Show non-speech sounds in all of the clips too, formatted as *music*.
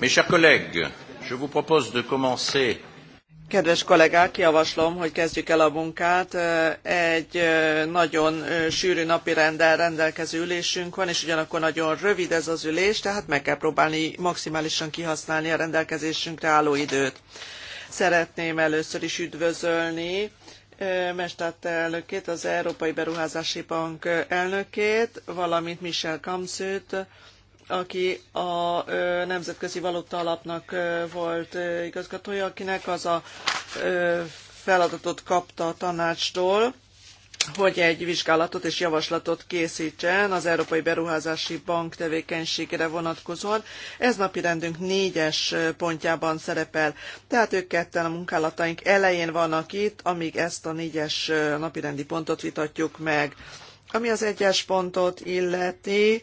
Mes chers collègues, je vous propose de commencer. Kedves kollégák, javaslom, hogy kezdjük el a munkát. Egy nagyon sűrű napi rendel rendelkező ülésünk van, és ugyanakkor nagyon rövid ez az ülés, tehát meg kell próbálni maximálisan kihasználni a rendelkezésünkre álló időt. Szeretném először is üdvözölni Mestát elnökét, az Európai Beruházási Bank elnökét, valamint Michel Kamszőt, aki a Nemzetközi Valuta Alapnak volt igazgatója, akinek az a feladatot kapta a tanácstól, hogy egy vizsgálatot és javaslatot készítsen az Európai Beruházási Bank tevékenységére vonatkozóan. Ez napi rendünk négyes pontjában szerepel. Tehát ők ketten a munkálataink elején vannak itt, amíg ezt a négyes napirendi pontot vitatjuk meg. Ami az egyes pontot illeti,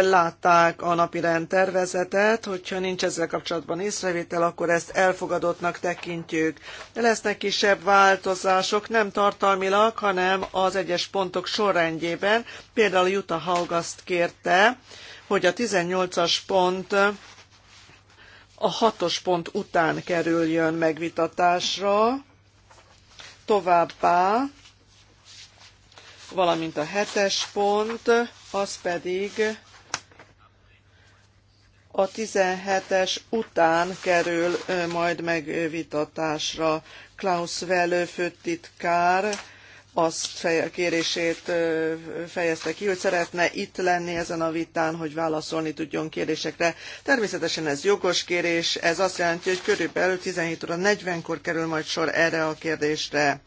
látták a napirend tervezetet, hogyha nincs ezzel kapcsolatban észrevétel, akkor ezt elfogadottnak tekintjük. Lesznek kisebb változások, nem tartalmilag, hanem az egyes pontok sorrendjében. Például Jutta Haug azt kérte, hogy a 18-as pont a 6-os pont után kerüljön megvitatásra, továbbá, valamint a 7-es pont, az pedig a 17-es után kerül majd megvitatásra. Klaus Velő főtitkár azt feje, kérését fejezte ki, hogy szeretne itt lenni ezen a vitán, hogy válaszolni tudjon kérésekre. Természetesen ez jogos kérés, ez azt jelenti, hogy körülbelül 17 óra 40-kor kerül majd sor erre a kérdésre.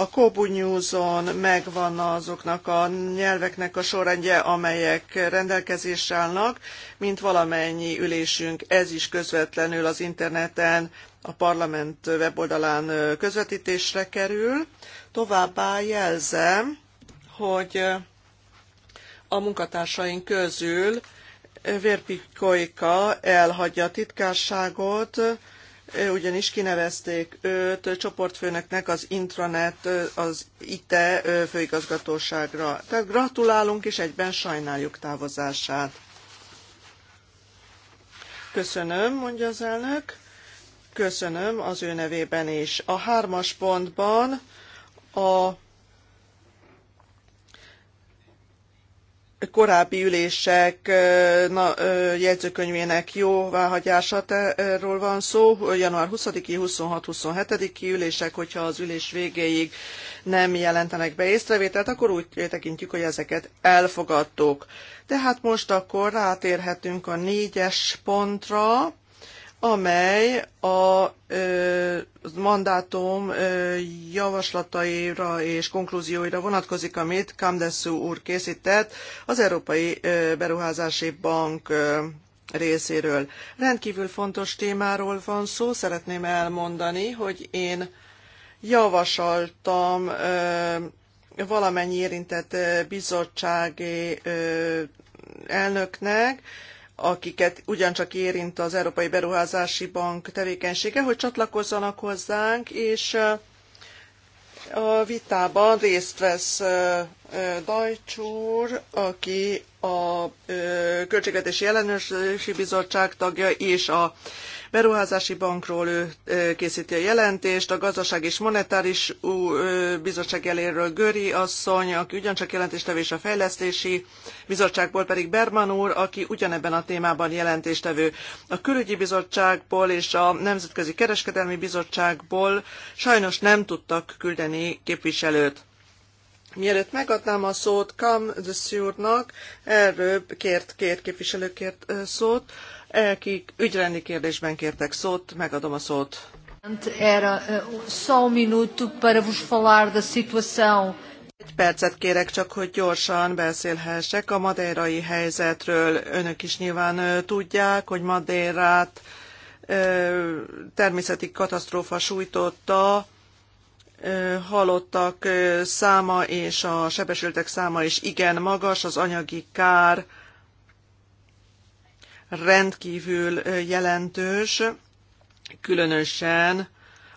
A Kobu news megvan azoknak a nyelveknek a sorrendje, amelyek rendelkezésre állnak, mint valamennyi ülésünk. Ez is közvetlenül az interneten, a parlament weboldalán közvetítésre kerül. Továbbá jelzem, hogy a munkatársaink közül Vérpi elhagyja a titkárságot, ugyanis kinevezték őt csoportfőnöknek az intranet, az ITE főigazgatóságra. Tehát gratulálunk és egyben sajnáljuk távozását. Köszönöm, mondja az elnök. Köszönöm az ő nevében is. A hármas pontban a korábbi ülések na, jegyzőkönyvének jóváhagyásáról van szó, január 20-i, 26-27-i ülések, hogyha az ülés végéig nem jelentenek be észrevételt, akkor úgy tekintjük, hogy ezeket elfogadtuk. Tehát most akkor rátérhetünk a négyes pontra, amely a ö, mandátum ö, javaslataira és konklúzióira vonatkozik, amit Kamdessu úr készített az Európai ö, Beruházási Bank ö, részéről. Rendkívül fontos témáról van szó, szeretném elmondani, hogy én javasoltam ö, valamennyi érintett bizottsági ö, elnöknek, akiket ugyancsak érint az Európai Beruházási Bank tevékenysége, hogy csatlakozzanak hozzánk, és a vitában részt vesz Dajcs úr, aki a Költségvetési Ellenőrzési Bizottság tagja és a beruházási bankról ő készíti a jelentést, a gazdaság és monetáris bizottság eléről Göri asszony, aki ugyancsak jelentéstevő és a fejlesztési bizottságból pedig Berman úr, aki ugyanebben a témában jelentéstevő. A külügyi bizottságból és a Nemzetközi Kereskedelmi Bizottságból sajnos nem tudtak küldeni képviselőt. Mielőtt megadnám a szót Kam Szűrnak, erről kért, két képviselőkért szót, akik ügyrendi kérdésben kértek szót, megadom a szót. Era eh, só um minuto para vos falar da situação. Egy percet kérek csak, hogy gyorsan beszélhessek a madeirai helyzetről. Önök is nyilván eh, tudják, hogy Madeirát eh, természeti katasztrófa sújtotta, halottak száma és a sebesültek száma is igen magas, az anyagi kár rendkívül jelentős, különösen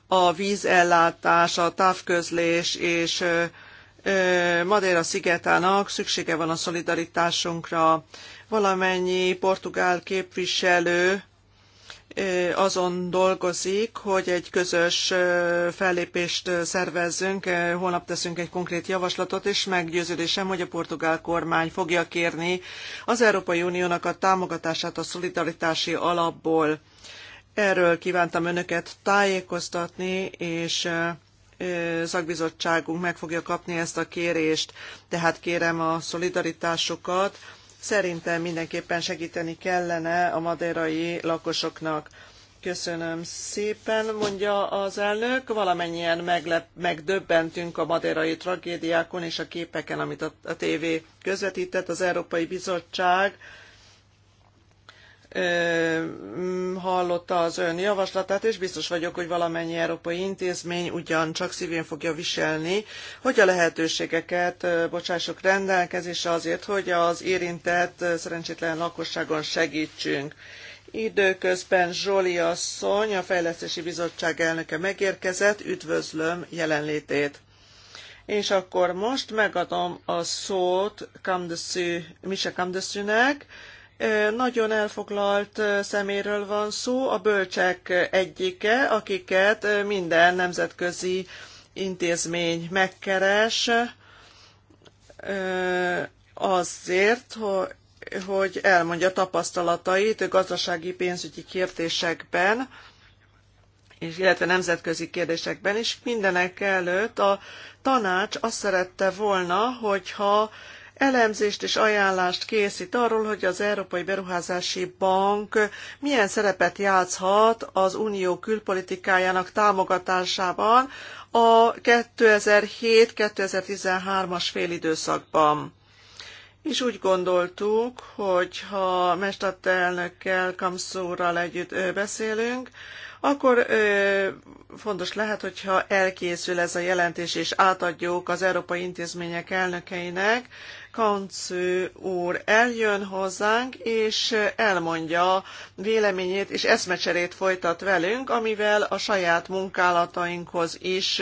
a vízellátás, a távközlés és Madeira szigetának szüksége van a szolidaritásunkra. Valamennyi portugál képviselő azon dolgozik, hogy egy közös fellépést szervezzünk. Holnap teszünk egy konkrét javaslatot, és meggyőződésem, hogy a portugál kormány fogja kérni az Európai Uniónak a támogatását a szolidaritási alapból. Erről kívántam önöket tájékoztatni, és szakbizottságunk meg fogja kapni ezt a kérést. Tehát kérem a szolidaritásukat, Szerintem mindenképpen segíteni kellene a madeirai lakosoknak. Köszönöm szépen, mondja az elnök. Valamennyien meglep, megdöbbentünk a madeirai tragédiákon és a képeken, amit a, a tévé közvetített. Az Európai Bizottság hallotta az ön javaslatát, és biztos vagyok, hogy valamennyi európai intézmény ugyancsak szívén fogja viselni, hogy a lehetőségeket bocsássuk rendelkezésre azért, hogy az érintett szerencsétlen lakosságon segítsünk. Időközben Zsoli asszony, a Fejlesztési Bizottság elnöke megérkezett, üdvözlöm jelenlétét. És akkor most megadom a szót Kamdeszű, Mise Kamdeszűnek, nagyon elfoglalt szeméről van szó, a bölcsek egyike, akiket minden nemzetközi intézmény megkeres azért, hogy elmondja tapasztalatait gazdasági pénzügyi kérdésekben, és illetve nemzetközi kérdésekben is. Mindenek előtt a tanács azt szerette volna, hogyha elemzést és ajánlást készít arról, hogy az Európai Beruházási Bank milyen szerepet játszhat az unió külpolitikájának támogatásában a 2007-2013-as félidőszakban. És úgy gondoltuk, hogy ha Mestat elnökkel, Kamszúrral együtt beszélünk, akkor ö, fontos lehet, hogyha elkészül ez a jelentés, és átadjuk az európai intézmények elnökeinek, Kancő úr eljön hozzánk, és elmondja véleményét, és eszmecserét folytat velünk, amivel a saját munkálatainkhoz is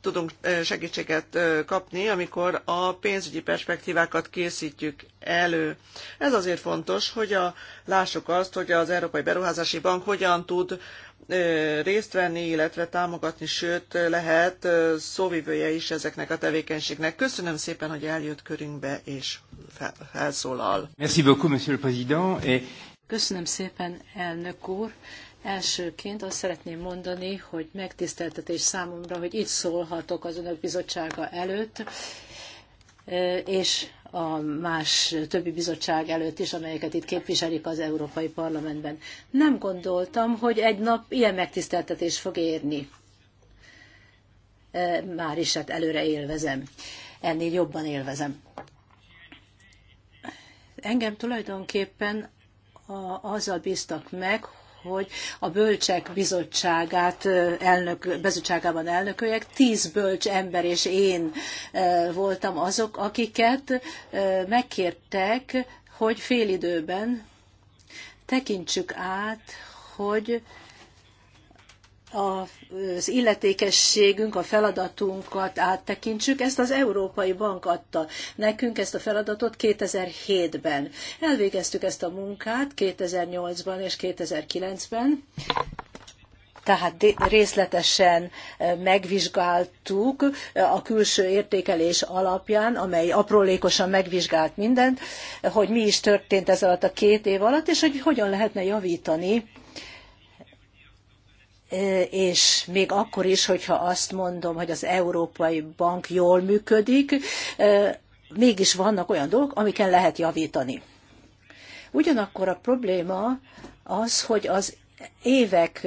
tudunk segítséget kapni, amikor a pénzügyi perspektívákat készítjük elő. Ez azért fontos, hogy a, lássuk azt, hogy az Európai Beruházási Bank hogyan tud részt venni, illetve támogatni, sőt lehet szóvivője is ezeknek a tevékenységnek. Köszönöm szépen, hogy eljött körünkbe és felszólal. Merci beaucoup, monsieur le président. Et... Köszönöm szépen, elnök úr. Elsőként azt szeretném mondani, hogy megtiszteltetés számomra, hogy itt szólhatok az önök bizottsága előtt, és a más többi bizottság előtt is, amelyeket itt képviselik az Európai Parlamentben. Nem gondoltam, hogy egy nap ilyen megtiszteltetés fog érni. E, már is hát előre élvezem. Ennél jobban élvezem. Engem tulajdonképpen azzal bíztak meg, hogy a bölcsek bizottságát elnök, bizottságában elnököljek. Tíz bölcs ember és én voltam azok, akiket megkértek, hogy félidőben tekintsük át, hogy az illetékességünk, a feladatunkat áttekintsük. Ezt az Európai Bank adta nekünk, ezt a feladatot 2007-ben. Elvégeztük ezt a munkát 2008-ban és 2009-ben. Tehát részletesen eh, megvizsgáltuk eh, a külső értékelés alapján, amely aprólékosan megvizsgált mindent, hogy mi is történt ez alatt a két év alatt, és hogy hogyan lehetne javítani és még akkor is, hogyha azt mondom, hogy az Európai Bank jól működik, mégis vannak olyan dolgok, amiken lehet javítani. Ugyanakkor a probléma az, hogy az évek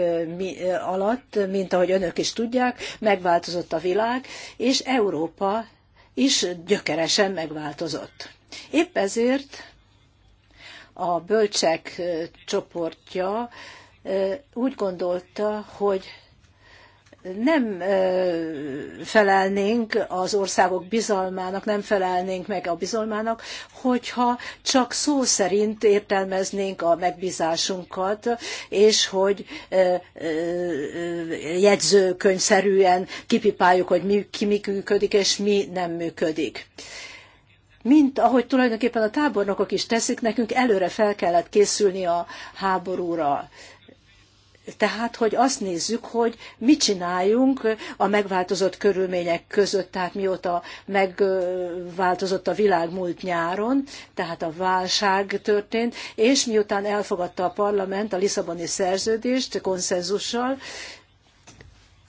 alatt, mint ahogy önök is tudják, megváltozott a világ, és Európa is gyökeresen megváltozott. Épp ezért a bölcsek csoportja úgy gondolta, hogy nem felelnénk az országok bizalmának, nem felelnénk meg a bizalmának, hogyha csak szó szerint értelmeznénk a megbízásunkat, és hogy jegyzőkönyvszerűen kipipáljuk, hogy mi, ki mi működik, és mi nem működik mint ahogy tulajdonképpen a tábornokok is teszik, nekünk előre fel kellett készülni a háborúra. Tehát, hogy azt nézzük, hogy mit csináljunk a megváltozott körülmények között, tehát mióta megváltozott a világ múlt nyáron, tehát a válság történt, és miután elfogadta a parlament a Lisszaboni szerződést konszenzussal,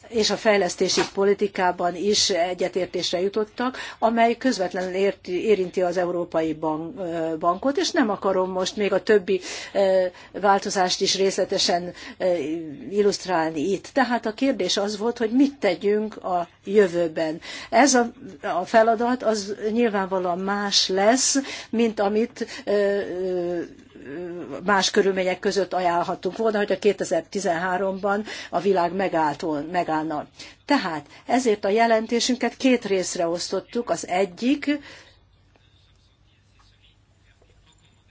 és a fejlesztési politikában is egyetértésre jutottak, amely közvetlenül érti, érinti az Európai bank, Bankot, és nem akarom most még a többi változást is részletesen illusztrálni itt. Tehát a kérdés az volt, hogy mit tegyünk a jövőben. Ez a, a feladat az nyilvánvalóan más lesz, mint amit más körülmények között ajánlhattunk volna, hogy a 2013-ban a világ megálltól megállna. Tehát ezért a jelentésünket két részre osztottuk. Az egyik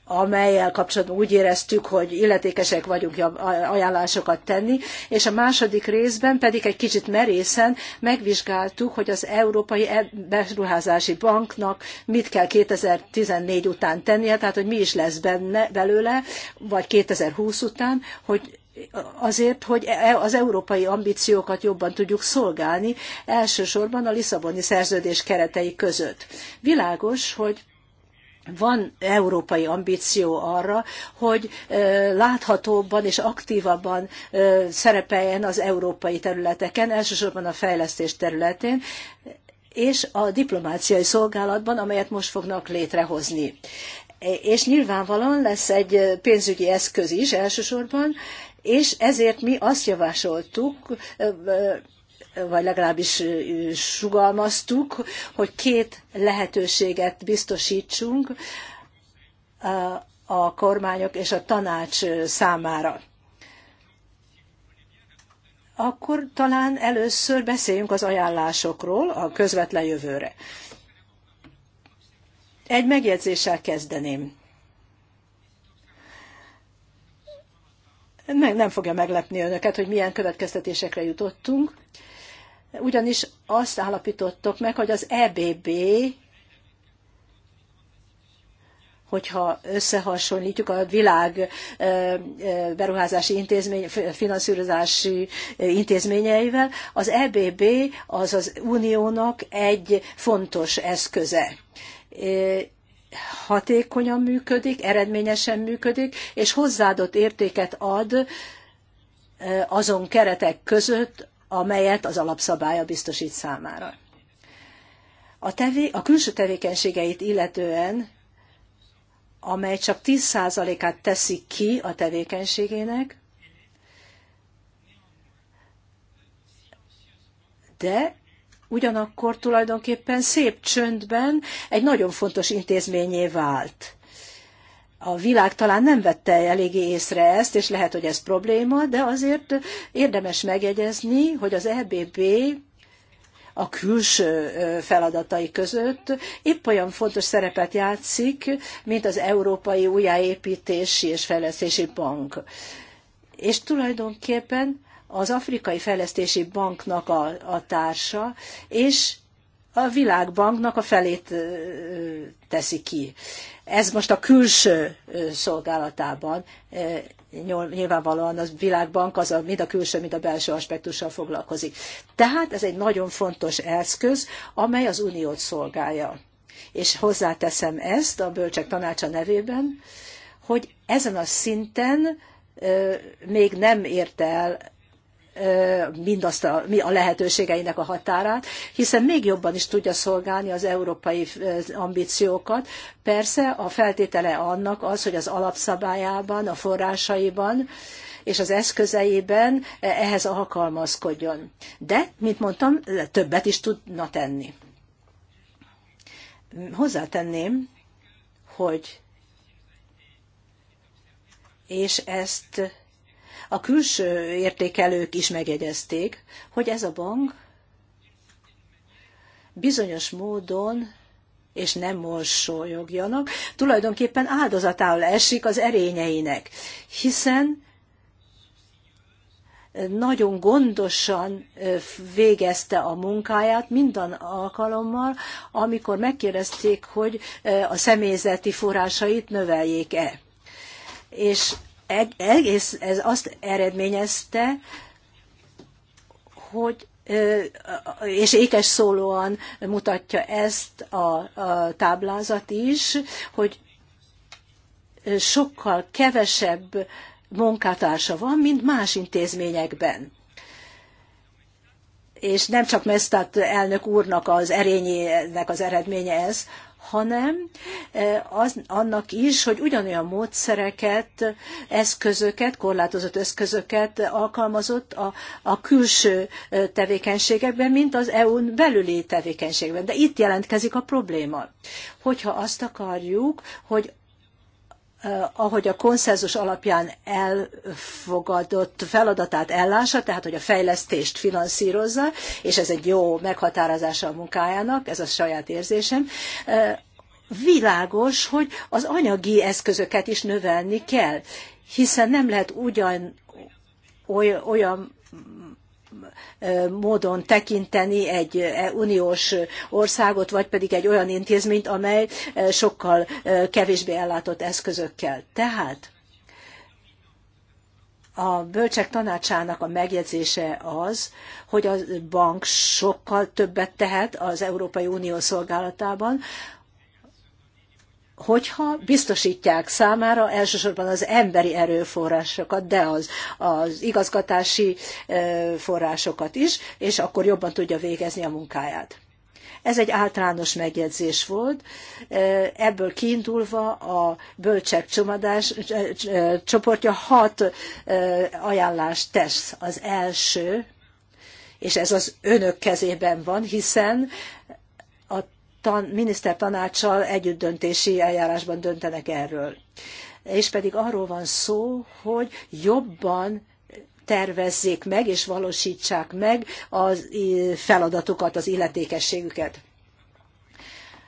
amelyel kapcsolatban úgy éreztük, hogy illetékesek vagyunk ajánlásokat tenni, és a második részben pedig egy kicsit merészen megvizsgáltuk, hogy az Európai e- Beruházási Banknak mit kell 2014 után tennie, tehát hogy mi is lesz benne belőle, vagy 2020 után, hogy azért, hogy e- e- az európai ambíciókat jobban tudjuk szolgálni, elsősorban a Lisszaboni szerződés keretei között. Világos, hogy van európai ambíció arra, hogy láthatóbban és aktívabban szerepeljen az európai területeken, elsősorban a fejlesztés területén, és a diplomáciai szolgálatban, amelyet most fognak létrehozni. És nyilvánvalóan lesz egy pénzügyi eszköz is elsősorban, és ezért mi azt javasoltuk, vagy legalábbis sugalmaztuk, hogy két lehetőséget biztosítsunk a kormányok és a tanács számára. Akkor talán először beszéljünk az ajánlásokról a közvetlen jövőre. Egy megjegyzéssel kezdeném. nem fogja meglepni önöket, hogy milyen következtetésekre jutottunk ugyanis azt állapítottok meg, hogy az EBB, hogyha összehasonlítjuk a világ beruházási intézmény, finanszírozási intézményeivel, az EBB az az uniónak egy fontos eszköze hatékonyan működik, eredményesen működik, és hozzáadott értéket ad azon keretek között, amelyet az alapszabálya biztosít számára. A, tevé, a külső tevékenységeit illetően, amely csak 10%-át teszi ki a tevékenységének, de ugyanakkor tulajdonképpen szép csöndben egy nagyon fontos intézményé vált a világ talán nem vette eléggé észre ezt, és lehet, hogy ez probléma, de azért érdemes megjegyezni, hogy az EBB a külső feladatai között épp olyan fontos szerepet játszik, mint az Európai Újjáépítési és Fejlesztési Bank. És tulajdonképpen az Afrikai Fejlesztési Banknak a, a társa, és a Világbanknak a felét teszi ki. Ez most a külső szolgálatában nyilvánvalóan a világbank az a, mind a külső, mind a belső aspektussal foglalkozik. Tehát ez egy nagyon fontos eszköz, amely az uniót szolgálja. És hozzáteszem ezt a bölcsek tanácsa nevében, hogy ezen a szinten még nem érte el mindazt a, mi a lehetőségeinek a határát, hiszen még jobban is tudja szolgálni az európai ambíciókat. Persze a feltétele annak az, hogy az alapszabályában, a forrásaiban és az eszközeiben e, ehhez alkalmazkodjon. De, mint mondtam, többet is tudna tenni. Hozzátenném, hogy és ezt a külső értékelők is megjegyezték, hogy ez a bank bizonyos módon és nem mosolyogjanak, tulajdonképpen áldozatául esik az erényeinek, hiszen nagyon gondosan végezte a munkáját minden alkalommal, amikor megkérdezték, hogy a személyzeti forrásait növeljék-e. És egész ez azt eredményezte, hogy és ékes szólóan mutatja ezt a, táblázat is, hogy sokkal kevesebb munkatársa van, mint más intézményekben. És nem csak Mesztát elnök úrnak az erényének az eredménye ez, hanem e, az, annak is, hogy ugyanolyan módszereket, eszközöket, korlátozott eszközöket alkalmazott a, a külső e, tevékenységekben, mint az EU-n belüli tevékenységben. De itt jelentkezik a probléma. Hogyha azt akarjuk, hogy Eh, ahogy a konszenzus alapján elfogadott feladatát ellássa, tehát hogy a fejlesztést finanszírozza, és ez egy jó meghatározása a munkájának, ez a saját érzésem, eh, világos, hogy az anyagi eszközöket is növelni kell, hiszen nem lehet ugyan olyan módon tekinteni egy uniós országot, vagy pedig egy olyan intézményt, amely sokkal kevésbé ellátott eszközökkel. Tehát a bölcsek tanácsának a megjegyzése az, hogy a bank sokkal többet tehet az Európai Unió szolgálatában, hogyha biztosítják számára elsősorban az emberi erőforrásokat, de az, az igazgatási forrásokat is, és akkor jobban tudja végezni a munkáját. Ez egy általános megjegyzés volt, ebből kiindulva a bölcsek csomadás, csoportja hat ajánlást tesz. Az első, és ez az önök kezében van, hiszen tan, minisztertanácssal együttdöntési eljárásban döntenek erről. És pedig arról van szó, hogy jobban tervezzék meg és valósítsák meg a feladatukat, az illetékességüket.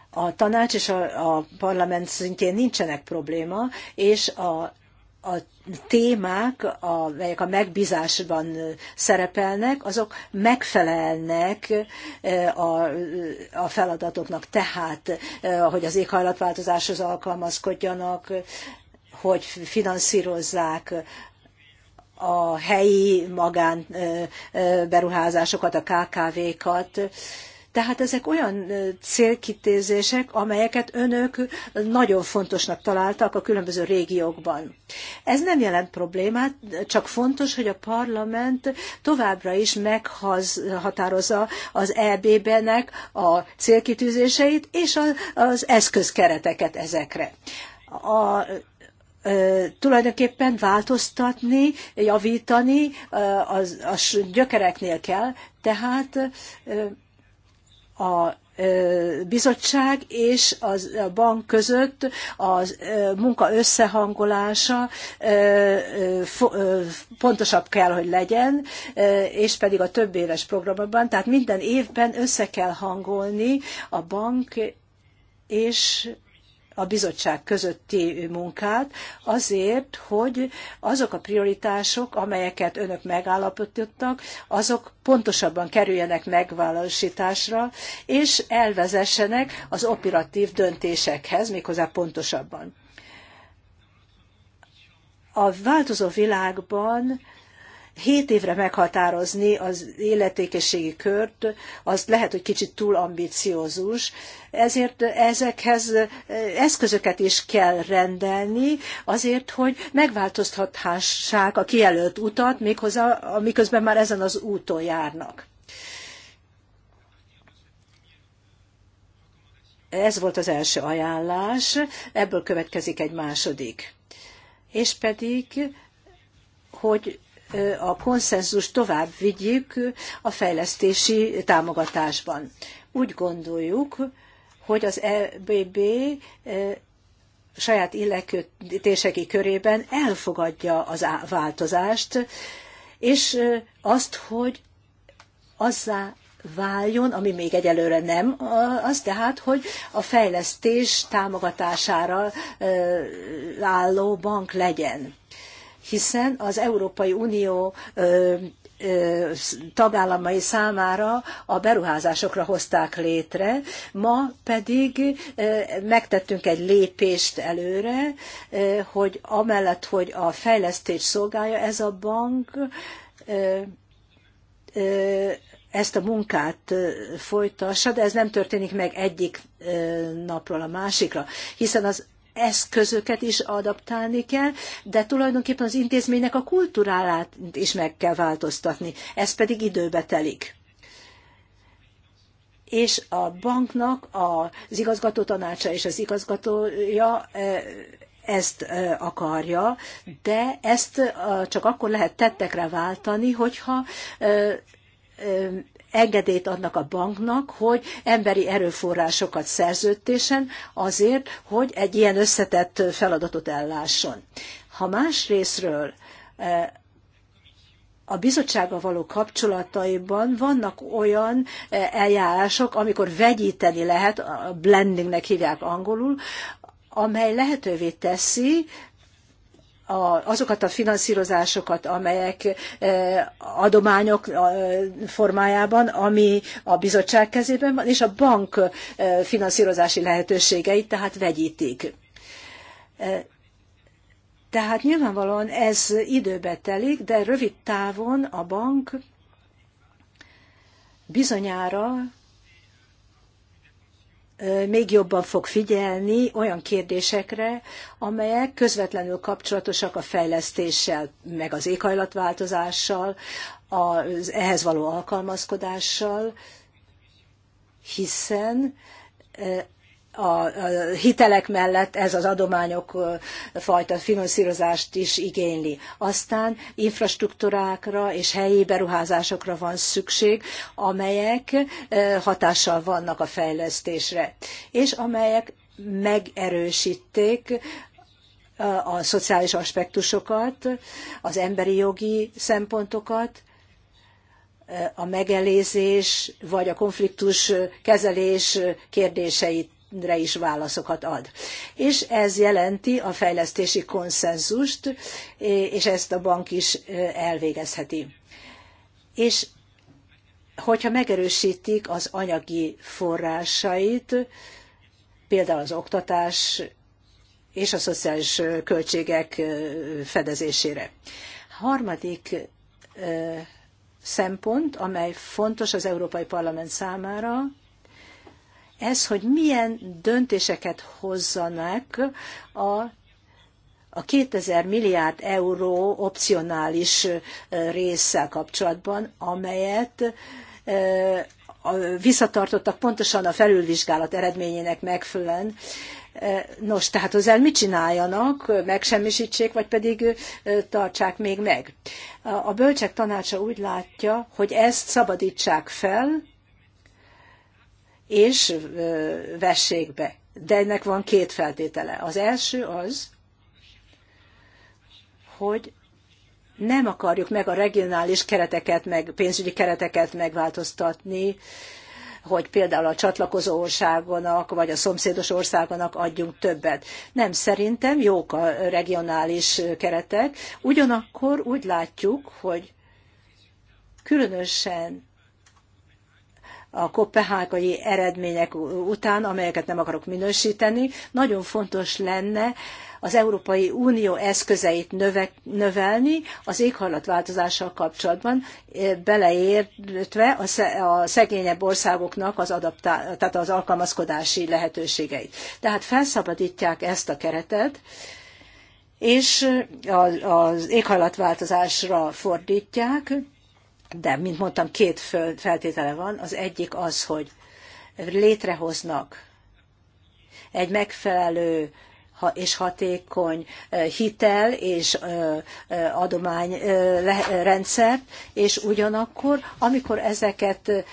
A tanács és a, a parlament szintjén nincsenek probléma, és a a témák, amelyek a megbízásban szerepelnek, azok megfelelnek eh, a, a feladatoknak. Tehát, eh, hogy az éghajlatváltozáshoz alkalmazkodjanak, hogy finanszírozzák a helyi magánberuházásokat, eh, a KKV-kat, tehát ezek olyan célkitézések, amelyeket önök nagyon fontosnak találtak a különböző régiókban. Ez nem jelent problémát, csak fontos, hogy a parlament továbbra is meghatározza az EB-nek a célkitűzéseit és az eszközkereteket ezekre. A, tulajdonképpen változtatni, javítani, az, az gyökereknél kell, tehát a bizottság és az, a bank között a munka összehangolása pontosabb kell, hogy legyen, és pedig a több éves programban, tehát minden évben össze kell hangolni a bank és a bizottság közötti munkát, azért, hogy azok a prioritások, amelyeket önök megállapítottak, azok pontosabban kerüljenek megvalósításra, és elvezessenek az operatív döntésekhez, méghozzá pontosabban. A változó világban hét évre meghatározni az életékességi kört, az lehet, hogy kicsit túl ambiciózus, ezért ezekhez eh, eszközöket is kell rendelni, azért, hogy megváltoztathassák a kijelölt utat, méghozzá, miközben már ezen az úton járnak. Ez volt az első ajánlás, ebből következik egy második. És pedig, hogy a konszenzus tovább vigyük a fejlesztési támogatásban. Úgy gondoljuk, hogy az EBB saját illetésekei körében elfogadja az változást, és azt, hogy azzá váljon, ami még egyelőre nem, az tehát, hogy a fejlesztés támogatására álló bank legyen hiszen az Európai Unió tagállamai számára a beruházásokra hozták létre, ma pedig megtettünk egy lépést előre, hogy amellett, hogy a fejlesztés szolgálja ez a bank, ezt a munkát folytassa, de ez nem történik meg egyik napról a másikra, hiszen az eszközöket is adaptálni kell, de tulajdonképpen az intézménynek a kultúrálát is meg kell változtatni. Ez pedig időbe telik és a banknak az igazgató tanácsa és az igazgatója ezt akarja, de ezt csak akkor lehet tettekre váltani, hogyha engedélyt adnak a banknak, hogy emberi erőforrásokat szerződtésen azért, hogy egy ilyen összetett feladatot ellásson. Ha más részről e, a bizottsággal való kapcsolataiban vannak olyan e, eljárások, amikor vegyíteni lehet, a blendingnek hívják angolul, amely lehetővé teszi, azokat a finanszírozásokat, amelyek e, adományok e, formájában, ami a bizottság kezében van, és a bank e, finanszírozási lehetőségeit, tehát vegyítik. Tehát nyilvánvalóan ez időbe telik, de rövid távon a bank bizonyára még jobban fog figyelni olyan kérdésekre, amelyek közvetlenül kapcsolatosak a fejlesztéssel, meg az éghajlatváltozással, az ehhez való alkalmazkodással, hiszen a hitelek mellett ez az adományok fajta finanszírozást is igényli. Aztán infrastruktúrákra és helyi beruházásokra van szükség, amelyek hatással vannak a fejlesztésre, és amelyek megerősíték a szociális aspektusokat, az emberi jogi szempontokat, a megelőzés vagy a konfliktus kezelés kérdéseit re is válaszokat ad. És ez jelenti a fejlesztési konszenzust, és ezt a bank is elvégezheti. És hogyha megerősítik az anyagi forrásait, például az oktatás és a szociális költségek fedezésére. Harmadik szempont, amely fontos az Európai Parlament számára, ez, hogy milyen döntéseket hozzanak a a 2000 milliárd euró opcionális résszel kapcsolatban, amelyet visszatartottak pontosan a felülvizsgálat eredményének megfelelően. Nos, tehát el mit csináljanak, megsemmisítsék, vagy pedig tartsák még meg. A bölcsek tanácsa úgy látja, hogy ezt szabadítsák fel, és vessék be. De ennek van két feltétele. Az első az, hogy nem akarjuk meg a regionális kereteket, meg pénzügyi kereteket megváltoztatni, hogy például a csatlakozó országonak, vagy a szomszédos országonak adjunk többet. Nem, szerintem jók a regionális keretek, ugyanakkor úgy látjuk, hogy különösen a kopenhágai eredmények után, amelyeket nem akarok minősíteni, nagyon fontos lenne az Európai Unió eszközeit növe, növelni az éghajlatváltozással kapcsolatban, eh, beleértve a szegényebb országoknak az, adaptá- tehát az alkalmazkodási lehetőségeit. Tehát felszabadítják ezt a keretet, és eh, az éghajlatváltozásra fordítják, de, mint mondtam, két feltétele van. Az egyik az, hogy létrehoznak egy megfelelő és hatékony eh, hitel és eh, eh, adományrendszert, és ugyanakkor, amikor ezeket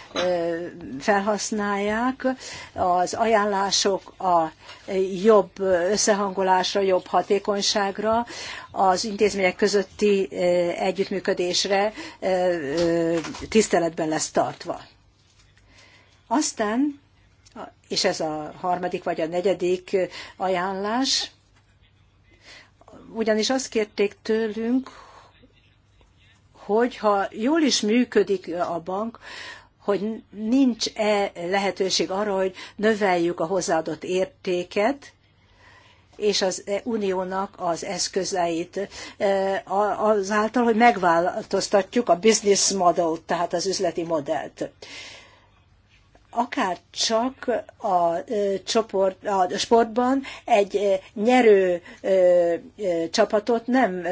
felhasználják, az ajánlások a jobb összehangolásra, jobb hatékonyságra, az intézmények közötti együttműködésre tiszteletben lesz tartva. Aztán és ez a harmadik vagy a negyedik ajánlás, ugyanis azt kérték tőlünk, hogy ha jól is működik a bank, hogy nincs-e lehetőség arra, hogy növeljük a hozzáadott értéket, és az uniónak az eszközeit e, azáltal, hogy megváltoztatjuk a business model, tehát az üzleti modellt akár csak a, csoport, a sportban egy nyerő csapatot nem,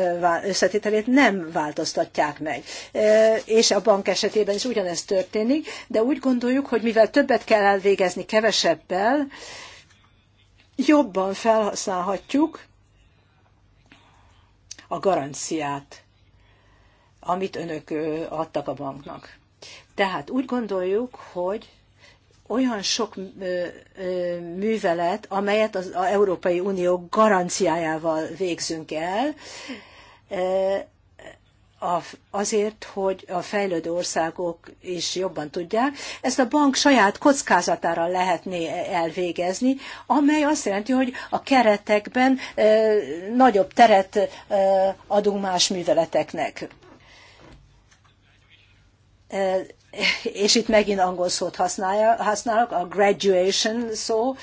összetételét nem változtatják meg. És a bank esetében is ugyanezt történik, de úgy gondoljuk, hogy mivel többet kell elvégezni kevesebbel, jobban felhasználhatjuk a garanciát, amit önök adtak a banknak. Tehát úgy gondoljuk, hogy olyan sok művelet, amelyet az Európai Unió garanciájával végzünk el, azért, hogy a fejlődő országok is jobban tudják, ezt a bank saját kockázatára lehetné elvégezni, amely azt jelenti, hogy a keretekben nagyobb teret adunk más műveleteknek és itt megint angol szót használok, a graduation szó,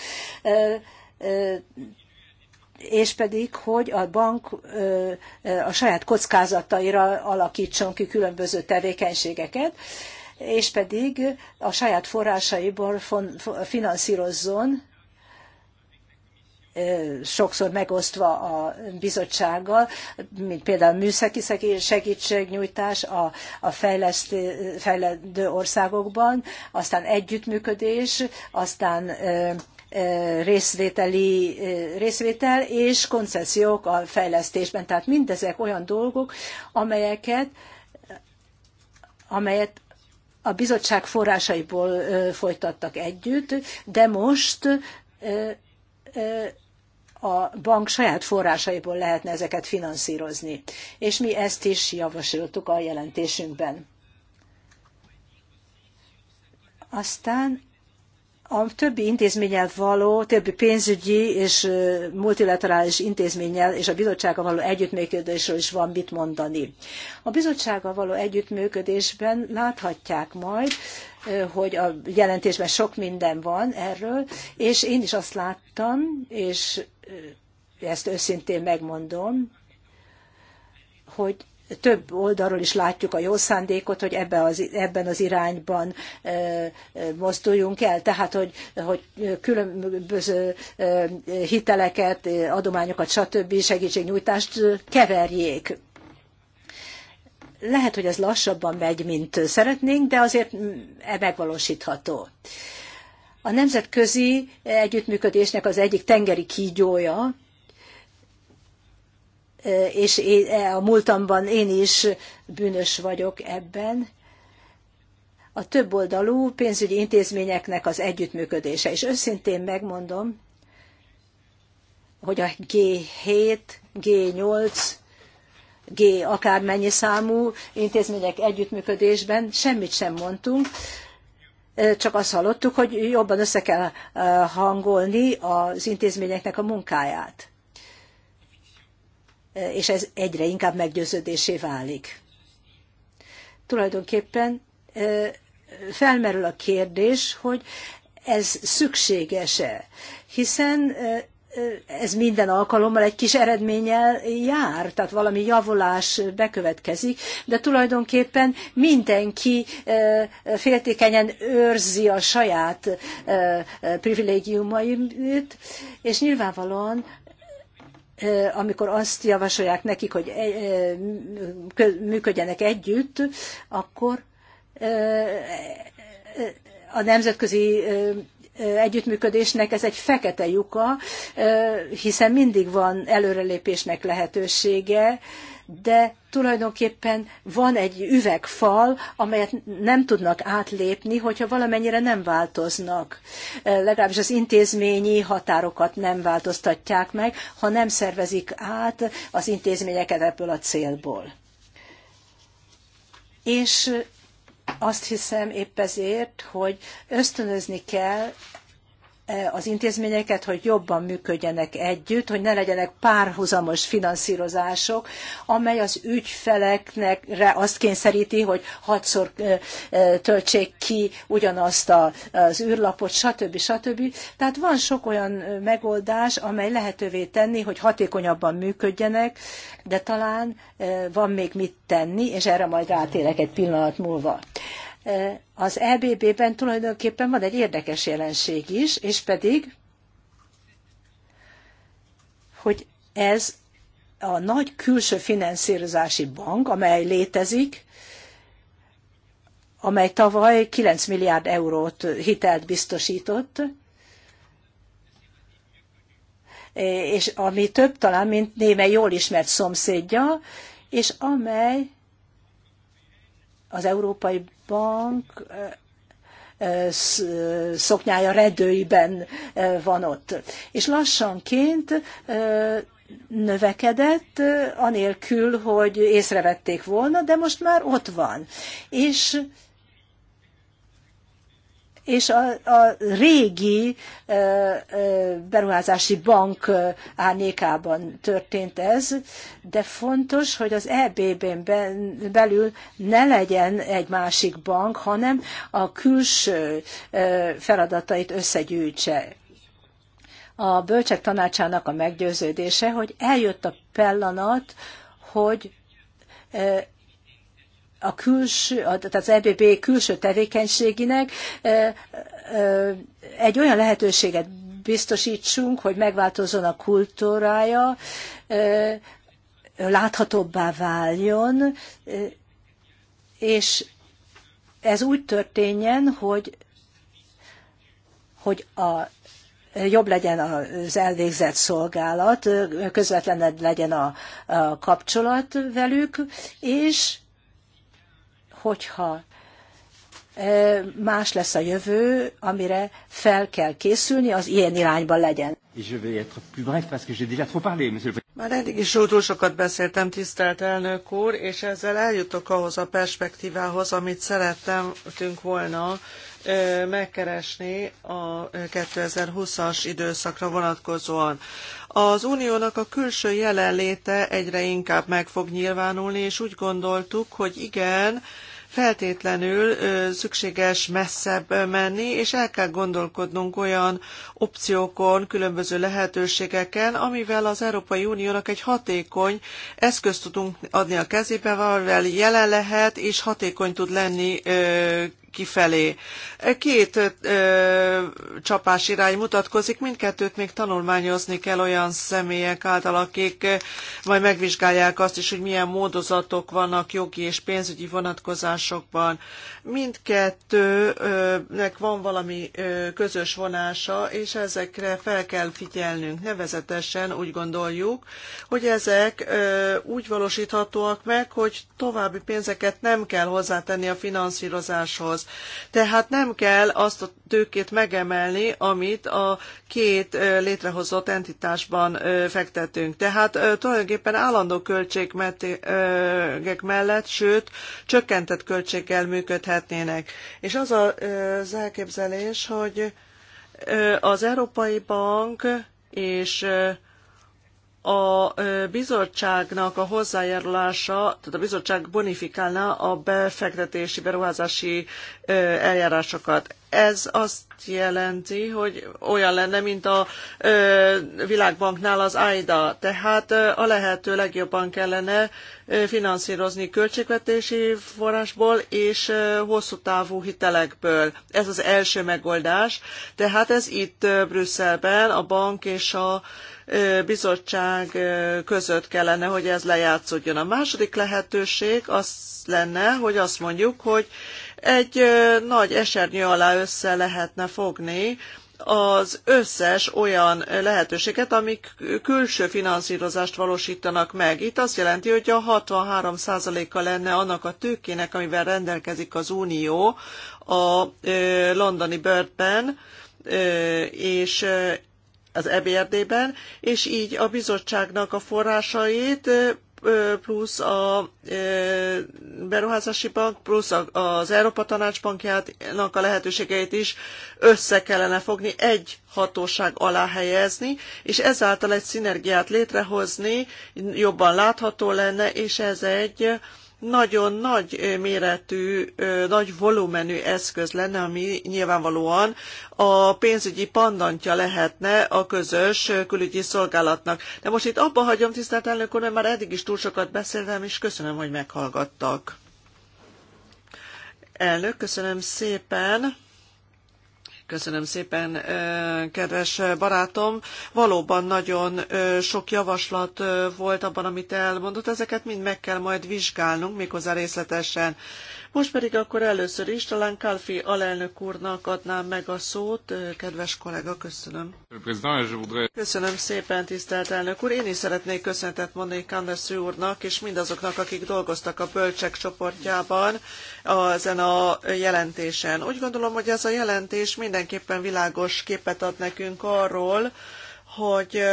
és pedig, hogy a bank a saját kockázataira alakítson ki különböző tevékenységeket, és pedig a saját forrásaiból finanszírozzon sokszor megosztva a bizottsággal, mint például műszaki segítségnyújtás a, a fejlődő országokban, aztán együttműködés, aztán részvételi, részvétel és koncesziók a fejlesztésben. Tehát mindezek olyan dolgok, amelyeket amelyet a bizottság forrásaiból folytattak együtt, de most a bank saját forrásaiból lehetne ezeket finanszírozni. És mi ezt is javasoltuk a jelentésünkben. Aztán a többi intézménnyel való, többi pénzügyi és multilaterális intézménnyel és a bizottsággal való együttműködésről is van mit mondani. A bizottsággal való együttműködésben láthatják majd, hogy a jelentésben sok minden van erről, és én is azt láttam, és ezt őszintén megmondom, hogy több oldalról is látjuk a jó szándékot, hogy ebbe az, ebben az irányban mozduljunk el. Tehát, hogy, hogy különböző hiteleket, adományokat, stb. segítségnyújtást keverjék. Lehet, hogy ez lassabban megy, mint szeretnénk, de azért mm, e megvalósítható. A nemzetközi együttműködésnek az egyik tengeri kígyója, e, és e, a múltamban én is bűnös vagyok ebben, a többoldalú pénzügyi intézményeknek az együttműködése. És őszintén megmondom, hogy a G7, G8 G akármennyi számú intézmények együttműködésben semmit sem mondtunk, csak azt hallottuk, hogy jobban össze kell hangolni az intézményeknek a munkáját. És ez egyre inkább meggyőződésé válik. Tulajdonképpen felmerül a kérdés, hogy ez szükséges-e, hiszen ez minden alkalommal egy kis eredménnyel jár, tehát valami javulás bekövetkezik, de tulajdonképpen mindenki féltékenyen őrzi a saját privilégiumait, és nyilvánvalóan amikor azt javasolják nekik, hogy működjenek együtt, akkor a nemzetközi együttműködésnek ez egy fekete lyuka, hiszen mindig van előrelépésnek lehetősége, de tulajdonképpen van egy üvegfal, amelyet nem tudnak átlépni, hogyha valamennyire nem változnak. Legalábbis az intézményi határokat nem változtatják meg, ha nem szervezik át az intézményeket ebből a célból. És azt hiszem épp ezért, hogy ösztönözni kell az intézményeket, hogy jobban működjenek együtt, hogy ne legyenek párhuzamos finanszírozások, amely az ügyfeleknek azt kényszeríti, hogy hatszor töltsék ki ugyanazt az űrlapot, stb. stb. Tehát van sok olyan megoldás, amely lehetővé tenni, hogy hatékonyabban működjenek, de talán van még mit tenni, és erre majd rátérek egy pillanat múlva. Eh, az EBB-ben tulajdonképpen van egy érdekes jelenség is, és pedig, hogy ez a nagy külső finanszírozási bank, amely létezik, amely tavaly 9 milliárd eurót hitelt biztosított, eh, és ami több talán, mint némely jól ismert szomszédja, és amely az Európai Bank szoknyája redőiben van ott. És lassanként növekedett, anélkül, hogy észrevették volna, de most már ott van. És és a, a régi beruházási bank árnyékában történt ez, de fontos, hogy az EBB-ben belül ne legyen egy másik bank, hanem a külső feladatait összegyűjtse a bölcsek tanácsának a meggyőződése, hogy eljött a pillanat, hogy a külső, tehát az EBB külső tevékenységének egy olyan lehetőséget biztosítsunk, hogy megváltozzon a kultúrája, láthatóbbá váljon, és ez úgy történjen, hogy, hogy a jobb legyen az elvégzett szolgálat, közvetlened legyen a, a kapcsolat velük, és hogyha más lesz a jövő, amire fel kell készülni, az ilyen irányban legyen. Már eddig is túl sokat beszéltem, tisztelt elnök úr, és ezzel eljutok ahhoz a perspektívához, amit szerettünk volna megkeresni a 2020-as időszakra vonatkozóan. Az uniónak a külső jelenléte egyre inkább meg fog nyilvánulni, és úgy gondoltuk, hogy igen, feltétlenül szükséges messzebb menni, és el kell gondolkodnunk olyan opciókon, különböző lehetőségeken, amivel az Európai Uniónak egy hatékony eszközt tudunk adni a kezébe, amivel jelen lehet, és hatékony tud lenni kifelé. Két ö, csapás irány mutatkozik, mindkettőt még tanulmányozni kell olyan személyek által, akik ö, majd megvizsgálják azt is, hogy milyen módozatok vannak jogi és pénzügyi vonatkozásokban. Mindkettőnek van valami ö, közös vonása, és ezekre fel kell figyelnünk. Nevezetesen úgy gondoljuk, hogy ezek ö, úgy valósíthatóak meg, hogy további pénzeket nem kell hozzátenni a finanszírozáshoz az. Tehát nem kell azt a tőkét megemelni, amit a két létrehozott entitásban fektetünk. Tehát tulajdonképpen állandó költségek mellett, sőt, csökkentett költséggel működhetnének. És az az elképzelés, hogy az Európai Bank és a bizottságnak a hozzájárulása, tehát a bizottság bonifikálná a befektetési, beruházási eljárásokat. Ez azt jelenti, hogy olyan lenne, mint a világbanknál az AIDA, tehát a lehető legjobban kellene finanszírozni költségvetési forrásból és hosszú távú hitelekből. Ez az első megoldás, tehát ez itt Brüsszelben a bank és a bizottság között kellene, hogy ez lejátszódjon. A második lehetőség az lenne, hogy azt mondjuk, hogy egy nagy esernyő alá össze lehetne fogni az összes olyan lehetőséget, amik külső finanszírozást valósítanak meg. Itt azt jelenti, hogy a 63%-a lenne annak a tőkének, amivel rendelkezik az Unió a londoni börtben, és az EBRD-ben, és így a bizottságnak a forrásait plusz a beruházási bank, plusz az Európa Tanács bankjának a lehetőségeit is össze kellene fogni, egy hatóság alá helyezni, és ezáltal egy szinergiát létrehozni, jobban látható lenne, és ez egy nagyon nagy méretű, nagy volumenű eszköz lenne, ami nyilvánvalóan a pénzügyi pandantja lehetne a közös külügyi szolgálatnak. De most itt abba hagyom, tisztelt elnök úr, mert már eddig is túl sokat beszéltem, és köszönöm, hogy meghallgattak. Elnök, köszönöm szépen. Köszönöm szépen, kedves barátom. Valóban nagyon sok javaslat volt abban, amit elmondott. Ezeket mind meg kell majd vizsgálnunk, méghozzá részletesen. Most pedig akkor először is talán Kalfi alelnök úrnak adnám meg a szót. Kedves kollega, köszönöm. Köszönöm szépen, tisztelt elnök úr. Én is szeretnék köszönetet mondani Kandeszű úrnak és mindazoknak, akik dolgoztak a bölcsek csoportjában ezen a jelentésen. Úgy gondolom, hogy ez a jelentés mindenképpen világos képet ad nekünk arról, hogy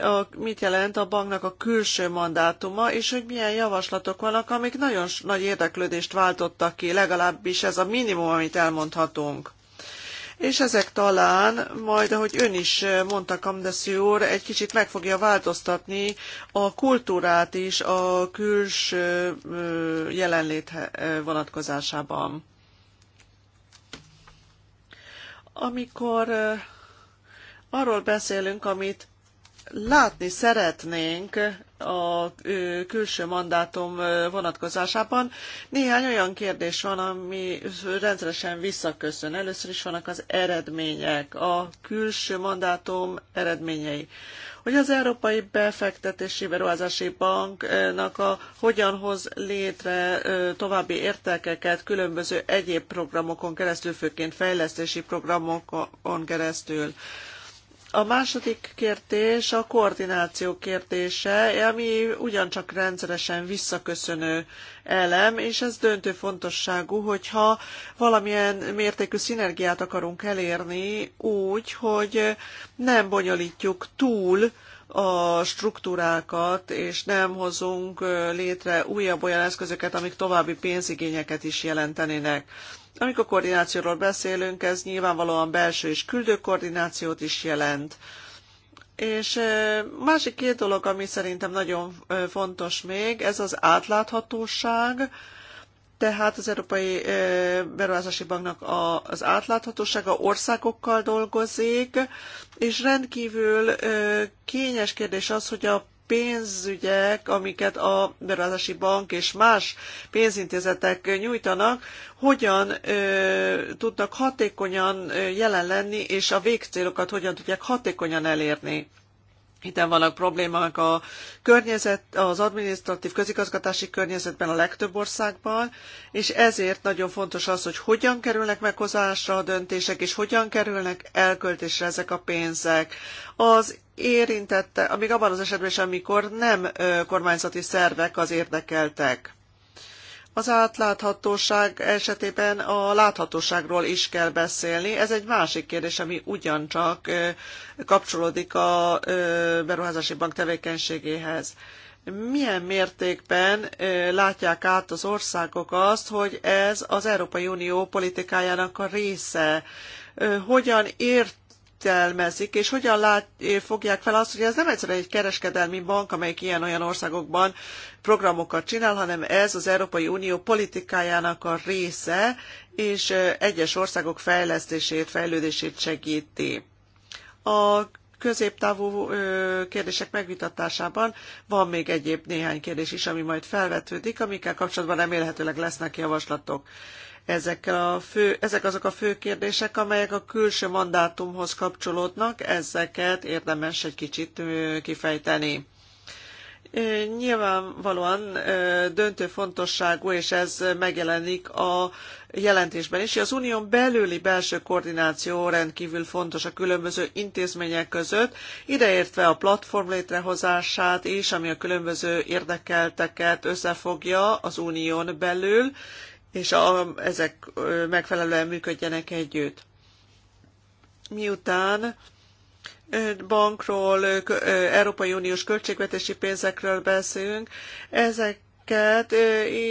a, mit jelent a banknak a külső mandátuma, és hogy milyen javaslatok vannak, amik nagyon nagy érdeklődést váltottak ki, legalábbis ez a minimum, amit elmondhatunk. És ezek talán majd, ahogy ön is eh, mondta, Kamdeszi úr, egy kicsit meg fogja változtatni a kultúrát is a külső eh, jelenlét eh, vonatkozásában. Amikor arról beszélünk, amit látni szeretnénk a külső mandátum vonatkozásában. Néhány olyan kérdés van, ami rendszeresen visszaköszön. Először is vannak az eredmények, a külső mandátum eredményei. Hogy az Európai Befektetési Beruházási Banknak a hogyan hoz létre további értékeket különböző egyéb programokon keresztül, főként fejlesztési programokon keresztül a második kérdés a koordináció kérdése, ami ugyancsak rendszeresen visszaköszönő elem, és ez döntő fontosságú, hogyha valamilyen mértékű szinergiát akarunk elérni úgy, hogy nem bonyolítjuk túl a struktúrákat, és nem hozunk létre újabb olyan eszközöket, amik további pénzigényeket is jelentenének. Amikor koordinációról beszélünk, ez nyilvánvalóan belső és küldő koordinációt is jelent. És másik két dolog, ami szerintem nagyon fontos még, ez az átláthatóság, tehát az Európai Beruházási Banknak az átláthatósága országokkal dolgozik, és rendkívül kényes kérdés az, hogy a pénzügyek, amiket a Beruházási Bank és más pénzintézetek nyújtanak, hogyan ö, tudnak hatékonyan jelen lenni, és a végcélokat hogyan tudják hatékonyan elérni. Itten vannak problémák a környezet, az administratív közigazgatási környezetben a legtöbb országban, és ezért nagyon fontos az, hogy hogyan kerülnek meghozásra a döntések, és hogyan kerülnek elköltésre ezek a pénzek. Az érintette, amíg abban az esetben is, amikor nem kormányzati szervek az érdekeltek. Az átláthatóság esetében a láthatóságról is kell beszélni. Ez egy másik kérdés, ami ugyancsak kapcsolódik a beruházási bank tevékenységéhez. Milyen mértékben látják át az országok azt, hogy ez az Európai Unió politikájának a része? Hogyan ért értelmezik, és hogyan lát, eh, fogják fel azt, hogy ez nem egyszerűen egy kereskedelmi bank, amelyik ilyen-olyan országokban programokat csinál, hanem ez az Európai Unió politikájának a része, és eh, egyes országok fejlesztését, fejlődését segíti. A középtávú eh, kérdések megvitatásában van még egyéb néhány kérdés is, ami majd felvetődik, amikkel kapcsolatban remélhetőleg lesznek javaslatok. Ezek, a fő, ezek azok a fő kérdések, amelyek a külső mandátumhoz kapcsolódnak, ezeket érdemes egy kicsit kifejteni. Nyilvánvalóan döntő fontosságú, és ez megjelenik a jelentésben is, hogy az unión belüli belső koordináció rendkívül fontos a különböző intézmények között, ideértve a platform létrehozását is, ami a különböző érdekelteket összefogja az unión belül, és a, ezek megfelelően működjenek együtt. Miután bankról, Európai Uniós költségvetési pénzekről beszélünk, ezek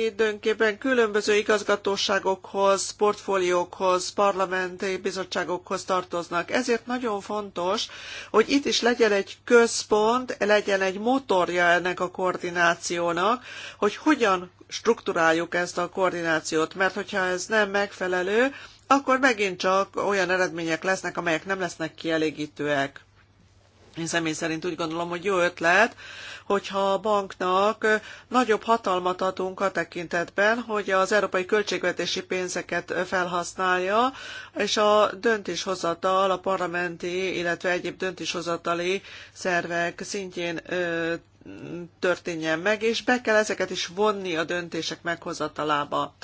időnképpen különböző igazgatóságokhoz, portfóliókhoz, parlamenti bizottságokhoz tartoznak. Ezért nagyon fontos, hogy itt is legyen egy központ, legyen egy motorja ennek a koordinációnak, hogy hogyan struktúráljuk ezt a koordinációt, mert hogyha ez nem megfelelő, akkor megint csak olyan eredmények lesznek, amelyek nem lesznek kielégítőek. Én személy szerint úgy gondolom, hogy jó ötlet, hogyha a banknak nagyobb hatalmat adunk a tekintetben, hogy az európai költségvetési pénzeket felhasználja, és a döntéshozatal, a parlamenti, illetve egyéb döntéshozatali szervek szintjén történjen meg, és be kell ezeket is vonni a döntések meghozatalába.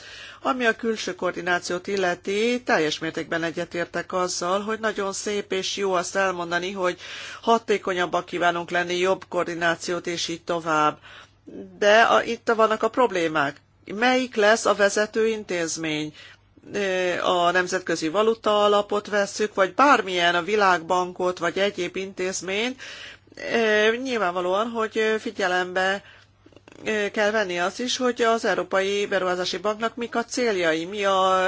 Ami a külső koordinációt illeti, teljes mértékben egyetértek azzal, hogy nagyon szép és jó azt elmondani, hogy hatékonyabbak kívánunk lenni, jobb koordinációt, és így tovább. De a, itt vannak a problémák. Melyik lesz a vezető intézmény? a nemzetközi valuta alapot vesszük, vagy bármilyen a világbankot, vagy egyéb intézményt, nyilvánvalóan, hogy figyelembe kell venni azt is, hogy az Európai Beruházási Banknak mik a céljai, mi a,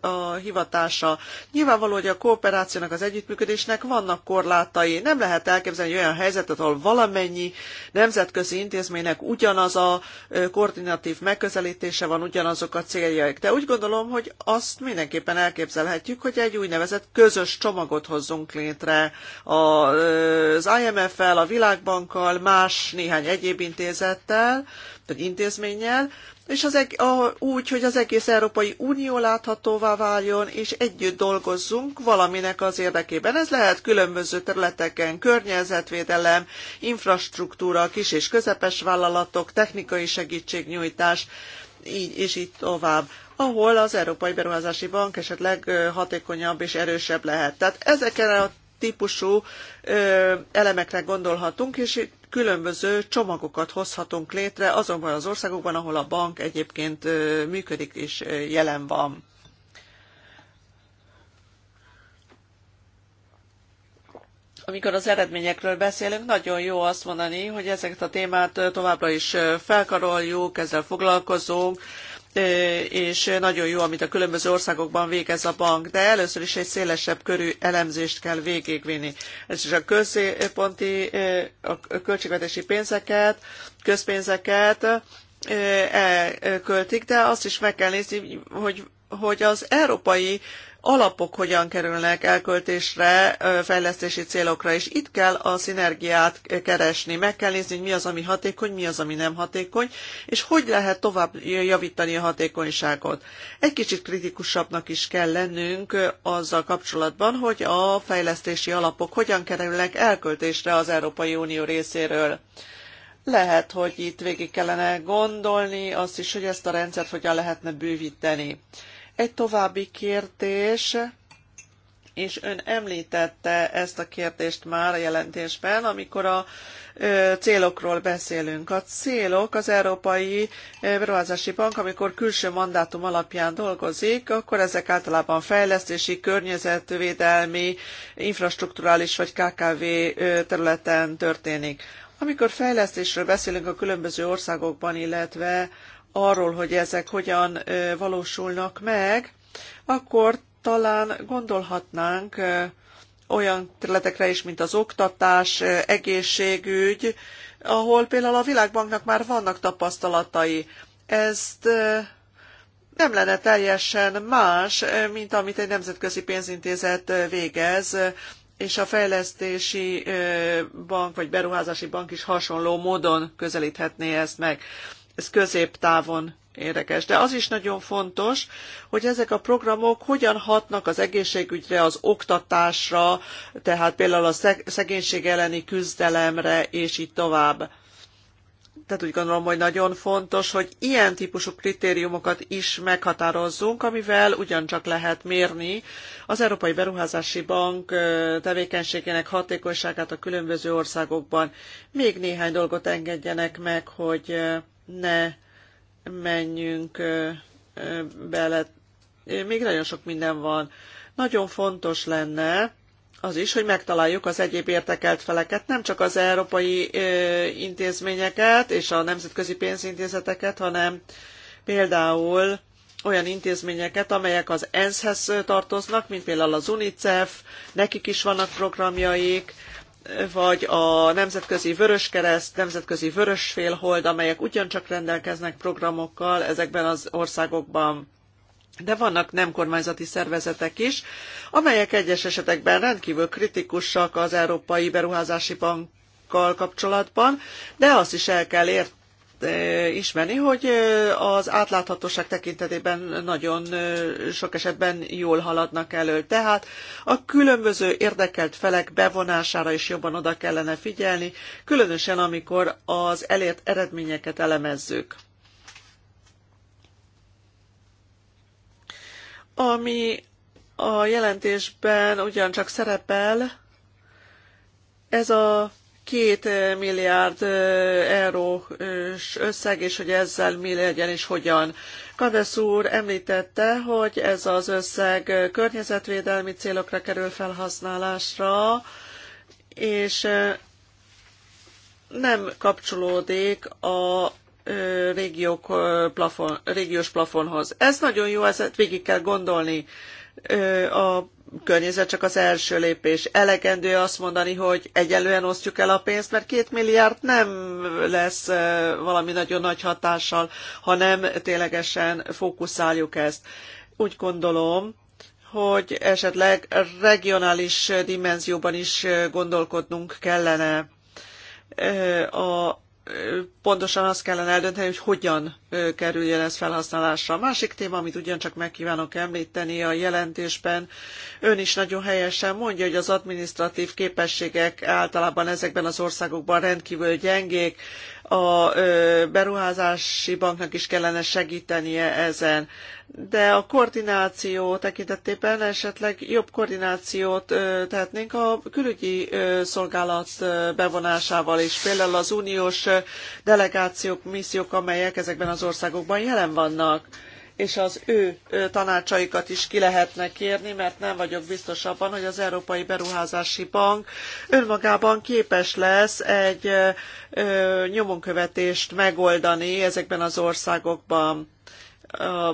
a hivatása. Nyilvánvaló, hogy a kooperációnak, az együttműködésnek vannak korlátai. Nem lehet elképzelni olyan helyzetet, ahol valamennyi nemzetközi intézménynek ugyanaz a koordinatív megközelítése van, ugyanazok a céljaik. De úgy gondolom, hogy azt mindenképpen elképzelhetjük, hogy egy úgynevezett közös csomagot hozzunk létre az IMF-fel, a Világbankkal, más néhány egyéb intézettel, vagy intézménnyel, és az eg- a, úgy, hogy az egész Európai Unió láthatóvá váljon, és együtt dolgozzunk valaminek az érdekében. Ez lehet különböző területeken, környezetvédelem, infrastruktúra, kis és közepes vállalatok, technikai segítségnyújtás, így és így tovább ahol az Európai Beruházási Bank esetleg hatékonyabb és erősebb lehet. Tehát ezekre a típusú elemekre gondolhatunk, és itt különböző csomagokat hozhatunk létre azonban az országokban, ahol a bank egyébként működik és jelen van. amikor az eredményekről beszélünk, nagyon jó azt mondani, hogy ezeket a témát továbbra is felkaroljuk, ezzel foglalkozunk, és nagyon jó, amit a különböző országokban végez a bank, de először is egy szélesebb körű elemzést kell végigvinni. Ez is a központi, a költségvetési pénzeket, közpénzeket költik, de azt is meg kell nézni, hogy, hogy az európai alapok hogyan kerülnek elköltésre, fejlesztési célokra, és itt kell a szinergiát keresni, meg kell nézni, hogy mi az, ami hatékony, mi az, ami nem hatékony, és hogy lehet tovább javítani a hatékonyságot. Egy kicsit kritikusabbnak is kell lennünk azzal kapcsolatban, hogy a fejlesztési alapok hogyan kerülnek elköltésre az Európai Unió részéről lehet, hogy itt végig kellene gondolni azt is, hogy ezt a rendszert hogyan lehetne bővíteni. Egy további kérdés, és ön említette ezt a kérdést már a jelentésben, amikor a célokról beszélünk. A célok az Európai Beruházási Bank, amikor külső mandátum alapján dolgozik, akkor ezek általában fejlesztési, környezetvédelmi, infrastrukturális vagy KKV területen történik. Amikor fejlesztésről beszélünk a különböző országokban, illetve arról, hogy ezek hogyan valósulnak meg, akkor talán gondolhatnánk olyan területekre is, mint az oktatás, egészségügy, ahol például a Világbanknak már vannak tapasztalatai. Ezt nem lenne teljesen más, mint amit egy nemzetközi pénzintézet végez és a fejlesztési bank vagy beruházási bank is hasonló módon közelíthetné ezt meg. Ez középtávon érdekes. De az is nagyon fontos, hogy ezek a programok hogyan hatnak az egészségügyre, az oktatásra, tehát például a szegénység elleni küzdelemre, és így tovább tehát úgy gondolom, hogy nagyon fontos, hogy ilyen típusú kritériumokat is meghatározzunk, amivel ugyancsak lehet mérni az Európai Beruházási Bank tevékenységének hatékonyságát a különböző országokban. Még néhány dolgot engedjenek meg, hogy ne menjünk bele. Még nagyon sok minden van. Nagyon fontos lenne, az is, hogy megtaláljuk az egyéb értekelt feleket, nem csak az európai intézményeket és a nemzetközi pénzintézeteket, hanem például olyan intézményeket, amelyek az ENSZ-hez tartoznak, mint például az UNICEF, nekik is vannak programjaik, vagy a Nemzetközi Vöröskereszt, Nemzetközi Vörösfélhold, amelyek ugyancsak rendelkeznek programokkal ezekben az országokban. De vannak nem kormányzati szervezetek is, amelyek egyes esetekben rendkívül kritikusak az Európai Beruházási Bankkal kapcsolatban, de azt is el kell ért e, ismerni, hogy e, az átláthatóság tekintetében nagyon e, sok esetben jól haladnak elő. Tehát a különböző érdekelt felek bevonására is jobban oda kellene figyelni, különösen amikor az elért eredményeket elemezzük. ami a jelentésben ugyancsak szerepel, ez a két milliárd eurós összeg, és hogy ezzel mi legyen és hogyan. Kavesz úr említette, hogy ez az összeg környezetvédelmi célokra kerül felhasználásra, és nem kapcsolódik a régiók plafon, régiós plafonhoz. Ez nagyon jó, ezt végig kell gondolni. A környezet csak az első lépés. Elegendő azt mondani, hogy egyelően osztjuk el a pénzt, mert két milliárd nem lesz valami nagyon nagy hatással, hanem ténylegesen fókuszáljuk ezt. Úgy gondolom, hogy esetleg regionális dimenzióban is gondolkodnunk kellene. A pontosan azt kellene eldönteni, hogy hogyan kerüljön ez felhasználásra. A másik téma, amit ugyancsak megkívánok említeni a jelentésben, ön is nagyon helyesen mondja, hogy az administratív képességek általában ezekben az országokban rendkívül gyengék, a beruházási banknak is kellene segítenie ezen. De a koordináció tekintetében esetleg jobb koordinációt tehetnénk a külügyi szolgálat bevonásával is. Például az uniós delegációk, missziók, amelyek ezekben az országokban jelen vannak és az ő tanácsaikat is ki lehetne kérni, mert nem vagyok biztos abban, hogy az Európai Beruházási Bank önmagában képes lesz egy nyomonkövetést megoldani ezekben az országokban a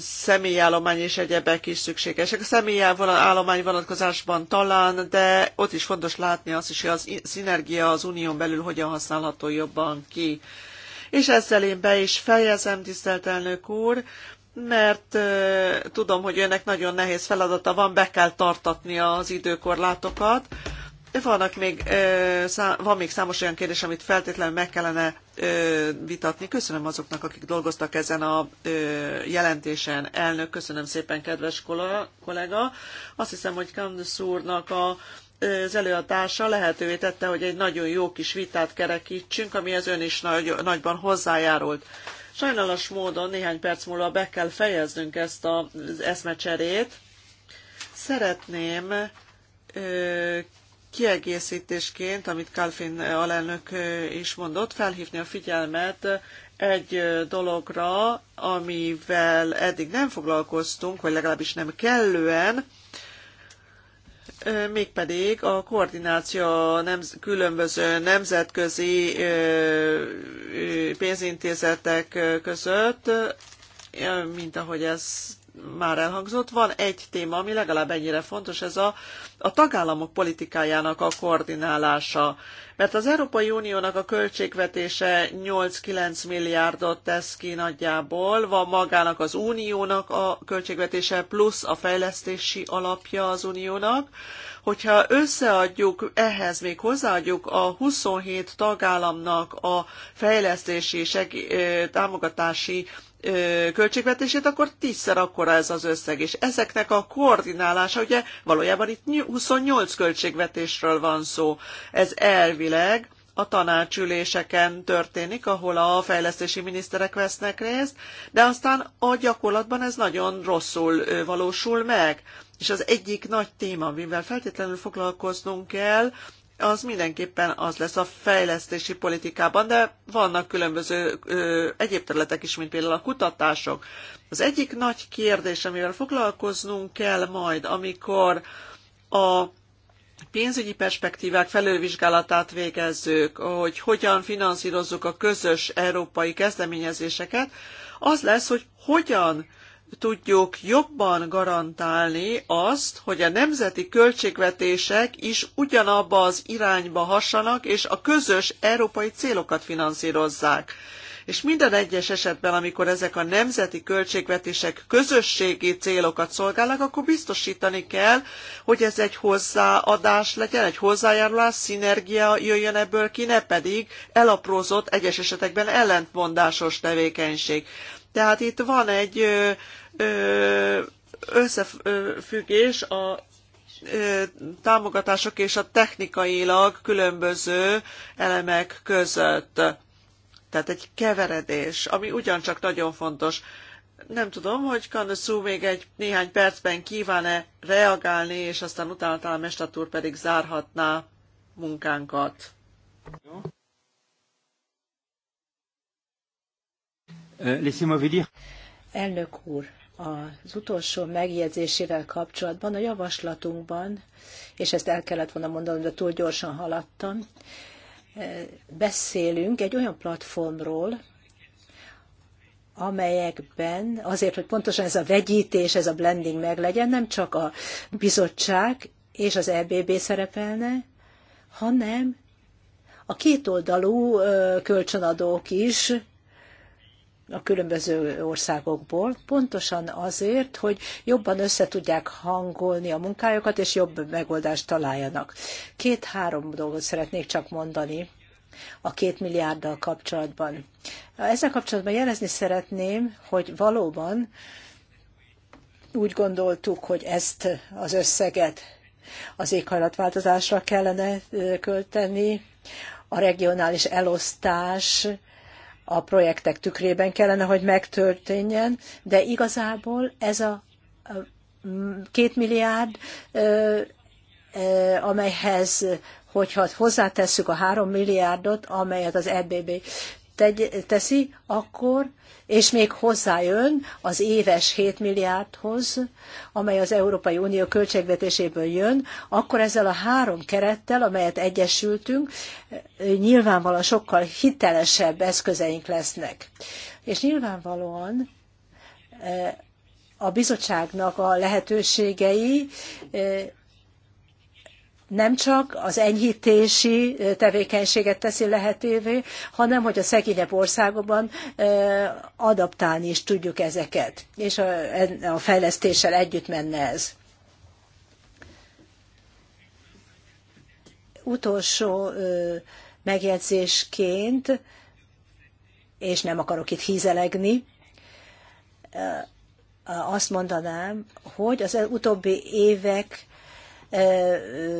személyállomány és egyebek is szükségesek. A személyállomány vonatkozásban talán, de ott is fontos látni azt is, hogy a az szinergia az unión belül hogyan használható jobban ki. És ezzel én be is fejezem, tisztelt elnök úr, mert euh, tudom, hogy önnek nagyon nehéz feladata van, be kell tartatni az időkorlátokat. Vannak még, van még számos olyan kérdés, amit feltétlenül meg kellene vitatni. Köszönöm azoknak, akik dolgoztak ezen a jelentésen. Elnök, köszönöm szépen, kedves kollega. Azt hiszem, hogy Kandusz úrnak a az előadása lehetővé tette, hogy egy nagyon jó kis vitát kerekítsünk, az ön is nagy, nagyban hozzájárult. Sajnálatos módon néhány perc múlva be kell fejeznünk ezt az eszmecserét. Szeretném ö, kiegészítésként, amit Kalfin alelnök is mondott, felhívni a figyelmet egy dologra, amivel eddig nem foglalkoztunk, vagy legalábbis nem kellően, mégpedig a koordináció nemz- különböző nemzetközi pénzintézetek között, mint ahogy ezt már elhangzott, van egy téma, ami legalább ennyire fontos, ez a, a tagállamok politikájának a koordinálása. Mert az Európai Uniónak a költségvetése 8-9 milliárdot tesz ki nagyjából, van magának az uniónak a költségvetése, plusz a fejlesztési alapja az uniónak. Hogyha összeadjuk, ehhez még hozzáadjuk a 27 tagállamnak a fejlesztési seg- támogatási költségvetését, akkor tízszer akkora ez az összeg. És ezeknek a koordinálása, ugye valójában itt 28 költségvetésről van szó. Ez elvileg a tanácsüléseken történik, ahol a fejlesztési miniszterek vesznek részt, de aztán a gyakorlatban ez nagyon rosszul valósul meg. És az egyik nagy téma, amivel feltétlenül foglalkoznunk kell, az mindenképpen az lesz a fejlesztési politikában, de vannak különböző ö, egyéb területek is, mint például a kutatások. Az egyik nagy kérdés, amivel foglalkoznunk kell majd, amikor a pénzügyi perspektívák felővizsgálatát végezzük, hogy hogyan finanszírozzuk a közös európai kezdeményezéseket, az lesz, hogy hogyan tudjuk jobban garantálni azt, hogy a nemzeti költségvetések is ugyanabba az irányba hassanak, és a közös európai célokat finanszírozzák. És minden egyes esetben, amikor ezek a nemzeti költségvetések közösségi célokat szolgálnak, akkor biztosítani kell, hogy ez egy hozzáadás legyen, egy hozzájárulás, szinergia jöjjön ebből ki, ne pedig elaprózott, egyes esetekben ellentmondásos tevékenység. Tehát itt van egy összefüggés a támogatások és a technikailag különböző elemek között. Tehát egy keveredés, ami ugyancsak nagyon fontos. Nem tudom, hogy Kanuszú még egy néhány percben kíván-e reagálni, és aztán utána talán Mestatúr pedig zárhatná munkánkat. Jó. Euh, Elnök úr, az utolsó megjegyzésével kapcsolatban a javaslatunkban, és ezt el kellett volna mondanom, de túl gyorsan haladtam, eh, beszélünk egy olyan platformról, amelyekben azért, hogy pontosan ez a vegyítés, ez a blending meglegyen, nem csak a bizottság és az EBB szerepelne, hanem a kétoldalú kölcsönadók is a különböző országokból, pontosan azért, hogy jobban össze tudják hangolni a munkájukat, és jobb megoldást találjanak. Két-három dolgot szeretnék csak mondani a két milliárddal kapcsolatban. Ezzel kapcsolatban jelezni szeretném, hogy valóban úgy gondoltuk, hogy ezt az összeget az éghajlatváltozásra kellene költeni, a regionális elosztás a projektek tükrében kellene, hogy megtörténjen, de igazából ez a két milliárd, amelyhez hogyha hozzátesszük a három milliárdot, amelyet az EBB teszi, akkor, és még hozzájön az éves 7 milliárdhoz, amely az Európai Unió költségvetéséből jön, akkor ezzel a három kerettel, amelyet egyesültünk, nyilvánvalóan sokkal hitelesebb eszközeink lesznek. És nyilvánvalóan eh, a bizottságnak a lehetőségei eh, nem csak az enyhítési tevékenységet teszi lehetővé, hanem hogy a szegényebb országokban adaptálni is tudjuk ezeket, és a, fejlesztéssel együtt menne ez. Utolsó megjegyzésként, és nem akarok itt hízelegni, azt mondanám, hogy az utóbbi évek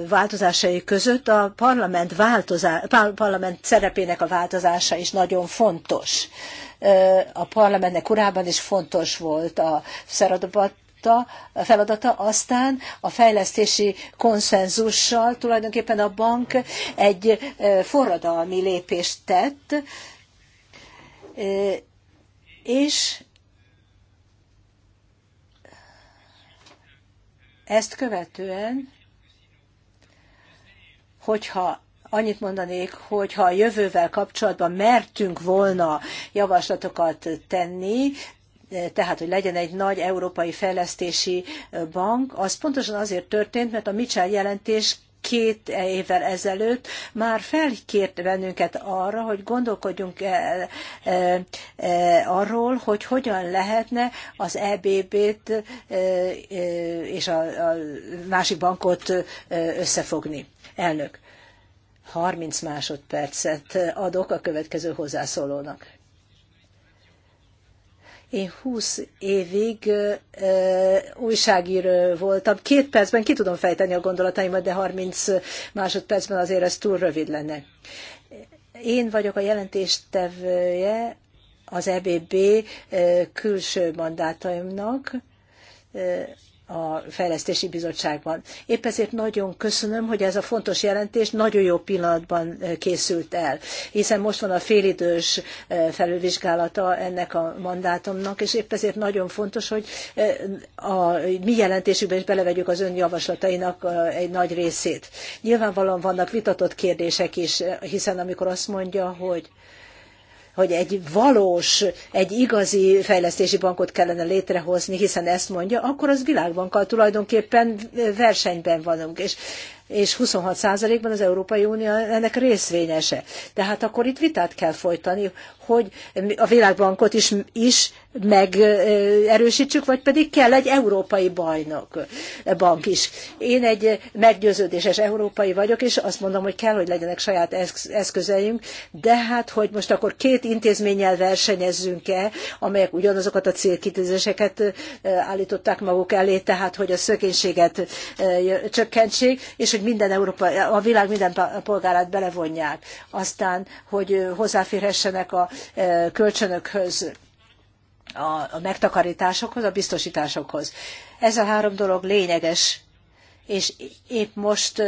változásai között a parlament, változá, parlament szerepének a változása is nagyon fontos. A parlamentnek korábban is fontos volt a a feladata, aztán a fejlesztési konszenzussal tulajdonképpen a bank egy forradalmi lépést tett, és ezt követően hogyha annyit mondanék, hogy ha a jövővel kapcsolatban mertünk volna javaslatokat tenni, tehát, hogy legyen egy nagy európai fejlesztési bank, az pontosan azért történt, mert a Mitchell jelentés két évvel ezelőtt már felkért bennünket arra, hogy gondolkodjunk el, e, e, arról, hogy hogyan lehetne az EBB-t e, e, és a, a másik bankot e, összefogni. Elnök, 30 másodpercet adok a következő hozzászólónak. Én 20 évig ö, újságíró voltam. Két percben ki tudom fejteni a gondolataimat, de 30 másodpercben azért ez túl rövid lenne. Én vagyok a jelentéstevője az EBB külső mandátumnak a Fejlesztési Bizottságban. Épp ezért nagyon köszönöm, hogy ez a fontos jelentés nagyon jó pillanatban készült el, hiszen most van a félidős felülvizsgálata ennek a mandátumnak, és épp ezért nagyon fontos, hogy a mi jelentésükben is belevegyük az ön javaslatainak egy nagy részét. Nyilvánvalóan vannak vitatott kérdések is, hiszen amikor azt mondja, hogy hogy egy valós, egy igazi fejlesztési bankot kellene létrehozni, hiszen ezt mondja, akkor az világbankkal tulajdonképpen versenyben vanunk. És és 26%-ban az Európai Unió ennek részvényese. Tehát akkor itt vitát kell folytani, hogy a világbankot is, is megerősítsük, vagy pedig kell egy európai bajnok, bank is. Én egy meggyőződéses európai vagyok, és azt mondom, hogy kell, hogy legyenek saját eszközeink, de hát, hogy most akkor két intézménnyel versenyezzünk-e, amelyek ugyanazokat a célkitűzéseket állították maguk elé, tehát, hogy a szökénységet csökkentsék, és hogy minden Európa, a világ minden polgárát belevonják, aztán, hogy hozzáférhessenek a kölcsönökhöz, a, a megtakarításokhoz, a biztosításokhoz. Ez a három dolog lényeges, és épp most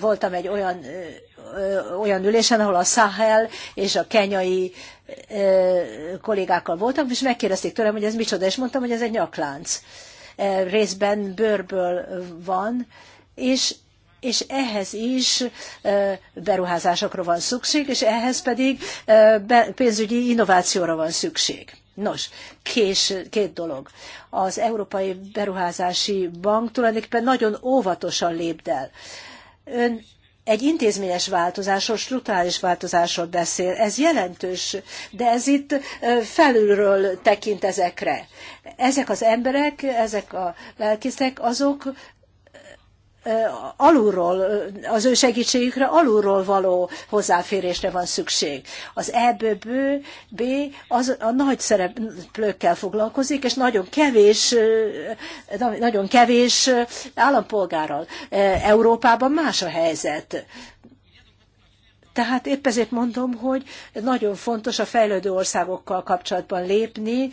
voltam egy olyan, olyan ülésen, ahol a Sahel és a kenyai kollégákkal voltam, és megkérdezték tőlem, hogy ez micsoda, és mondtam, hogy ez egy nyaklánc. E, részben bőrből van, és és ehhez is e, beruházásokra van szükség, és ehhez pedig e, pénzügyi innovációra van szükség. Nos, kés, két dolog. Az Európai Beruházási Bank tulajdonképpen nagyon óvatosan lép Ön egy intézményes változásról, strukturális változásról beszél. Ez jelentős, de ez itt felülről tekint ezekre. Ezek az emberek, ezek a lelkészek, azok alulról, az ő segítségükre alulról való hozzáférésre van szükség. Az EBB az a nagy szereplőkkel foglalkozik, és nagyon kevés, nagyon kevés állampolgárral. Európában más a helyzet. Tehát épp ezért mondom, hogy nagyon fontos a fejlődő országokkal kapcsolatban lépni,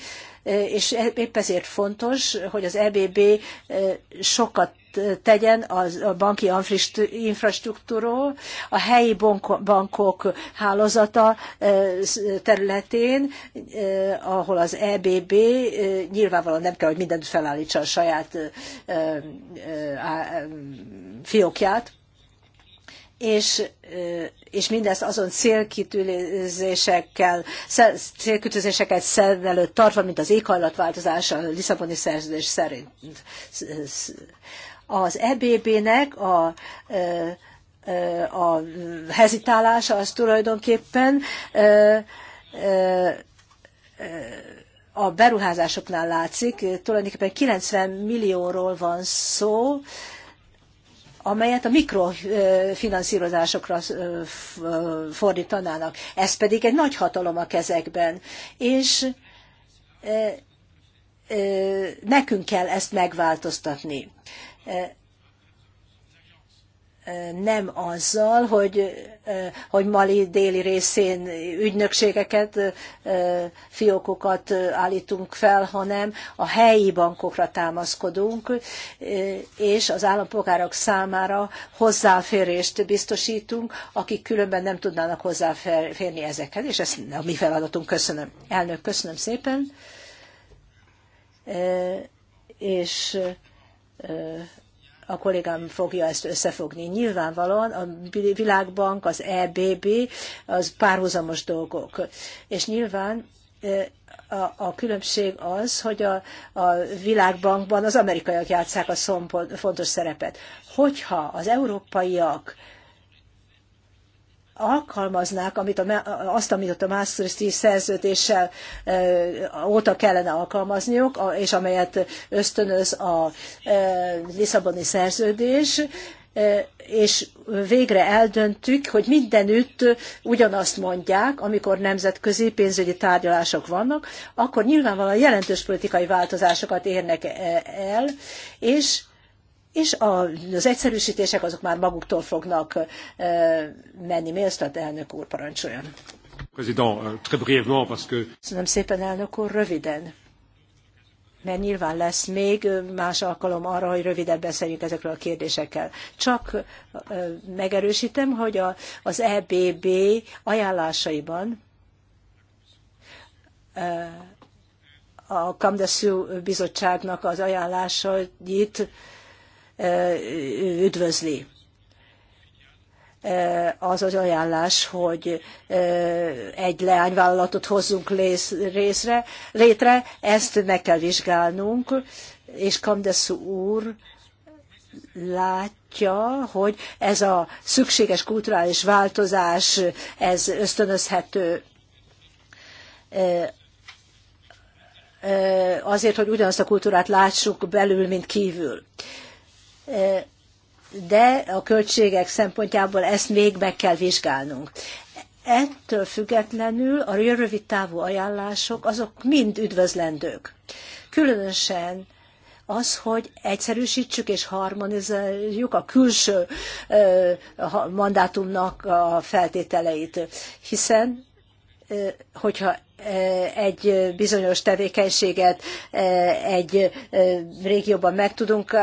és épp ezért fontos, hogy az EBB sokat tegyen az, a banki infrastruktúról, a helyi bankok hálózata e, területén, e, ahol az EBB e, nyilvánvalóan nem kell, hogy mindent felállítsa a saját fiókját, és, és mindezt azon célkitűzésekkel, célkitűzéseket szem előtt tartva, mint az éghajlatváltozás a Lisszaboni szerződés szerint. Az EBB-nek a a hezitálása az tulajdonképpen a beruházásoknál látszik, tulajdonképpen 90 millióról van szó, amelyet a mikrofinanszírozásokra fordítanának. Ez pedig egy nagy hatalom a kezekben. És nekünk kell ezt megváltoztatni nem azzal, hogy, hogy Mali déli részén ügynökségeket, fiókokat állítunk fel, hanem a helyi bankokra támaszkodunk, és az állampolgárok számára hozzáférést biztosítunk, akik különben nem tudnának hozzáférni ezekhez, és ez a mi feladatunk. Köszönöm. Elnök, köszönöm szépen. És a kollégám fogja ezt összefogni. Nyilvánvalóan a Világbank, az EBB, az párhuzamos dolgok. És nyilván a, a különbség az, hogy a, a világbankban az amerikaiak játszák a szompo, fontos szerepet. Hogyha az európaiak alkalmaznák amit a, azt, amit a Maastrichti szerződéssel óta kellene alkalmazniuk, és amelyet ösztönöz a Lisszaboni szerződés, és végre eldöntük, hogy mindenütt ugyanazt mondják, amikor nemzetközi pénzügyi tárgyalások vannak, akkor nyilvánvalóan jelentős politikai változásokat érnek el, és és az egyszerűsítések azok már maguktól fognak menni. Mélsztat elnök úr parancsoljon. Euh, Köszönöm szépen, elnök úr, röviden. Mert nyilván lesz még más alkalom arra, hogy röviden beszéljünk ezekről a kérdésekkel. Csak megerősítem, hogy a, az EBB ajánlásaiban a Kamdeszű bizottságnak az ajánlásait üdvözli az az ajánlás, hogy egy leányvállalatot hozzunk részre, létre, ezt meg kell vizsgálnunk, és Kamdeszu úr látja, hogy ez a szükséges kulturális változás, ez ösztönözhető azért, hogy ugyanazt a kultúrát lássuk belül, mint kívül de a költségek szempontjából ezt még meg kell vizsgálnunk. Ettől függetlenül a rövid távú ajánlások azok mind üdvözlendők. Különösen az, hogy egyszerűsítsük és harmonizáljuk a külső mandátumnak a feltételeit. Hiszen, hogyha Eh, egy bizonyos tevékenységet eh, egy eh, régióban meg tudunk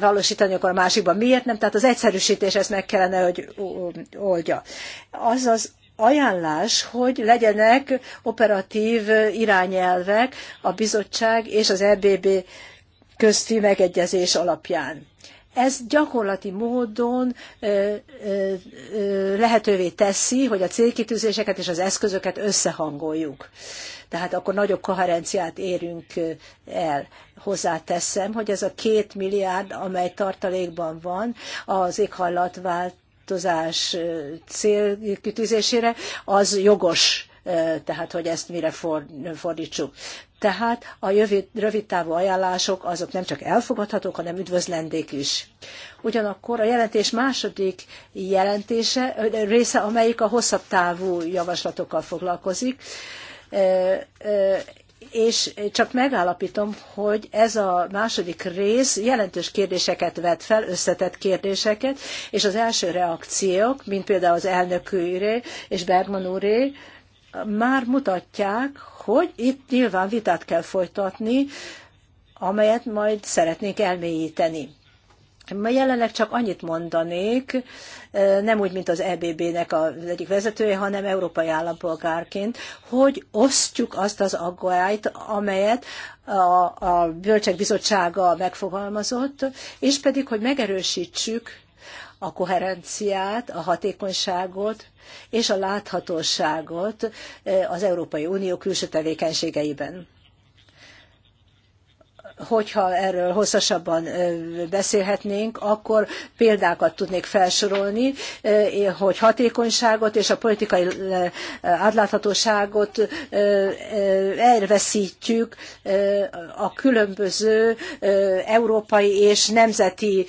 valósítani, akkor a másikban miért nem? Tehát az egyszerűsítés ezt meg kellene, hogy oldja. Az az ajánlás, hogy legyenek operatív irányelvek a bizottság és az EBB közti megegyezés alapján. Ez gyakorlati módon lehetővé teszi, hogy a célkitűzéseket és az eszközöket összehangoljuk. Tehát akkor nagyobb koherenciát érünk el. Hozzáteszem, hogy ez a két milliárd, amely tartalékban van, az éghajlatváltozás célkitűzésére, az jogos tehát hogy ezt mire fordítsuk. Tehát a jövő, rövid távú ajánlások azok nem csak elfogadhatók, hanem üdvözlendék is. Ugyanakkor a jelentés második jelentése, része, amelyik a hosszabb távú javaslatokkal foglalkozik, és csak megállapítom, hogy ez a második rész jelentős kérdéseket vet fel, összetett kérdéseket, és az első reakciók, mint például az elnök úré és Bergman úré, már mutatják, hogy itt nyilván vitát kell folytatni, amelyet majd szeretnék elmélyíteni. Ma jelenleg csak annyit mondanék, nem úgy, mint az EBB-nek az egyik vezetője, hanem európai állampolgárként, hogy osztjuk azt az aggályt, amelyet a, a Bölcsek Bizottsága megfogalmazott, és pedig, hogy megerősítsük a koherenciát, a hatékonyságot és a láthatóságot eh, az Európai Unió külső tevékenységeiben. Hogyha erről hosszasabban beszélhetnénk, akkor példákat tudnék felsorolni, hogy hatékonyságot és a politikai átláthatóságot elveszítjük a különböző európai és nemzeti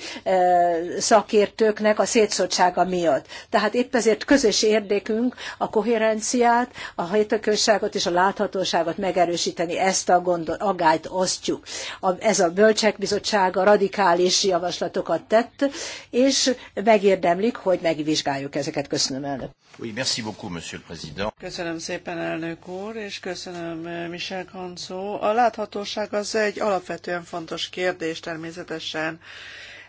szakértőknek a szétszórtsága miatt. Tehát épp ezért közös érdekünk a koherenciát, a hatékonyságot és a láthatóságot megerősíteni. Ezt a gondol, agályt osztjuk a, ez a bölcsek bizottsága radikális javaslatokat tett, és megérdemlik, hogy megvizsgáljuk ezeket. Köszönöm, elnök. Oui, merci beaucoup, monsieur le président. Köszönöm szépen, elnök úr, és köszönöm eh, Michel Kanzó. A láthatóság az egy alapvetően fontos kérdés természetesen.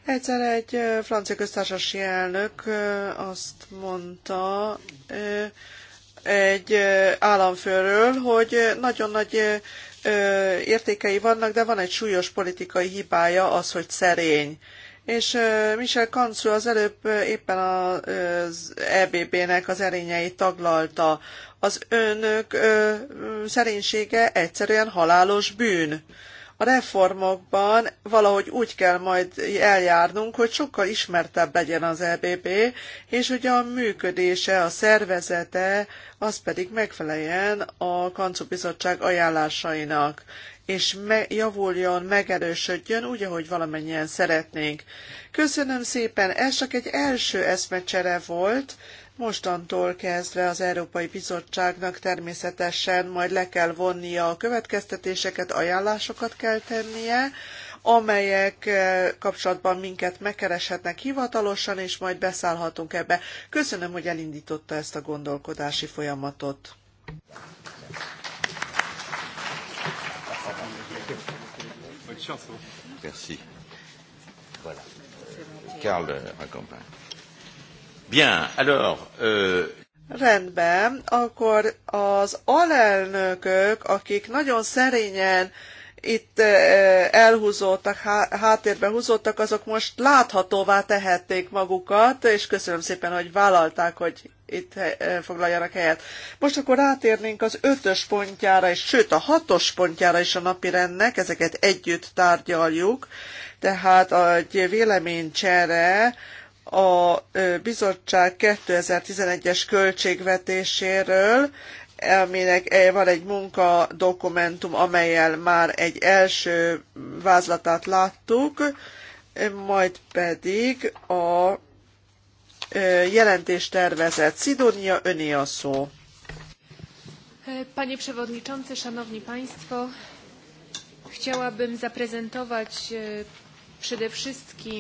Egyszer egy eh, francia köztársasági elnök eh, azt mondta egy államfőről, hogy nagyon nagy értékei vannak, de van egy súlyos politikai hibája az, hogy szerény. És Michel Kancu az előbb éppen az EBB-nek az erényeit taglalta. Az önök szerénysége egyszerűen halálos bűn. A reformokban valahogy úgy kell majd eljárnunk, hogy sokkal ismertebb legyen az EBB, és hogy a működése, a szervezete, az pedig megfeleljen a Kancubizottság ajánlásainak és me- javuljon, megerősödjön, úgy, ahogy valamennyien szeretnénk. Köszönöm szépen, ez csak egy első eszmecsere volt, Mostantól kezdve az Európai Bizottságnak természetesen majd le kell vonnia a következtetéseket, ajánlásokat kell tennie, amelyek eh, kapcsolatban minket megkereshetnek hivatalosan, és majd beszállhatunk ebbe. Köszönöm, hogy elindította ezt a gondolkodási folyamatot. Merci. Voilà. Bien, alors... Euh... Rendben, akkor az alelnökök, akik nagyon szerényen itt elhúzódtak, háttérbe húzódtak, azok most láthatóvá tehették magukat, és köszönöm szépen, hogy vállalták, hogy itt foglaljanak helyet. Most akkor rátérnénk az ötös pontjára, és sőt a hatos pontjára is a napi rendnek, ezeket együtt tárgyaljuk, tehát egy véleménycsere a bizottság 2011-es költségvetéséről, aminek eh, van egy munkadokumentum, amelyel már egy első vázlatát láttuk, majd pedig a jelentéstervezet. Szidónia, öné a szó. E, panie Przewodniczący, Szanowni Państwo, chciałabym zaprezentować e,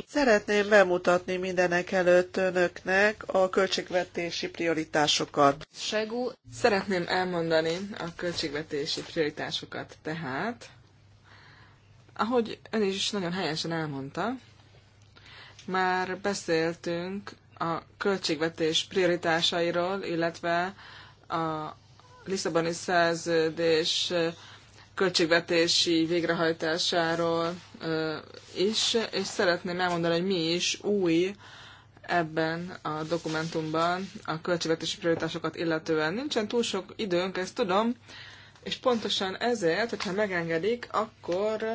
Szeretném bemutatni mindenek előtt önöknek a költségvetési prioritásokat. Szeretném elmondani a költségvetési prioritásokat tehát. Ahogy ön is nagyon helyesen elmondta, már beszéltünk a költségvetés prioritásairól, illetve a Lisszaboni szerződés költségvetési végrehajtásáról is, és szeretném elmondani, hogy mi is új ebben a dokumentumban a költségvetési prioritásokat illetően. Nincsen túl sok időnk, ezt tudom, és pontosan ezért, hogyha megengedik, akkor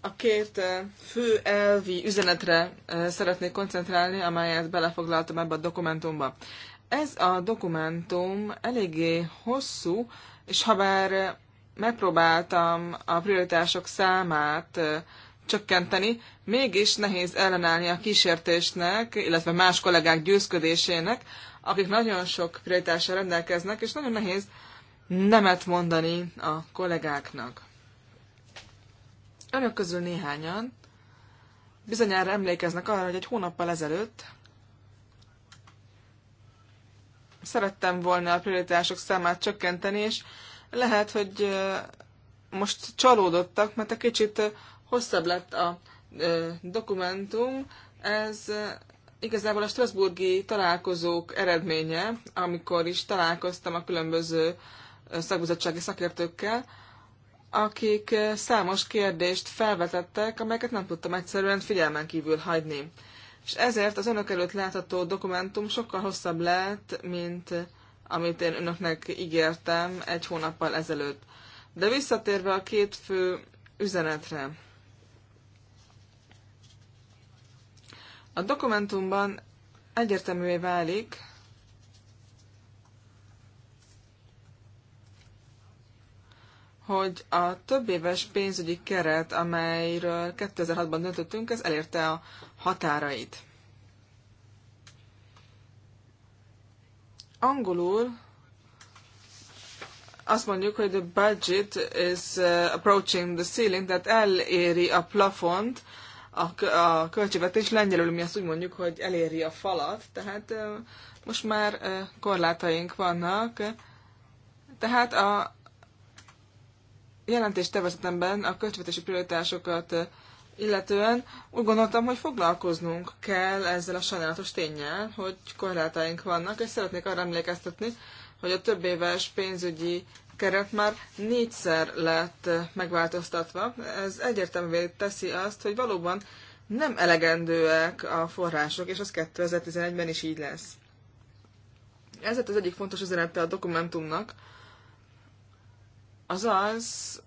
a két fő elvi üzenetre szeretnék koncentrálni, amelyet belefoglaltam ebbe a dokumentumba. Ez a dokumentum eléggé hosszú, és habár megpróbáltam a prioritások számát csökkenteni, mégis nehéz ellenállni a kísértésnek, illetve más kollégák győzködésének, akik nagyon sok prioritással rendelkeznek, és nagyon nehéz nemet mondani a kollégáknak. Önök közül néhányan bizonyára emlékeznek arra, hogy egy hónappal ezelőtt szerettem volna a prioritások számát csökkenteni, és lehet, hogy most csalódottak, mert egy kicsit hosszabb lett a dokumentum. Ez igazából a Strasburgi találkozók eredménye, amikor is találkoztam a különböző szakbizottsági szakértőkkel, akik számos kérdést felvetettek, amelyeket nem tudtam egyszerűen figyelmen kívül hagyni. És ezért az önök előtt látható dokumentum sokkal hosszabb lett, mint amit én önöknek ígértem egy hónappal ezelőtt. De visszatérve a két fő üzenetre. A dokumentumban egyértelművé válik, hogy a több éves pénzügyi keret, amelyről 2006-ban döntöttünk, ez elérte a határait. Angolul azt mondjuk, hogy the budget is uh, approaching the ceiling, tehát eléri a plafont, a, költségvetés lengyelül mi azt úgy mondjuk, hogy eléri a falat, tehát uh, most már uh, korlátaink vannak. Tehát a jelentés tervezetemben a költségvetési prioritásokat illetően úgy gondoltam, hogy foglalkoznunk kell ezzel a sajnálatos tényel, hogy korlátaink vannak, és szeretnék arra emlékeztetni, hogy a több éves pénzügyi keret már négyszer lett megváltoztatva. Ez egyértelművé teszi azt, hogy valóban nem elegendőek a források, és az 2011-ben is így lesz. Ez az egyik fontos üzenete a dokumentumnak, az az,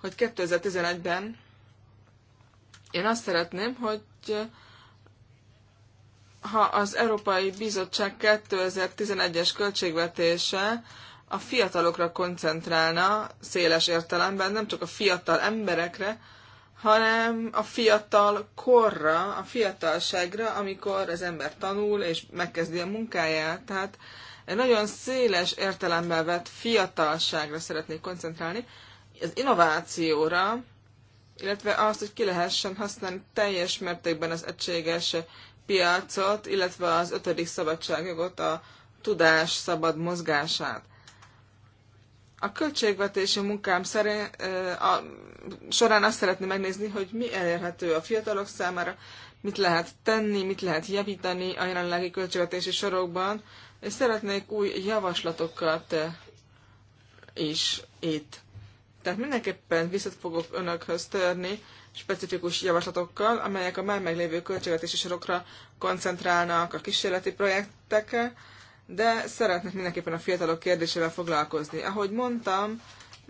hogy 2011-ben én azt szeretném, hogy eh, ha az Európai Bizottság 2011-es költségvetése a fiatalokra koncentrálna széles értelemben, nem csak a fiatal emberekre, hanem a fiatal korra, a fiatalságra, amikor az ember tanul és megkezdi a munkáját. Tehát egy nagyon széles értelemben vett fiatalságra szeretnék koncentrálni, az innovációra, illetve azt, hogy ki lehessen használni teljes mértékben az egységes piacot, illetve az ötödik szabadságjogot, a tudás szabad mozgását. A költségvetési munkám szerint, a, során azt szeretné megnézni, hogy mi elérhető a fiatalok számára, mit lehet tenni, mit lehet javítani a jelenlegi költségvetési sorokban, és szeretnék új javaslatokat is itt. Tehát mindenképpen visszat fogok önökhöz törni specifikus javaslatokkal, amelyek a már meglévő költségvetési sorokra koncentrálnak a kísérleti projektekre, de szeretnék mindenképpen a fiatalok kérdésével foglalkozni. Ahogy mondtam,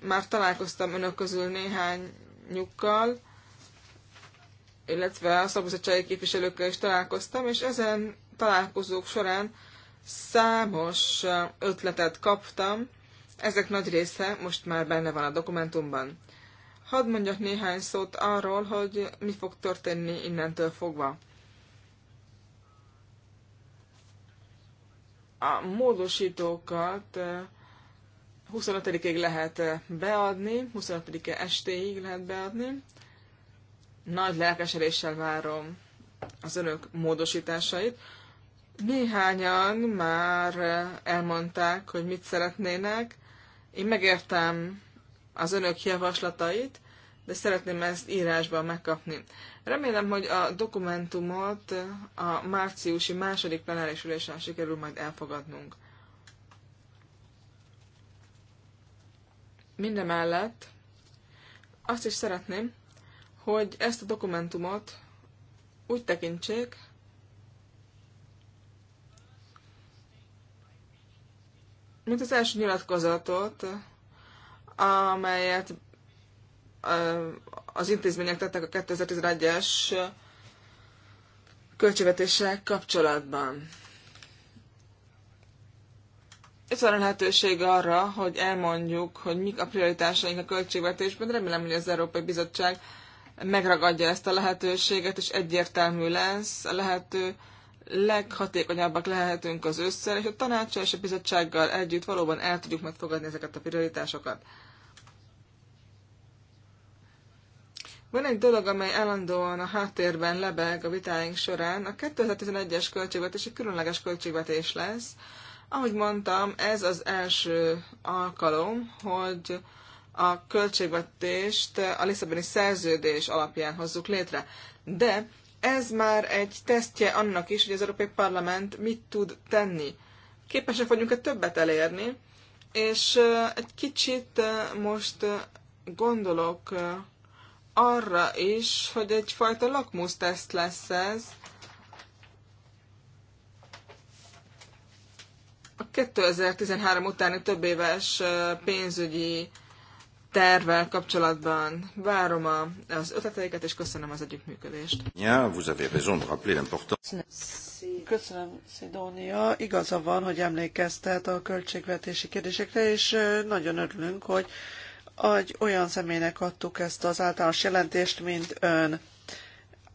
már találkoztam önök közül néhány nyukkal, illetve a szabadságcsalai képviselőkkel is találkoztam, és ezen találkozók során számos ötletet kaptam, ezek nagy része most már benne van a dokumentumban. Hadd mondjak néhány szót arról, hogy mi fog történni innentől fogva. A módosítókat 25-ig eh, lehet eh, beadni, 25-e estéig lehet beadni. Nagy lelkesedéssel várom az önök módosításait. Néhányan már eh, elmondták, hogy mit szeretnének. Én megértem az önök javaslatait, de szeretném ezt írásban megkapni. Remélem, hogy a dokumentumot a márciusi második plenáris ülésen sikerül majd elfogadnunk. Mindemellett azt is szeretném, hogy ezt a dokumentumot úgy tekintsék, mint az első nyilatkozatot, amelyet az intézmények tettek a 2011-es költségvetések kapcsolatban. Itt van a lehetőség arra, hogy elmondjuk, hogy mik a prioritásaink a költségvetésben. Remélem, hogy az Európai Bizottság megragadja ezt a lehetőséget, és egyértelmű lesz a lehető leghatékonyabbak lehetünk az ősszel, és a tanácsa és a bizottsággal együtt valóban el tudjuk megfogadni fogadni ezeket a prioritásokat. Van egy dolog, amely állandóan a háttérben lebeg a vitáink során. A 2011-es költségvetés egy különleges költségvetés lesz. Ahogy mondtam, ez az első alkalom, hogy a költségvetést a Lisszaboni szerződés alapján hozzuk létre. De ez már egy tesztje annak is, hogy az Európai Parlament mit tud tenni. Képesek vagyunk-e többet elérni, és egy kicsit most gondolok arra is, hogy egyfajta lakmuszteszt lesz ez. A 2013 utáni több éves pénzügyi tervvel kapcsolatban. Várom a, az ötleteiket, és köszönöm az együttműködést. Ja, vous avez raison de rappeler l'importance. Köszönöm, Szidónia. Igaza van, hogy emlékeztet a költségvetési kérdésekre, és nagyon örülünk, hogy egy olyan személynek adtuk ezt az általános jelentést, mint ön.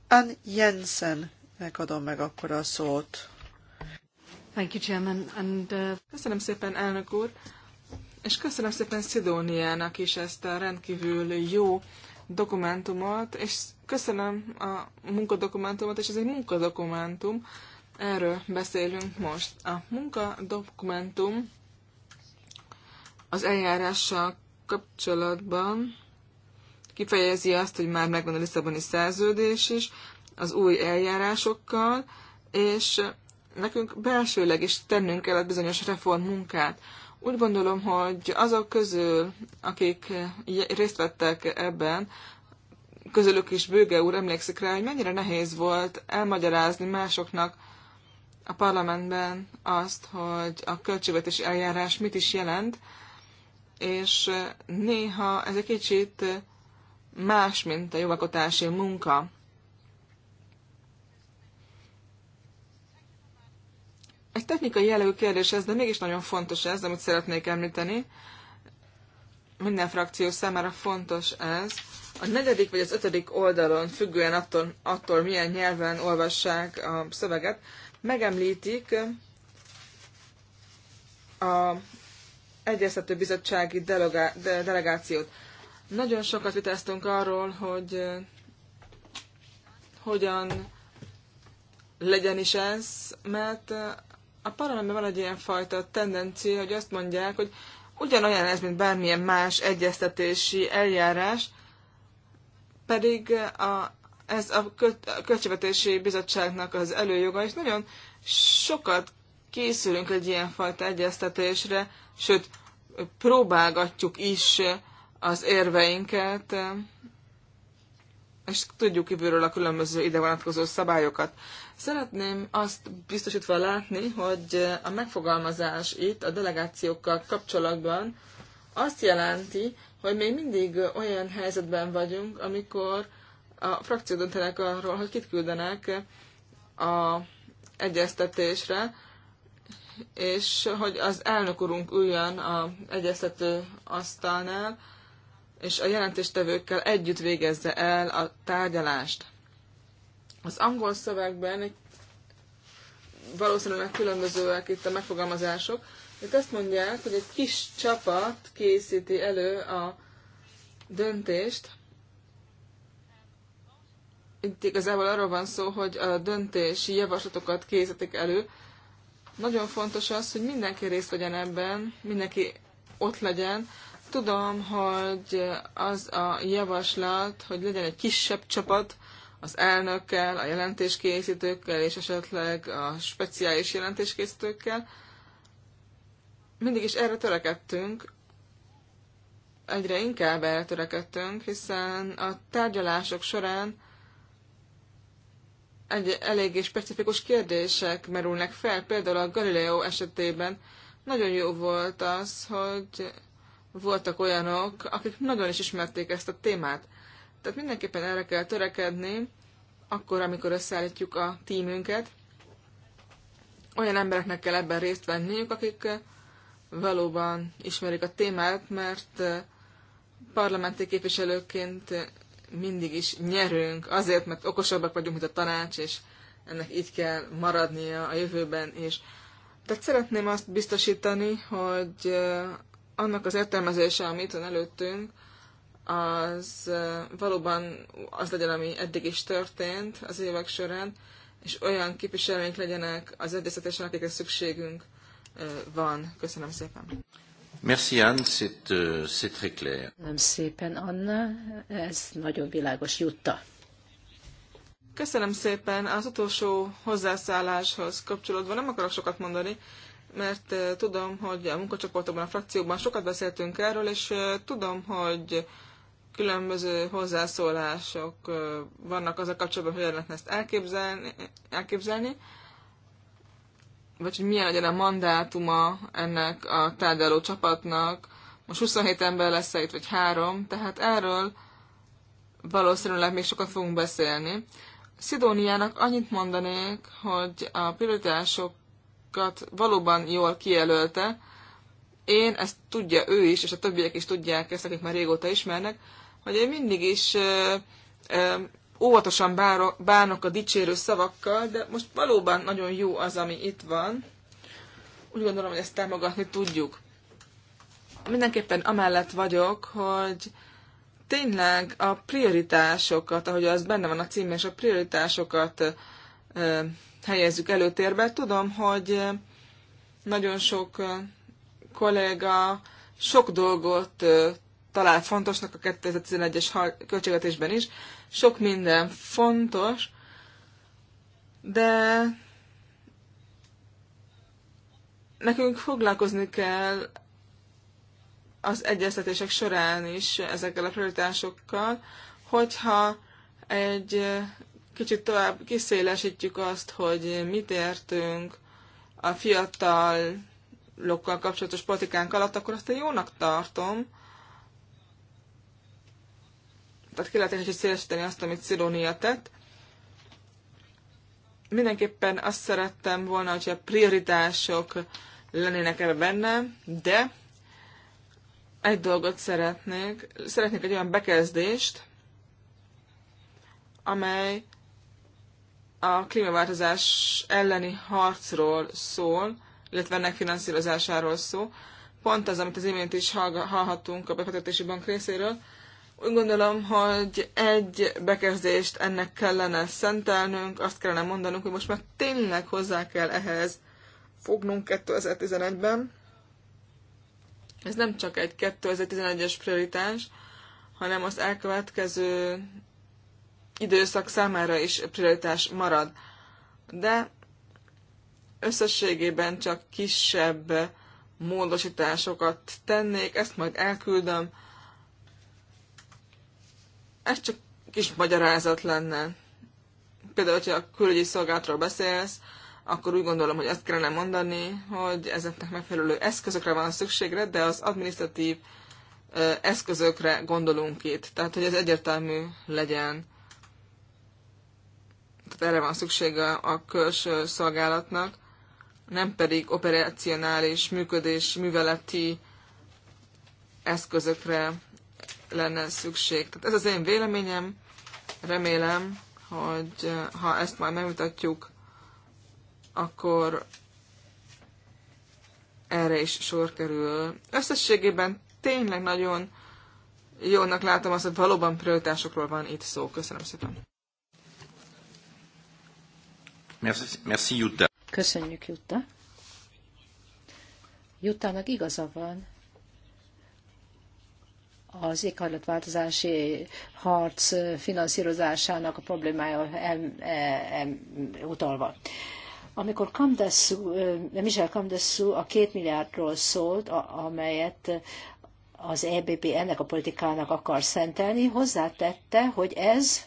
Ann Jensennek adom meg akkor a szót. Thank you, Chairman, and, uh... Köszönöm szépen, elnök úr. És köszönöm szépen Szidóniának is ezt a rendkívül jó dokumentumot, és köszönöm a munkadokumentumot, és ez egy munkadokumentum, erről beszélünk most. A munkadokumentum az eljárással kapcsolatban kifejezi azt, hogy már megvan a Lisszaboni szerződés is, az új eljárásokkal, és nekünk belsőleg is tennünk kell a bizonyos reform munkát. Úgy gondolom, hogy azok közül, akik részt vettek ebben, közülük is Bőge úr emlékszik rá, hogy mennyire nehéz volt elmagyarázni másoknak a parlamentben azt, hogy a költségvetési eljárás mit is jelent, és néha ez egy kicsit más, mint a jogalkotási munka. Egy technikai jellegű kérdés ez, de mégis nagyon fontos ez, amit szeretnék említeni. Minden frakció számára fontos ez. A negyedik vagy az ötödik oldalon, függően attól, attól milyen nyelven olvassák a szöveget, megemlítik a Egyeztető Bizottsági delegá- Delegációt. Nagyon sokat vitáztunk arról, hogy hogyan legyen is ez, mert a parlamentben van egy ilyen fajta tendencia, hogy azt mondják, hogy ugyanolyan ez, mint bármilyen más egyeztetési eljárás, pedig a, ez a, a Költségvetési Bizottságnak az előjoga, és nagyon sokat készülünk egy ilyenfajta egyeztetésre, sőt, próbálgatjuk is az érveinket és tudjuk kívülről a különböző ide vonatkozó szabályokat. Szeretném azt biztosítva látni, hogy a megfogalmazás itt a delegációkkal kapcsolatban azt jelenti, hogy még mindig olyan helyzetben vagyunk, amikor a frakció döntenek arról, hogy kit küldenek a egyeztetésre, és hogy az elnök urunk üljön az egyeztető asztalnál, és a jelentéstevőkkel együtt végezze el a tárgyalást. Az angol szövegben valószínűleg különbözőek itt a megfogalmazások. Itt azt mondják, hogy egy kis csapat készíti elő a döntést. Itt igazából arról van szó, hogy a döntési javaslatokat készítik elő. Nagyon fontos az, hogy mindenki részt vegyen ebben, mindenki ott legyen, Tudom, hogy az a javaslat, hogy legyen egy kisebb csapat az elnökkel, a jelentéskészítőkkel és esetleg a speciális jelentéskészítőkkel. Mindig is erre törekedtünk, egyre inkább erre törekedtünk, hiszen a tárgyalások során egy eléggé specifikus kérdések merülnek fel. Például a Galileo esetében nagyon jó volt az, hogy voltak olyanok, akik nagyon is ismerték ezt a témát. Tehát mindenképpen erre kell törekedni, akkor, amikor összeállítjuk a tímünket. Olyan embereknek kell ebben részt venniük, akik eh, valóban ismerik a témát, mert eh, parlamenti képviselőként eh, mindig is nyerünk, azért, mert okosabbak vagyunk, mint a tanács, és ennek így kell maradnia a jövőben, és tehát szeretném azt biztosítani, hogy annak az értelmezése, amit van előttünk, az valóban az legyen, ami eddig is történt az évek során, és olyan képviselőink legyenek az egyeztetésen, akikre szükségünk van. Köszönöm szépen. Merci Anne, c'est, euh, c'est très clair. Köszönöm szépen Anna, ez nagyon világos jutta. Köszönöm szépen. Az utolsó hozzászálláshoz kapcsolódva nem akarok sokat mondani, mert tudom, hogy a munkacsoportokban, a frakcióban sokat beszéltünk erről, és tudom, hogy különböző hozzászólások vannak az a kapcsolatban, hogy lehetne ezt elképzelni, elképzelni, vagy hogy milyen legyen a mandátuma ennek a tárgyaló csapatnak. Most 27 ember lesz itt, vagy három, tehát erről valószínűleg még sokat fogunk beszélni. Szidóniának annyit mondanék, hogy a prioritások dolgokat valóban jól kijelölte. Én ezt tudja ő is, és a többiek is tudják ezt, akik már régóta ismernek, hogy én mindig is ö, ö, óvatosan bánok a dicsérő szavakkal, de most valóban nagyon jó az, ami itt van. Úgy gondolom, hogy ezt támogatni tudjuk. Mindenképpen amellett vagyok, hogy tényleg a prioritásokat, ahogy az benne van a címben, és a prioritásokat helyezzük előtérbe. Tudom, hogy eh, nagyon sok eh, kolléga sok dolgot eh, talál fontosnak a 2011-es költségvetésben is. Sok minden fontos, de nekünk foglalkozni kell az egyeztetések során is ezekkel a prioritásokkal, hogyha egy kicsit tovább kiszélesítjük azt, hogy mit értünk a fiatalokkal kapcsolatos politikánk alatt, akkor azt én jónak tartom. Tehát ki lehet is szélesíteni azt, amit Szilónia tett. Mindenképpen azt szerettem volna, a prioritások lennének ebben benne, de egy dolgot szeretnék. Szeretnék egy olyan bekezdést, amely a klímaváltozás elleni harcról szól, illetve ennek finanszírozásáról szól. Pont az, amit az imént is hallhattunk a befektetési bank részéről. Úgy gondolom, hogy egy bekezdést ennek kellene szentelnünk, azt kellene mondanunk, hogy most már tényleg hozzá kell ehhez fognunk 2011-ben. Ez nem csak egy 2011-es prioritás, hanem az elkövetkező időszak számára is prioritás marad. De összességében csak kisebb módosításokat tennék, ezt majd elküldöm. Ez csak kis magyarázat lenne. Például, hogyha a külügyi szolgálatról beszélsz, akkor úgy gondolom, hogy azt kellene mondani, hogy ezeknek megfelelő eszközökre van szükségre, de az administratív eszközökre gondolunk itt. Tehát, hogy ez egyértelmű legyen erre van szüksége a külső szolgálatnak, nem pedig operacionális, működés, műveleti eszközökre lenne szükség. Tehát ez az én véleményem, remélem, hogy eh, ha ezt majd megmutatjuk, akkor erre is sor kerül. Összességében tényleg nagyon jónak látom azt, hogy valóban prioritásokról van itt szó. Köszönöm szépen. Merci, merci Jutta. Köszönjük, Jutta. Juttának igaza van. Az éghajlatváltozási harc finanszírozásának a problémája em, e, em, utalva. Amikor Kamdessu, e, Michel Camdesu a két milliárdról szólt, amelyet az EBB ennek a politikának akar szentelni, hozzátette, hogy ez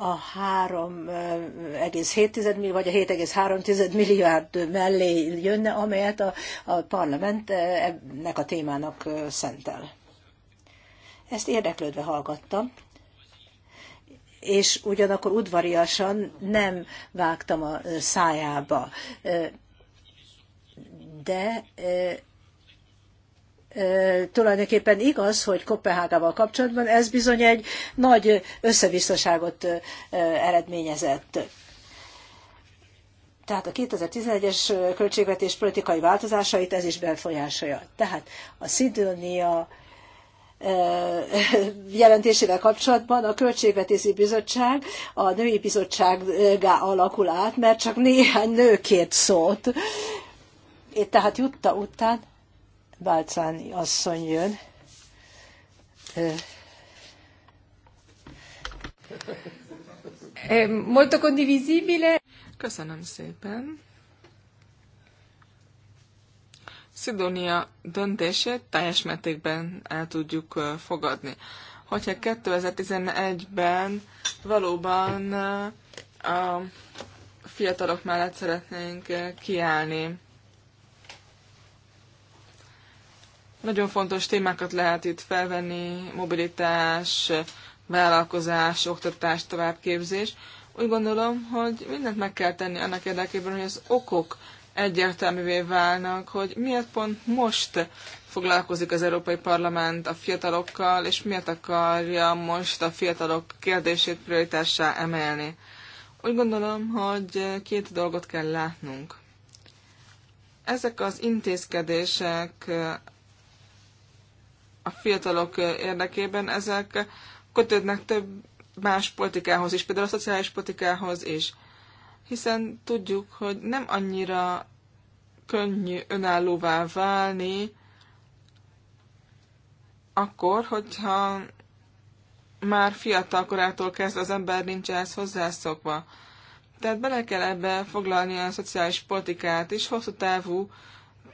a 3,7 millió, vagy a 7,3 milliárd mellé jönne, amelyet a, a parlament ennek a témának szentel. Ezt érdeklődve hallgattam, és ugyanakkor udvariasan nem vágtam a szájába. De tulajdonképpen igaz, hogy Kopenhágával kapcsolatban ez bizony egy nagy összevisszaságot eredményezett. Tehát a 2011-es költségvetés politikai változásait ez is befolyásolja. Tehát a Szidónia *laughs* jelentésével kapcsolatban a Költségvetési Bizottság a Női Bizottsággá alakul át, mert csak néhány nő kért szót. tehát jutta után Bálcáni asszony jön. Molto condivisibile. Köszönöm szépen. Szidónia döntését teljes mértékben el tudjuk fogadni. Hogyha 2011-ben valóban a fiatalok mellett szeretnénk kiállni, Nagyon fontos témákat lehet itt felvenni, mobilitás, vállalkozás, oktatás, továbbképzés. Úgy gondolom, hogy mindent meg kell tenni annak érdekében, hogy az okok egyértelművé válnak, hogy miért pont most foglalkozik az Európai Parlament a fiatalokkal, és miért akarja most a fiatalok kérdését prioritássá emelni. Úgy gondolom, hogy két dolgot kell látnunk. Ezek az intézkedések a fiatalok érdekében, ezek kötődnek több más politikához is, például a szociális politikához is. Hiszen tudjuk, hogy nem annyira könnyű önállóvá válni, akkor, hogyha már fiatal korától kezdve az ember nincs ehhez hozzászokva. Tehát bele kell ebbe foglalni a szociális politikát is, hosszú távú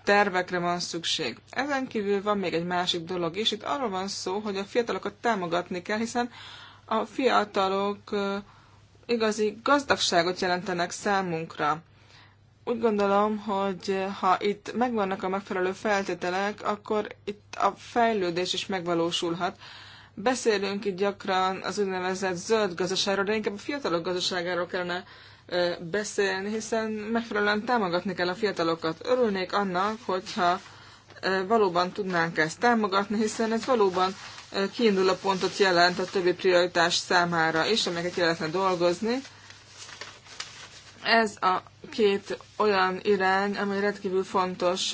tervekre van szükség. Ezen kívül van még egy másik dolog is. Itt arról van szó, hogy a fiatalokat támogatni kell, hiszen a fiatalok igazi gazdagságot jelentenek számunkra. Úgy gondolom, hogy ha itt megvannak a megfelelő feltételek, akkor itt a fejlődés is megvalósulhat. Beszélünk itt gyakran az úgynevezett zöld gazdaságról, de inkább a fiatalok gazdaságáról kellene beszélni, hiszen megfelelően támogatni kell a fiatalokat. Örülnék annak, hogyha valóban tudnánk ezt támogatni, hiszen ez valóban kiindul a pontot jelent a többi prioritás számára is, amelyeket lehetne dolgozni. Ez a két olyan irány, amely rendkívül fontos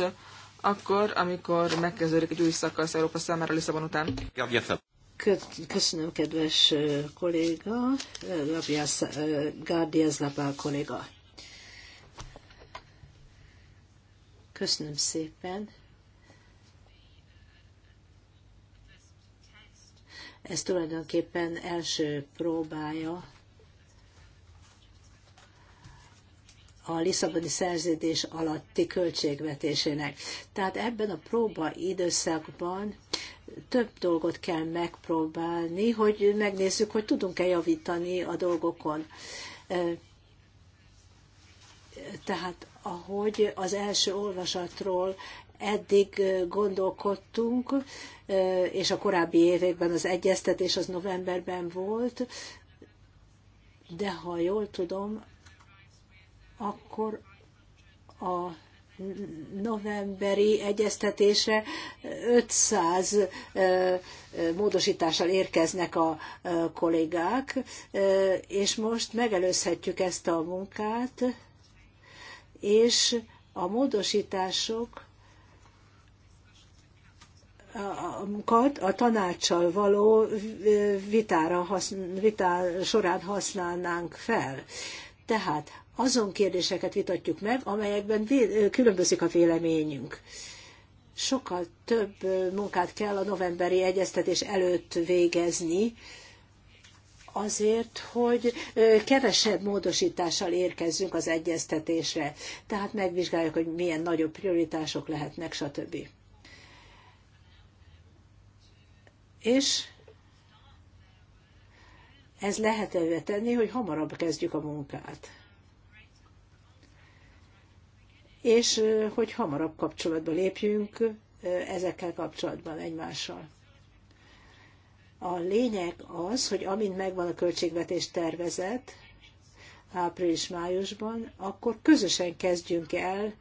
akkor, amikor megkezdődik egy új szakasz Európa számára Lisszabon után. Köszönöm, kedves kolléga, Labiász, Gárdias Lapál kolléga. Köszönöm szépen. Ez tulajdonképpen első próbája a Lisszaboni szerződés alatti költségvetésének. Tehát ebben a próba időszakban több dolgot kell megpróbálni, hogy megnézzük, hogy tudunk-e javítani a dolgokon. Tehát ahogy az első olvasatról eddig gondolkodtunk, és a korábbi években az egyeztetés az novemberben volt, de ha jól tudom, akkor a novemberi egyeztetésre 500 módosítással érkeznek a kollégák, és most megelőzhetjük ezt a munkát, és a módosítások a tanácssal való vitára, vitára során használnánk fel. Tehát azon kérdéseket vitatjuk meg, amelyekben különbözik a véleményünk. Sokkal több munkát kell a novemberi egyeztetés előtt végezni, azért, hogy kevesebb módosítással érkezzünk az egyeztetésre. Tehát megvizsgáljuk, hogy milyen nagyobb prioritások lehetnek, stb. És ez lehetővé tenni, hogy hamarabb kezdjük a munkát és hogy hamarabb kapcsolatba lépjünk ezekkel kapcsolatban egymással. A lényeg az, hogy amint megvan a költségvetés tervezet, április-májusban, akkor közösen kezdjünk el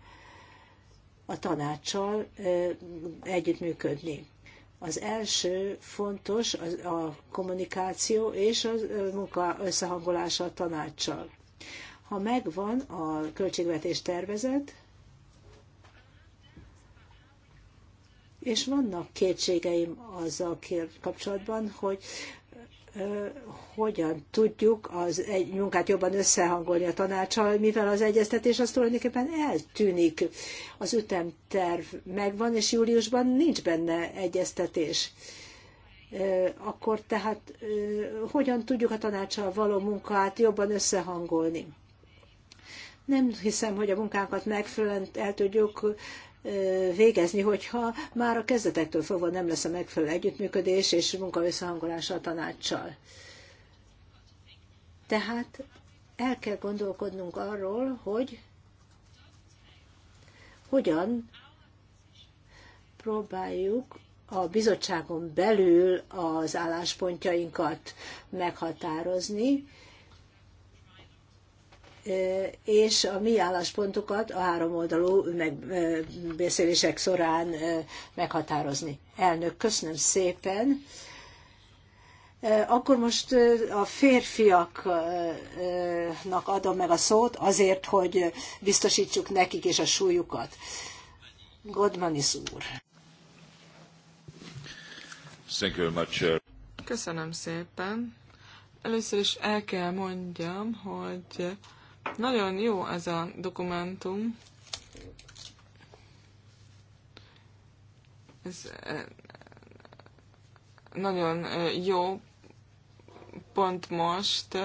a tanácssal együttműködni. Az első fontos az a kommunikáció és a munka összehangolása a tanácssal. Ha megvan a költségvetés tervezet, És vannak kétségeim azzal kapcsolatban, hogy hogyan tudjuk az egy munkát jobban összehangolni a tanácsal, mivel az egyeztetés az tulajdonképpen eltűnik. Az ütemterv megvan, és júliusban nincs benne egyeztetés. Akkor tehát hogyan tudjuk a tanácsal való munkát jobban összehangolni? Nem hiszem, hogy a munkánkat megfelelően el tudjuk végezni, hogyha már a kezdetektől fogva nem lesz a megfelelő együttműködés és munkavisszahangolása a tanácssal. Tehát el kell gondolkodnunk arról, hogy hogyan próbáljuk a bizottságon belül az álláspontjainkat meghatározni, és a mi álláspontokat a háromoldalú megbeszélések során meghatározni. Elnök, köszönöm szépen. Akkor most a férfiaknak adom meg a szót azért, hogy biztosítsuk nekik és a súlyukat. Godmanis úr. Köszönöm szépen. Először is el kell mondjam, hogy nagyon jó ez a dokumentum. Ez eh, nagyon eh, jó pont most,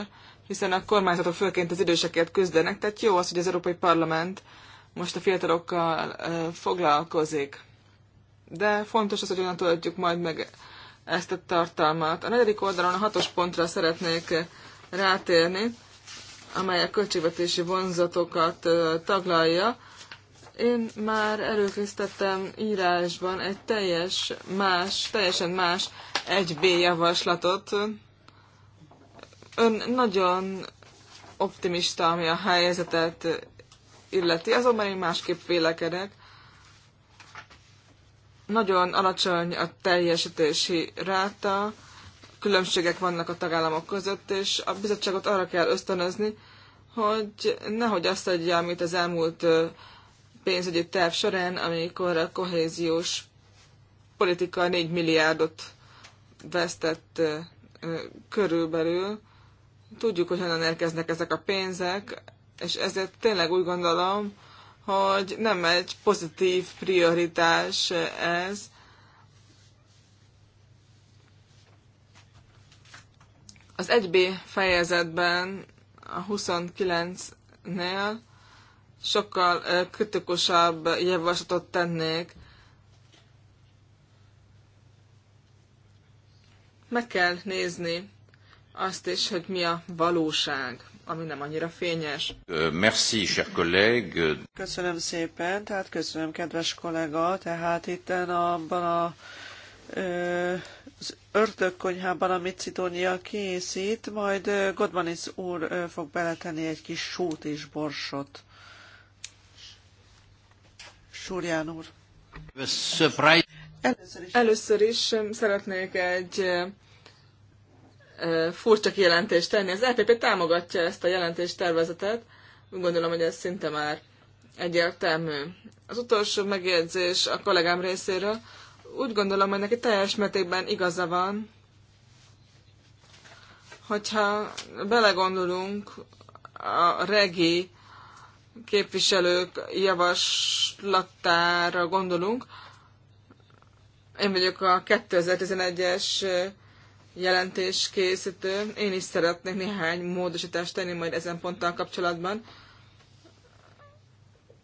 hiszen a kormányzatok főként az idősekért küzdenek, tehát jó az, hogy az Európai Parlament most a fiatalokkal eh, foglalkozik. De fontos az, hogy onnan töltjük majd meg ezt a tartalmat. A negyedik oldalon a hatos pontra szeretnék rátérni amely a költségvetési vonzatokat taglalja. Én már előkészítettem írásban egy teljes más, teljesen más 1B javaslatot. Ön nagyon optimista, ami a helyzetet illeti, azonban én másképp vélekedek. Nagyon alacsony a teljesítési ráta, különbségek vannak a tagállamok között, és a bizottságot arra kell ösztönözni, hogy nehogy azt adja, amit az elmúlt pénzügyi terv során, amikor a kohéziós politika 4 milliárdot vesztett körülbelül. Tudjuk, hogy honnan érkeznek ezek a pénzek, és ezért tényleg úgy gondolom, hogy nem egy pozitív prioritás ez, Az 1B fejezetben a 29-nél sokkal kritikusabb javaslatot tennék. Meg kell nézni azt is, hogy mi a valóság ami nem annyira fényes. Merci, cher collègue. Köszönöm szépen, tehát köszönöm, kedves kollega. Tehát itt abban a ö, az ördögkonyhában, amit Cidónia készít, majd Godmanis úr fog beletenni egy kis sót és borsot. Súrján úr. Először is, Először is szeretnék egy furcsa kijelentést tenni. Az EPP támogatja ezt a jelentést tervezetet. Gondolom, hogy ez szinte már egyértelmű. Az utolsó megjegyzés a kollégám részéről úgy gondolom, hogy neki teljes mértékben igaza van, hogyha belegondolunk a regi képviselők javaslatára gondolunk, én vagyok a 2011-es jelentés készítő. Én is szeretnék néhány módosítást tenni majd ezen ponttal kapcsolatban.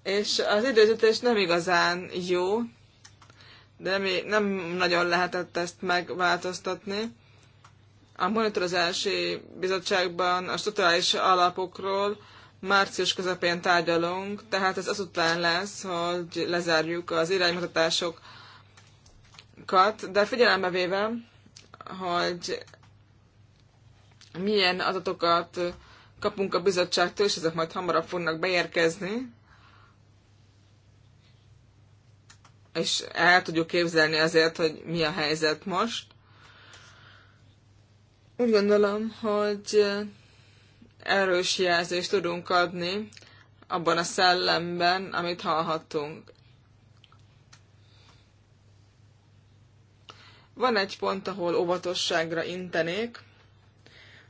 És az időzítés nem igazán jó, de nem, nem nagyon lehetett ezt megváltoztatni. A monitorozási bizottságban a struktúrális alapokról március közepén tárgyalunk, tehát ez azután lesz, hogy lezárjuk az iránymutatásokat, de figyelembe véve, hogy milyen adatokat kapunk a bizottságtól, és ezek majd hamarabb fognak beérkezni, és el tudjuk képzelni azért, hogy mi a helyzet most. Úgy gondolom, hogy erős jelzést tudunk adni abban a szellemben, amit hallhattunk. Van egy pont, ahol óvatosságra intenék.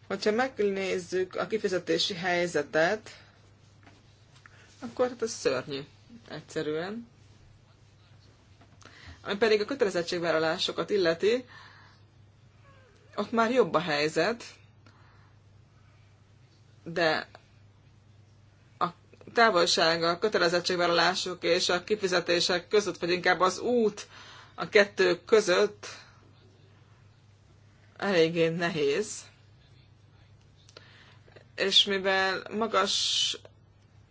Hogyha megnézzük a kifizetési helyzetet, akkor hát ez szörnyű, egyszerűen. Ami pedig a kötelezettségvállalásokat illeti, ott már jobb a helyzet, de a távolság, a kötelezettségvállalások és a kifizetések között, vagy inkább az út a kettő között eléggé nehéz. És mivel magas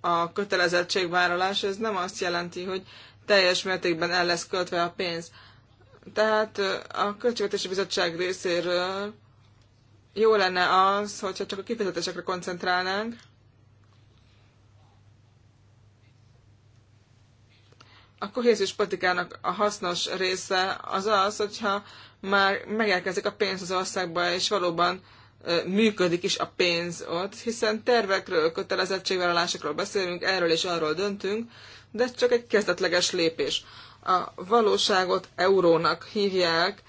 a kötelezettségvállalás, ez nem azt jelenti, hogy teljes mértékben el lesz költve a pénz. Tehát a Költségvetési Bizottság részéről jó lenne az, hogyha csak a kifizetésekre koncentrálnánk, a kohéziós politikának a hasznos része az az, hogyha már megérkezik a pénz az országba, és valóban működik is a pénz ott, hiszen tervekről, kötelezettségvállalásokról beszélünk, erről és arról döntünk, de ez csak egy kezdetleges lépés. A valóságot eurónak hívják,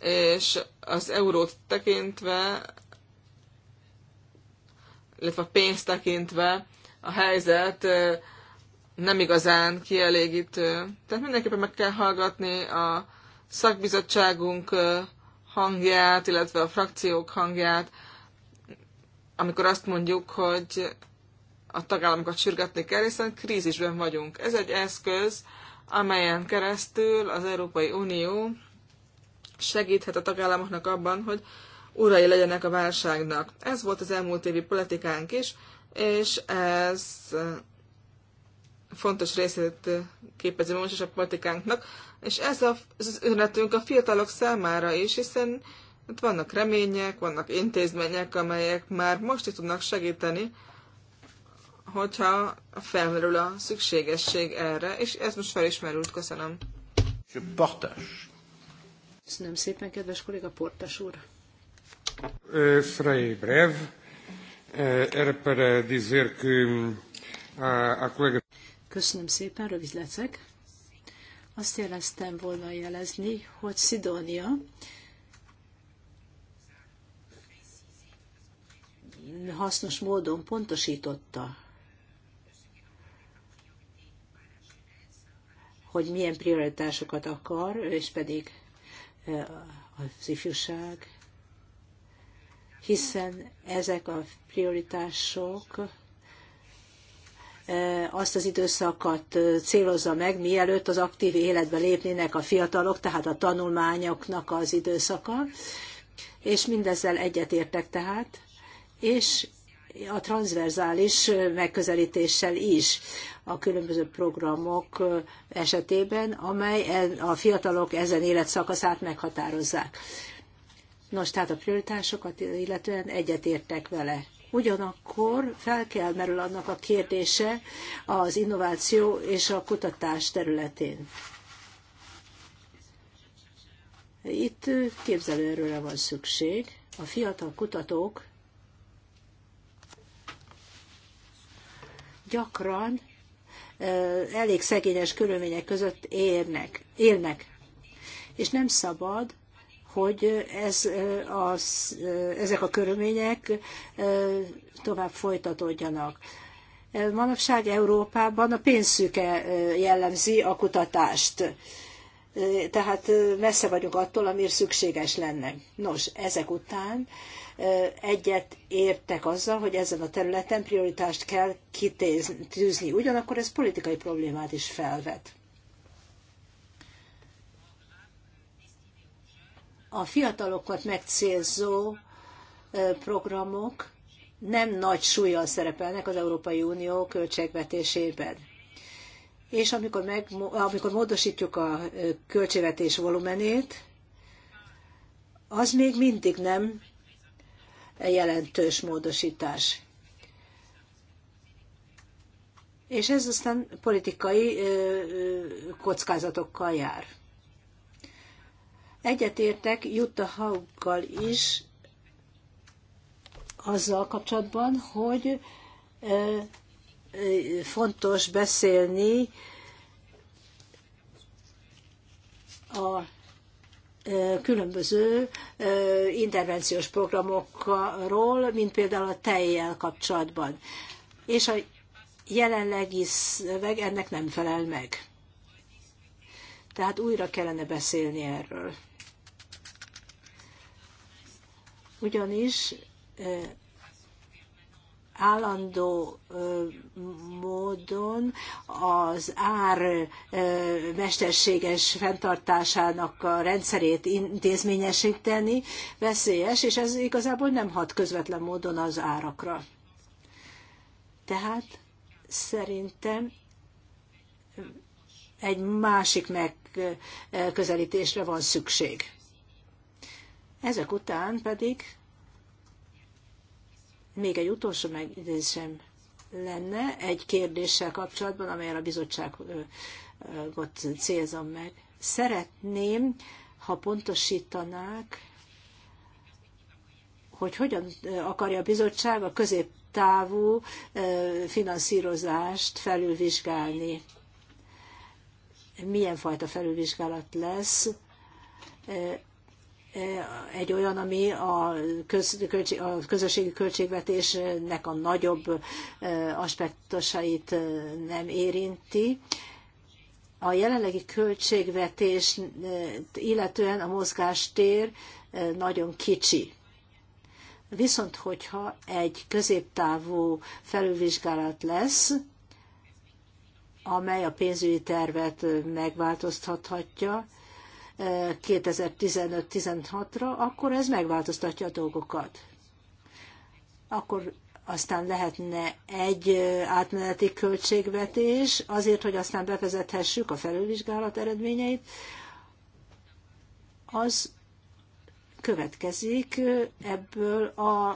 és az eurót tekintve, illetve a pénzt tekintve a helyzet nem igazán kielégítő. Tehát mindenképpen meg kell hallgatni a szakbizottságunk hangját, illetve a frakciók hangját, amikor azt mondjuk, hogy a tagállamokat sürgetni kell, hiszen krízisben vagyunk. Ez egy eszköz, amelyen keresztül az Európai Unió segíthet a tagállamoknak abban, hogy urai legyenek a válságnak. Ez volt az elmúlt évi politikánk is, és ez fontos részét képezi most is a politikánknak, és ez a, az üzenetünk a fiatalok számára is, hiszen itt vannak remények, vannak intézmények, amelyek már most is tudnak segíteni hogyha felmerül a szükségesség erre, és ez most felismerült. Köszönöm. Portás. Köszönöm szépen, kedves kolléga Portás úr. Serei brev. a Köszönöm szépen, rövid leszek. Azt jeleztem volna jelezni, hogy Szidónia hasznos módon pontosította hogy milyen prioritásokat akar, és pedig az ifjúság, hiszen ezek a prioritások azt az időszakat célozza meg, mielőtt az aktív életbe lépnének a fiatalok, tehát a tanulmányoknak az időszaka, és mindezzel egyetértek tehát, és a transzverzális megközelítéssel is, a különböző programok esetében, amely a fiatalok ezen életszakaszát meghatározzák. Nos, tehát a prioritásokat illetően egyetértek vele. Ugyanakkor fel kell merül annak a kérdése az innováció és a kutatás területén. Itt képzelőről van szükség. A fiatal kutatók gyakran elég szegényes körülmények között érnek, élnek. És nem szabad, hogy ez az, ezek a körülmények tovább folytatódjanak. Manapság Európában a pénzszüke jellemzi a kutatást. Tehát messze vagyunk attól, amire szükséges lenne. Nos, ezek után egyet értek azzal, hogy ezen a területen prioritást kell kitűzni. Ugyanakkor ez politikai problémát is felvet. A fiatalokat megcélzó programok nem nagy súlyjal szerepelnek az Európai Unió költségvetésében. És amikor, meg, amikor módosítjuk a költségvetés volumenét, az még mindig nem jelentős módosítás. És ez aztán politikai kockázatokkal jár. Egyetértek Jutta Haukkal is azzal kapcsolatban, hogy fontos beszélni a különböző intervenciós programokról, mint például a tejjel kapcsolatban. És a jelenlegi szöveg ennek nem felel meg. Tehát újra kellene beszélni erről. Ugyanis állandó módon az ár mesterséges fenntartásának a rendszerét intézményesíteni veszélyes, és ez igazából nem hat közvetlen módon az árakra. Tehát szerintem egy másik megközelítésre van szükség. Ezek után pedig még egy utolsó megidézésem lenne egy kérdéssel kapcsolatban, amelyel a bizottságot célzom meg. Szeretném, ha pontosítanák, hogy hogyan akarja a bizottság a középtávú finanszírozást felülvizsgálni. Milyen fajta felülvizsgálat lesz, egy olyan, ami a, köz, költség, a közösségi költségvetésnek a nagyobb aspektusait nem érinti. A jelenlegi költségvetés illetően a mozgástér nagyon kicsi. Viszont, hogyha egy középtávú felülvizsgálat lesz, amely a pénzügyi tervet megváltoztathatja, 2015-16-ra, akkor ez megváltoztatja a dolgokat. Akkor aztán lehetne egy átmeneti költségvetés, azért, hogy aztán bevezethessük a felülvizsgálat eredményeit, az következik ebből a,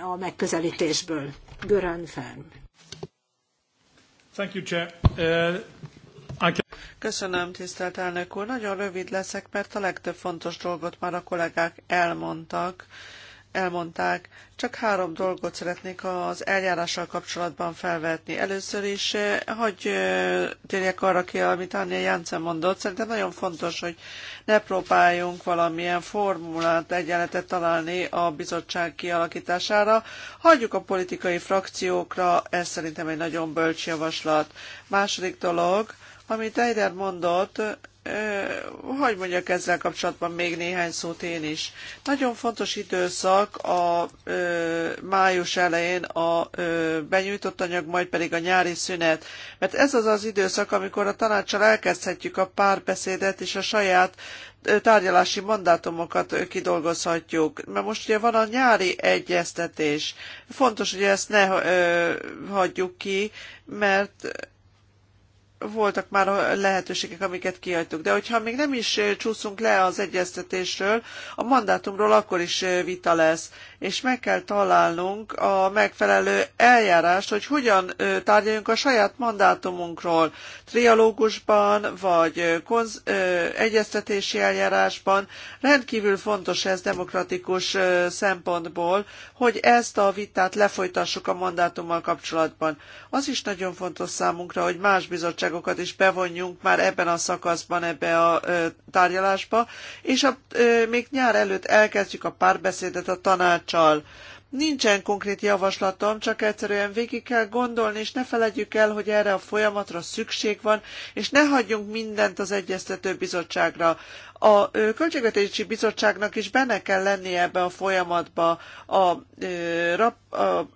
a megközelítésből. Görön Fern. Thank you, Chair. Uh, Köszönöm, tisztelt elnök úr. Nagyon rövid leszek, mert a legtöbb fontos dolgot már a kollégák elmondtak elmondták. Csak három dolgot szeretnék az eljárással kapcsolatban felvetni. Először is hogy eh, eh, térjek arra ki, amit Anja Jensen mondott. Szerintem nagyon fontos, hogy ne próbáljunk valamilyen formulát, egyenletet találni a bizottság kialakítására. Hagyjuk a politikai frakciókra, ez szerintem egy nagyon bölcs javaslat. Második dolog, amit Eider mondott, hogy mondjak ezzel kapcsolatban még néhány szót én is. Nagyon fontos időszak a ö, május elején a ö, benyújtott anyag, majd pedig a nyári szünet. Mert ez az az időszak, amikor a tanácssal elkezdhetjük a párbeszédet és a saját ö, tárgyalási mandátumokat kidolgozhatjuk. Mert most ugye van a nyári egyeztetés. Fontos, hogy ezt ne ö, hagyjuk ki, mert voltak már lehetőségek, amiket kihagytuk. De hogyha még nem is csúszunk le az egyeztetésről, a mandátumról akkor is vita lesz és meg kell találnunk a megfelelő eljárást, hogy hogyan tárgyaljunk a saját mandátumunkról, trialógusban, vagy konz- egyeztetési eljárásban. Rendkívül fontos ez demokratikus szempontból, hogy ezt a vitát lefolytassuk a mandátummal kapcsolatban. Az is nagyon fontos számunkra, hogy más bizottságokat is bevonjunk már ebben a szakaszban, ebbe a tárgyalásba, és a, még nyár előtt elkezdjük a párbeszédet a tanács tanácsal. Nincsen konkrét javaslatom, csak egyszerűen végig kell gondolni, és ne felejtjük el, hogy erre a folyamatra szükség van, és ne hagyjunk mindent az Egyeztető Bizottságra. A Költségvetési Bizottságnak is benne kell lennie ebbe a folyamatba. A, a, a, a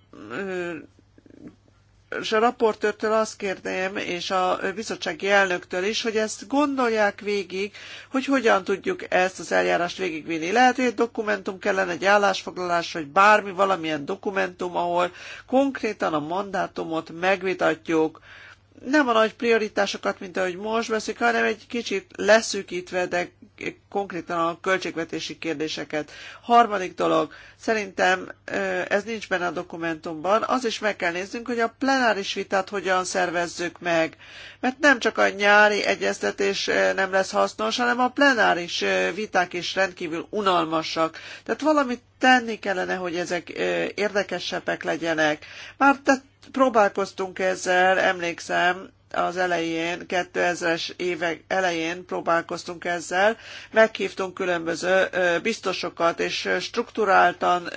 és a raportőrtől azt kérném, és a bizottsági elnöktől is, hogy ezt gondolják végig, hogy hogyan tudjuk ezt az eljárást végigvinni. Lehet, hogy egy dokumentum kellene, egy állásfoglalás, vagy bármi, valamilyen dokumentum, ahol konkrétan a mandátumot megvitatjuk, nem a nagy prioritásokat, mint ahogy most veszik, hanem egy kicsit leszűkítve, de konkrétan a költségvetési kérdéseket. Harmadik dolog, szerintem ez nincs benne a dokumentumban, az is meg kell néznünk, hogy a plenáris vitát hogyan szervezzük meg. Mert nem csak a nyári egyeztetés nem lesz hasznos, hanem a plenáris viták is rendkívül unalmasak. Tehát valamit tenni kellene, hogy ezek érdekesebbek legyenek. Már tett, próbálkoztunk ezzel, emlékszem, az elején, 2000-es évek elején próbálkoztunk ezzel, meghívtunk különböző biztosokat, és strukturáltan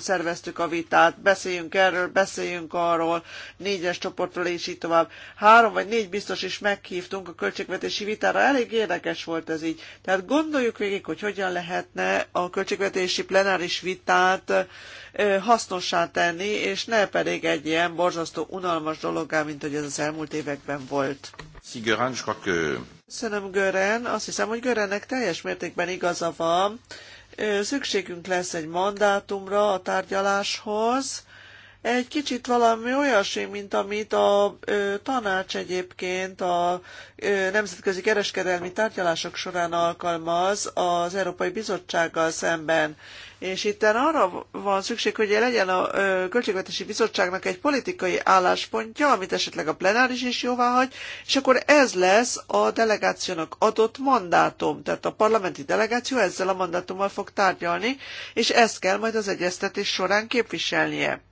szerveztük a vitát, beszéljünk erről, beszéljünk arról, négyes csoportról és így tovább. Három vagy négy biztos is meghívtunk a költségvetési vitára, elég érdekes volt ez így. Tehát gondoljuk végig, hogy hogyan lehetne a költségvetési plenáris vitát hasznossá tenni, és ne pedig egy ilyen borzasztó unalmas dologá, mint hogy ez az elmúlt évek mértékben volt. Köszönöm, Gören. Azt hiszem, hogy Görennek teljes mértékben igaza van. Szükségünk lesz egy mandátumra a tárgyaláshoz. Egy kicsit valami olyasmi, mint amit a ö, tanács egyébként a ö, nemzetközi kereskedelmi tárgyalások során alkalmaz az Európai Bizottsággal szemben és itt arra van szükség, hogy legyen a Költségvetési Bizottságnak egy politikai álláspontja, amit esetleg a plenáris is jóvá hagy, és akkor ez lesz a delegációnak adott mandátum. Tehát a parlamenti delegáció ezzel a mandátummal fog tárgyalni, és ezt kell majd az egyeztetés során képviselnie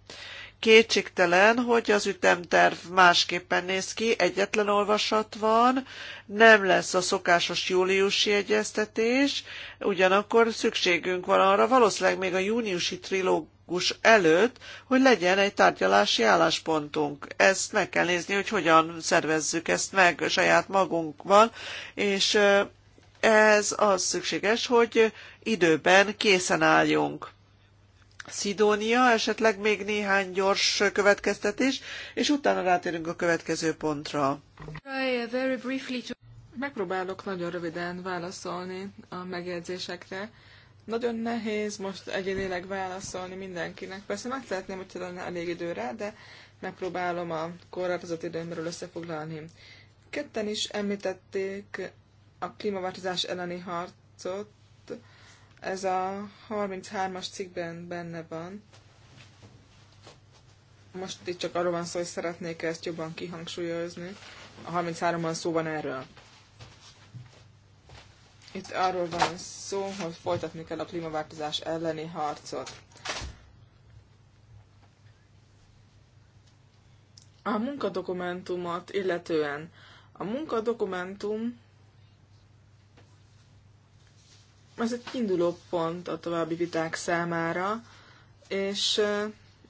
kétségtelen, hogy az ütemterv másképpen néz ki, egyetlen olvasat van, nem lesz a szokásos júliusi egyeztetés, ugyanakkor szükségünk van arra valószínűleg még a júniusi trilógus előtt, hogy legyen egy tárgyalási álláspontunk. Ezt meg kell nézni, hogy hogyan szervezzük ezt meg saját magunkban, és ez az szükséges, hogy időben készen álljunk Szidónia, esetleg még néhány gyors következtetés, és utána rátérünk a következő pontra. Uh, Megpróbálok nagyon röviden válaszolni a megjegyzésekre. Nagyon nehéz most egyénileg válaszolni mindenkinek. Persze meg szeretném, hogy lenne elég időre, de megpróbálom a korlátozott időmről összefoglalni. Ketten is említették a klímaváltozás elleni harcot, ez a 33-as cikkben benne van. Most itt csak arról van szó, hogy szeretnék ezt jobban kihangsúlyozni. A 33-ban szó van erről. Itt arról van szó, hogy folytatni kell a klímaváltozás elleni harcot. A munkadokumentumot illetően. A munkadokumentum ez egy induló pont a további viták számára, és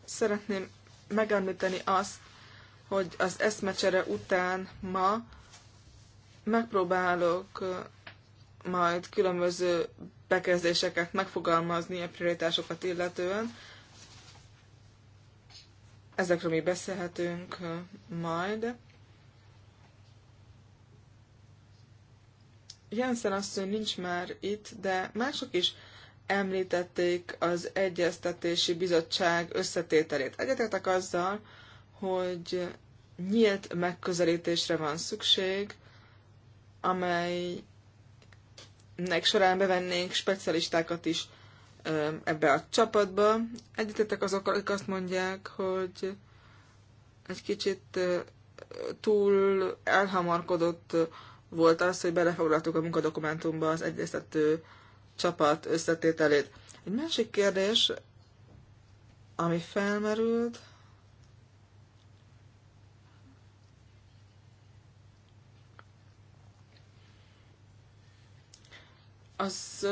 szeretném megemlíteni azt, hogy az eszmecsere után ma megpróbálok majd különböző bekezdéseket megfogalmazni a prioritásokat illetően. Ezekről mi beszélhetünk majd. Jensen asszony nincs már itt, de mások is említették az Egyeztetési Bizottság összetételét. Egyetetek azzal, hogy nyílt megközelítésre van szükség, amelynek során bevennénk specialistákat is ebbe a csapatba. Egyetetek azok, akik azt mondják, hogy egy kicsit túl elhamarkodott volt az, hogy belefoglaltuk a munkadokumentumba az egyeztető csapat összetételét. Egy másik kérdés, ami felmerült, az,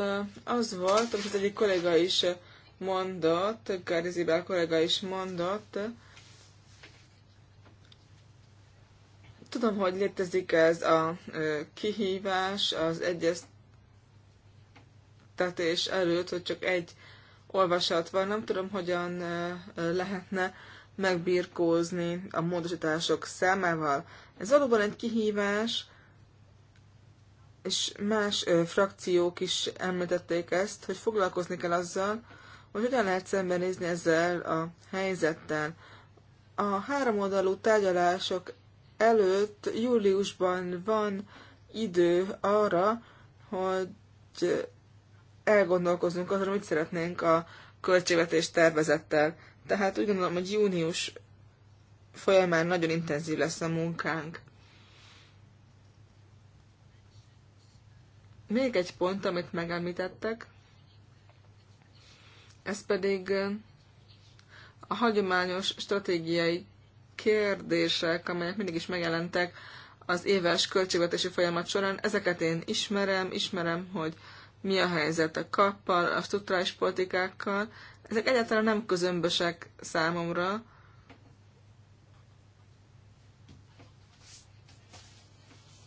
az volt, amit az egyik kolléga is mondott, Gári Zibel kolléga is mondott, Tudom, hogy létezik ez a kihívás az egyeztetés előtt, hogy csak egy olvasat van. Nem tudom, hogyan lehetne megbirkózni a módosítások számával. Ez valóban egy kihívás, és más ö, frakciók is említették ezt, hogy foglalkozni kell azzal, hogy hogyan lehet szembenézni ezzel a helyzettel. A háromoldalú tárgyalások előtt júliusban van idő arra, hogy elgondolkozunk azon, mit szeretnénk a költségvetés tervezettel. Tehát úgy gondolom, hogy június folyamán nagyon intenzív lesz a munkánk. Még egy pont, amit megemlítettek, ez pedig a hagyományos stratégiai kérdések, amelyek mindig is megjelentek az éves költségvetési folyamat során. Ezeket én ismerem, ismerem, hogy mi a helyzet a kappal, a struktúrális politikákkal. Ezek egyáltalán nem közömbösek számomra.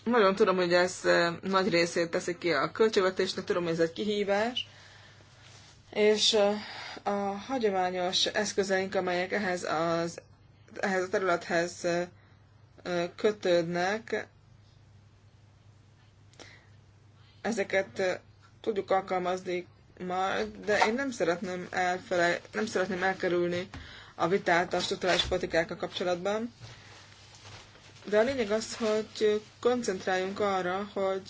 Nagyon tudom, hogy ez eh, nagy részét teszi ki a költségvetésnek, tudom, hogy ez egy kihívás, és eh, a hagyományos eszközeink, amelyek ehhez az ehhez a területhez kötődnek, ezeket tudjuk alkalmazni majd, de én nem szeretném, elfele, nem szeretném elkerülni a vitát a struktúrális politikákkal kapcsolatban. De a lényeg az, hogy koncentráljunk arra, hogy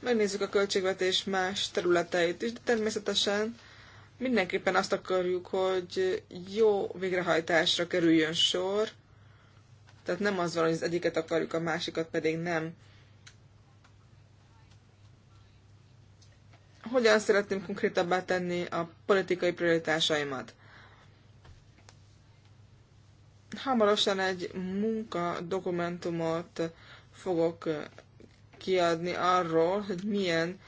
megnézzük a költségvetés más területeit is, de természetesen Mindenképpen azt akarjuk, hogy jó végrehajtásra kerüljön sor, tehát nem az van, hogy az egyiket akarjuk, a másikat pedig nem. Hogyan szeretném konkrétabbá tenni a politikai prioritásaimat? Hamarosan egy munka dokumentumot fogok kiadni arról, hogy milyen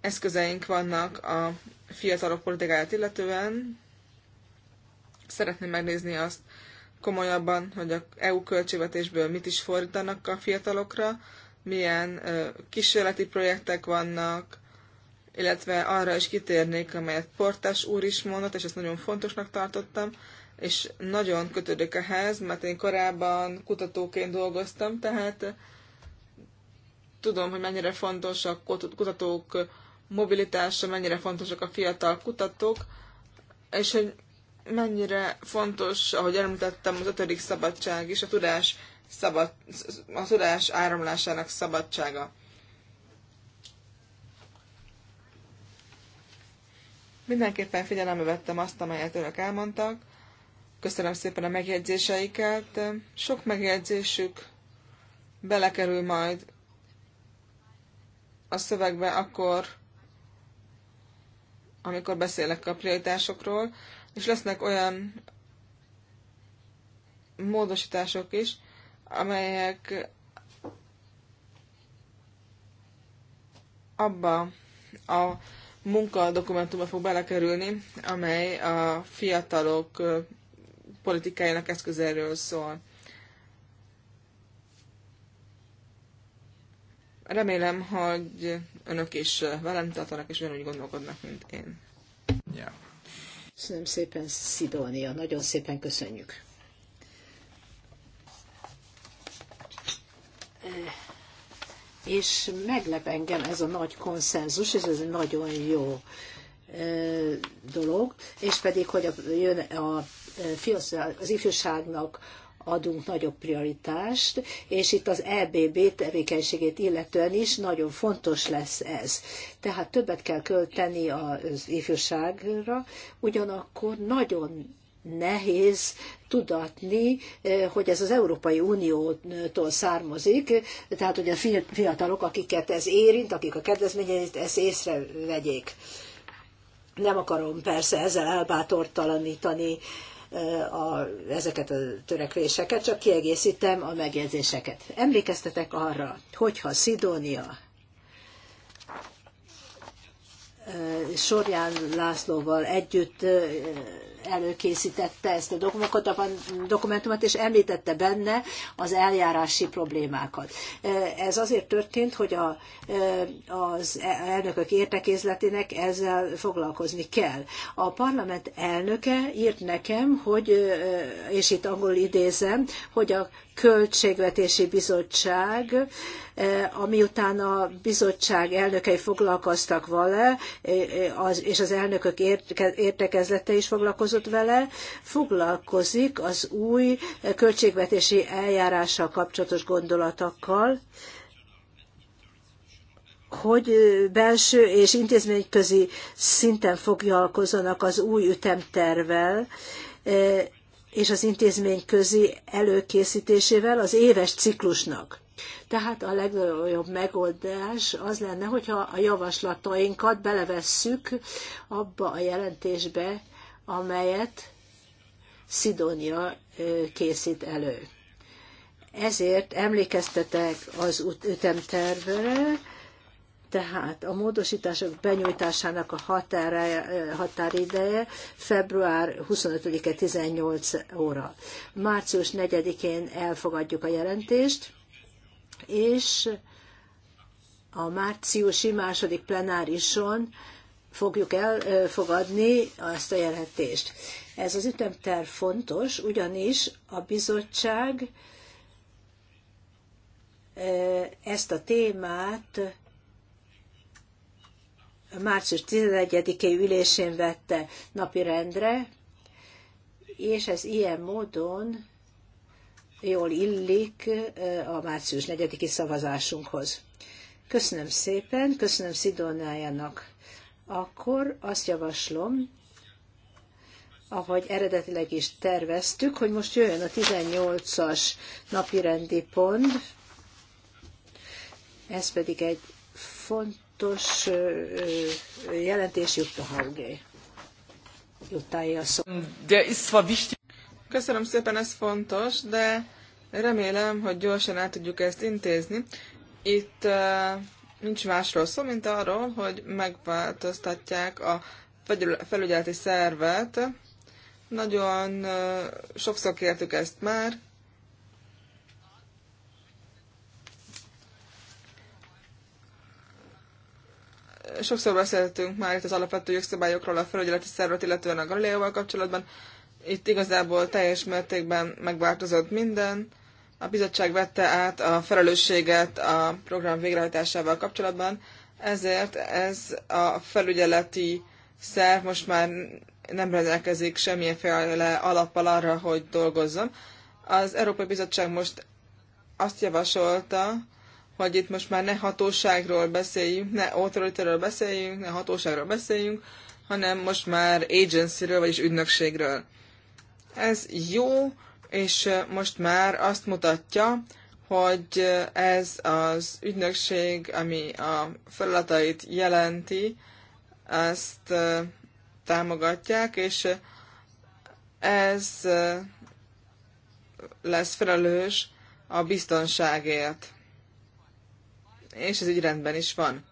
eszközeink vannak a fiatalok politikáját illetően. Szeretném megnézni azt komolyabban, hogy a EU költségvetésből mit is fordítanak a fiatalokra, milyen kísérleti projektek vannak, illetve arra is kitérnék, amelyet Portás úr is mondott, és ezt nagyon fontosnak tartottam, és nagyon kötődök ehhez, mert én korábban kutatóként dolgoztam, tehát tudom, hogy mennyire fontos a kutatók mobilitása mennyire fontosak a fiatal kutatók, és hogy mennyire fontos, ahogy említettem, az ötödik szabadság is, a tudás, szabad, a tudás áramlásának szabadsága. Mindenképpen figyelembe vettem azt, amelyet önök elmondtak. Köszönöm szépen a megjegyzéseiket. Sok megjegyzésük belekerül majd a szövegbe akkor, amikor beszélek a prioritásokról, és lesznek olyan módosítások is, amelyek abba a munka dokumentumba fog belekerülni, amely a fiatalok politikájának eszközéről szól. Remélem, hogy önök is eh, velem tartanak, és ugyanúgy gondolkodnak, mint én. Ja. Köszönöm szépen, Szidónia. Nagyon szépen köszönjük. Eh, és meglep engem ez a nagy konszenzus, és ez egy nagyon jó eh, dolog, és pedig, hogy a, jön a az ifjúságnak adunk nagyobb prioritást, és itt az EBB tevékenységét illetően is nagyon fontos lesz ez. Tehát többet kell költeni az ifjúságra, ugyanakkor nagyon nehéz tudatni, hogy ez az Európai Uniótól származik, tehát hogy a fiatalok, akiket ez érint, akik a kedvezményeit ezt észrevegyék. Nem akarom persze ezzel elbátortalanítani a, ezeket a törekvéseket, csak kiegészítem a megjegyzéseket. Emlékeztetek arra, hogyha Szidónia Sorján Lászlóval együtt előkészítette ezt a dokumentumot, és említette benne az eljárási problémákat. Ez azért történt, hogy a, az elnökök értekézletének ezzel foglalkozni kell. A parlament elnöke írt nekem, hogy, és itt angol idézem, hogy a Költségvetési Bizottság Eh, amiután a bizottság elnökei foglalkoztak vele, eh, és az elnökök értekezlete is foglalkozott vele, foglalkozik az új eh, költségvetési eljárással kapcsolatos gondolatokkal, hogy belső és intézményközi szinten foglalkozzanak az új ütemtervel, és az intézményközi közi előkészítésével az éves ciklusnak. Tehát a legjobb megoldás az lenne, hogyha a javaslatainkat belevesszük abba a jelentésbe, amelyet Szidónia készít elő. Ezért emlékeztetek az ütemtervre, tehát a módosítások benyújtásának a határa, határideje február 25-e 18 óra. Március 4-én elfogadjuk a jelentést, és a márciusi második plenárison fogjuk elfogadni ezt a jelentést. Ez az ütemterv fontos, ugyanis a bizottság ezt a témát március 11-i ülésén vette napirendre, és ez ilyen módon jól illik a március 4-i szavazásunkhoz. Köszönöm szépen, köszönöm Szidóniájának. Akkor azt javaslom, ahogy eredetileg is terveztük, hogy most jöjjön a 18-as napi rendi pont. Ez pedig egy fontos jelentés Jutta Haugé. Jutta szó. De ist zwar wichtig. Köszönöm szépen, ez fontos, de remélem, hogy gyorsan el tudjuk ezt intézni. Itt uh, nincs másról szó, mint arról, hogy megváltoztatják a felügyeleti szervet. Nagyon uh, sokszor kértük ezt már. Sokszor beszéltünk már itt az alapvető jogszabályokról a felügyeleti szervet, illetően a Galileóval kapcsolatban. Uh, itt igazából teljes mértékben megváltozott minden. A bizottság vette át a felelősséget a program végrehajtásával kapcsolatban, ezért ez a felügyeleti szerv most már nem rendelkezik semmilyenféle alappal arra, hogy dolgozzon. Az Európai Bizottság most azt javasolta, hogy itt most már ne hatóságról beszéljünk, ne autoritáról beszéljünk, ne hatóságról beszéljünk, hanem most már agencyről, vagyis ügynökségről. Ez jó, és most már azt mutatja, hogy ez az ügynökség, ami a feladatait jelenti, ezt támogatják, és ez lesz felelős a biztonságért. És ez így rendben is van.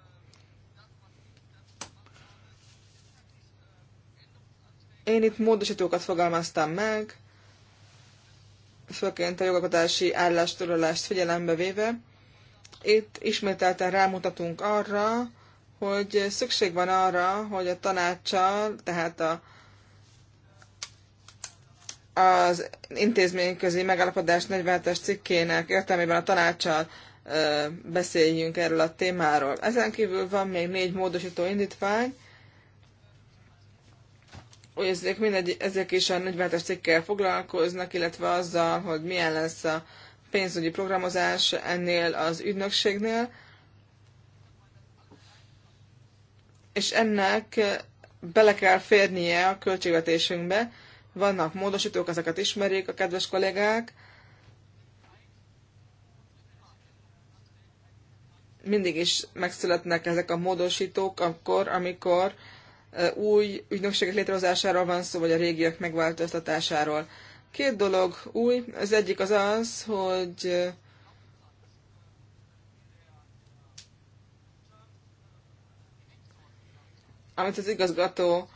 Én itt módosítókat fogalmaztam meg, főként a jogalkotási állástörölést figyelembe véve. Itt ismételten rámutatunk arra, hogy szükség van arra, hogy a tanácssal, tehát a, az intézményközi megállapodás 47-es cikkének értelmében a tanácssal beszéljünk erről a témáról. Ezen kívül van még négy módosító indítvány, ezek mindegy, ezek is a 47-es cikkel foglalkoznak, illetve azzal, hogy milyen lesz a pénzügyi programozás ennél az ügynökségnél. És ennek bele kell férnie a költségvetésünkbe. Vannak módosítók, ezeket ismerik a kedves kollégák. Mindig is megszületnek ezek a módosítók akkor, amikor új ügynökségek létrehozásáról van szó, vagy a régiek megváltoztatásáról. Két dolog új. Az egyik az az, hogy amit az igazgató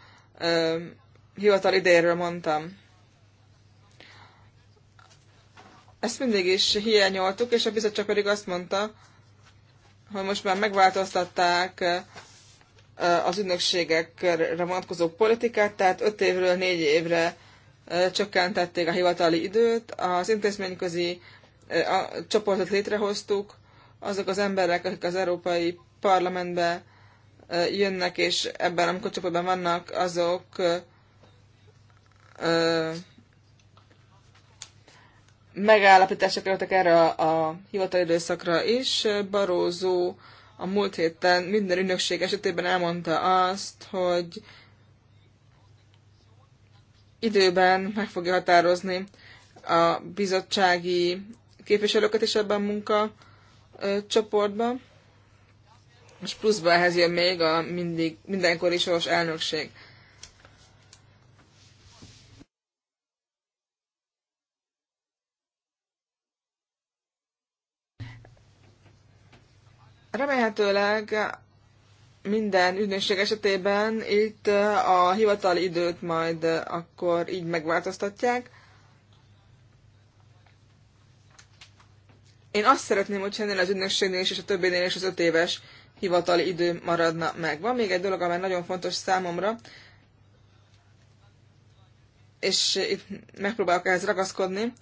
hivatal idejéről mondtam. Ezt mindig is hiányoltuk, és a bizottság pedig azt mondta, hogy most már megváltoztatták Eh, az ügynökségekre vonatkozó politikát, tehát 5 évről 4 évre eh, csökkentették a hivatali időt, az intézményközi eh, a csoportot létrehoztuk, azok az emberek, akik az Európai Parlamentbe jönnek, és ebben a munkacsoportban vannak, azok megállapítások kerültek erre a, a hivatali időszakra is. Barózó a múlt héten minden ünnökség esetében elmondta azt, hogy időben meg fogja határozni a bizottsági képviselőket is ebben a munka csoportban. És pluszba ehhez jön még a mindig, mindenkori soros elnökség. Remélhetőleg minden ügynökség esetében itt a hivatali időt majd akkor így megváltoztatják. Én azt szeretném, hogy ennél az ügynökségnél is, és a többinél is az öt éves hivatali idő maradna meg. Van még egy dolog, amely nagyon fontos számomra, és itt megpróbálok ehhez ragaszkodni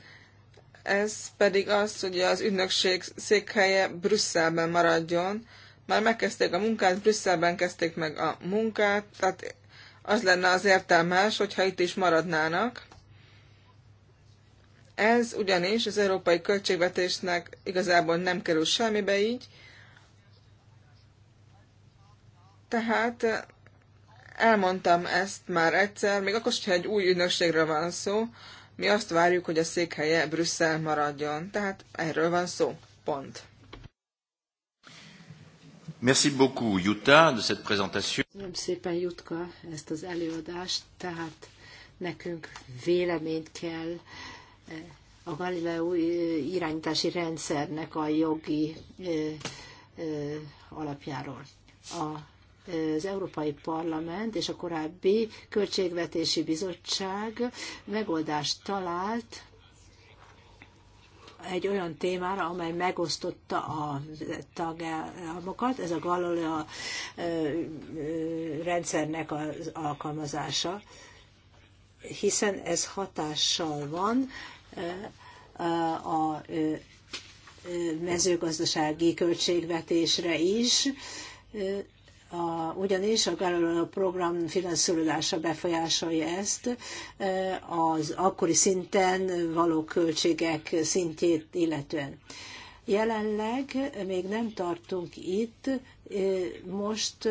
ez pedig az, hogy az ügynökség székhelye Brüsszelben maradjon. Már megkezdték a munkát, Brüsszelben kezdték meg a munkát, tehát az lenne az értelmes, hogyha itt is maradnának. Ez ugyanis az európai költségvetésnek igazából nem kerül semmibe így, tehát elmondtam ezt már egyszer, még akkor, hogyha egy új ügynökségről van szó, mi azt várjuk, hogy a székhelye Brüsszel maradjon. Tehát erről van szó. Pont. Merci beaucoup, Jutta, de cette présentation. Köszönöm szépen, Jutka, ezt az előadást. Tehát nekünk véleményt kell eh, a Galileo eh, irányítási rendszernek a jogi eh, alapjáról. A az Európai Parlament és a korábbi Költségvetési Bizottság megoldást talált egy olyan témára, amely megosztotta a tagállamokat, ez a Galilea rendszernek az alkalmazása, hiszen ez hatással van a mezőgazdasági költségvetésre is, a, ugyanis a Galileo program finanszírozása befolyásolja ezt, e, az akkori szinten való költségek szintjét illetően. Jelenleg még nem tartunk itt, e, most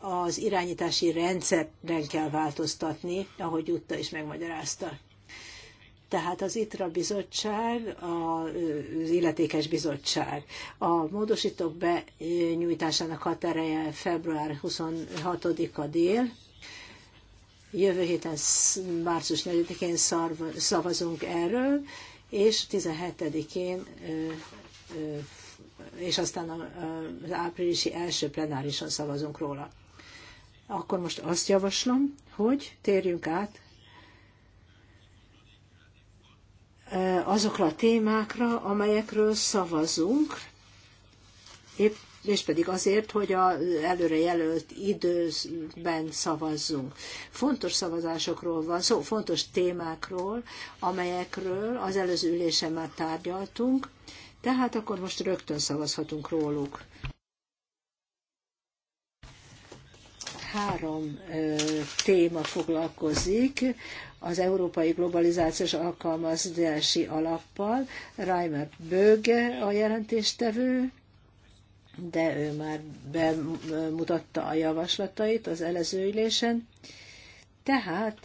az irányítási rendszeren kell változtatni, ahogy utta is megmagyarázta. Tehát az ITRA bizottság, az illetékes bizottság. A módosítók benyújtásának határeje február 26-a dél. Jövő héten március 4-én szavazunk erről, és 17-én és aztán az áprilisi első plenárison szavazunk róla. Akkor most azt javaslom, hogy térjünk át Eh, azokra a témákra, amelyekről szavazunk, épp, és pedig azért, hogy az előre jelölt időben szavazzunk. Fontos szavazásokról van szó, fontos témákról, amelyekről az előző ülésen már tárgyaltunk, tehát akkor most rögtön szavazhatunk róluk. Három ö, eh, téma foglalkozik az európai globalizációs alkalmazási alappal. Reimer Böge a jelentéstevő, de ő már bemutatta a javaslatait az elezőülésen. Tehát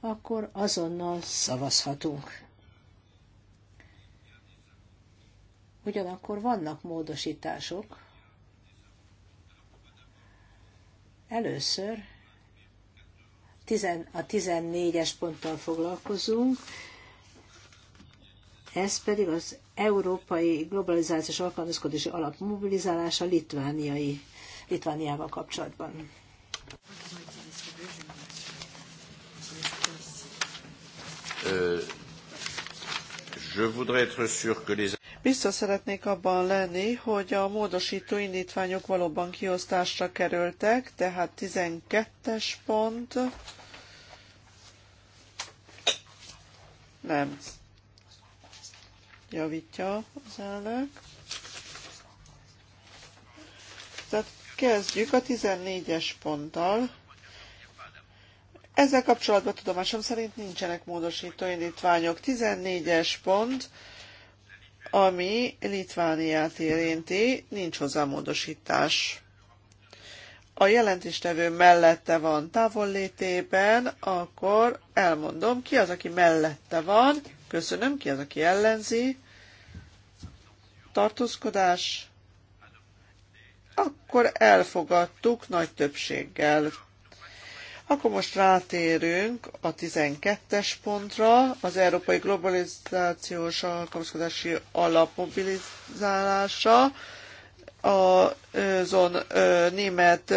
akkor azonnal szavazhatunk. Ugyanakkor vannak módosítások. Először tizen, a 14-es ponttal foglalkozunk, ez pedig az Európai Globalizációs Alkalmazkodási Alap mobilizálása Litvániai, Litvániával kapcsolatban. Euh, je voudrais être sûr que les... Biztos szeretnék abban lenni, hogy a módosító indítványok valóban kiosztásra kerültek, tehát 12-es pont, Nem. Javítja az elnök. Tehát kezdjük a 14-es ponttal. Ezzel kapcsolatban tudomásom szerint nincsenek módosító indítványok. 14-es pont, ami Litvániát érinti, nincs hozzá módosítás a jelentéstevő mellette van távollétében, akkor elmondom, ki az, aki mellette van, köszönöm, ki az, aki ellenzi, tartózkodás, akkor elfogadtuk nagy többséggel. Akkor most rátérünk a 12-es pontra, az Európai Globalizációs Alkalmazkodási Alapmobilizálása azon német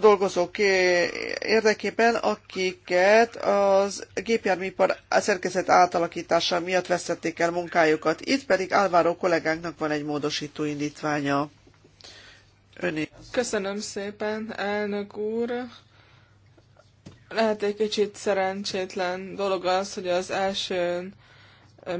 dolgozók érdekében, akiket az gépjárműipar szerkezet átalakítása miatt vesztették el munkájukat. Itt pedig Álváró kollégánknak van egy módosító indítványa. Öné. Köszönöm szépen, elnök úr. Lehet egy kicsit szerencsétlen dolog az, hogy az elsőn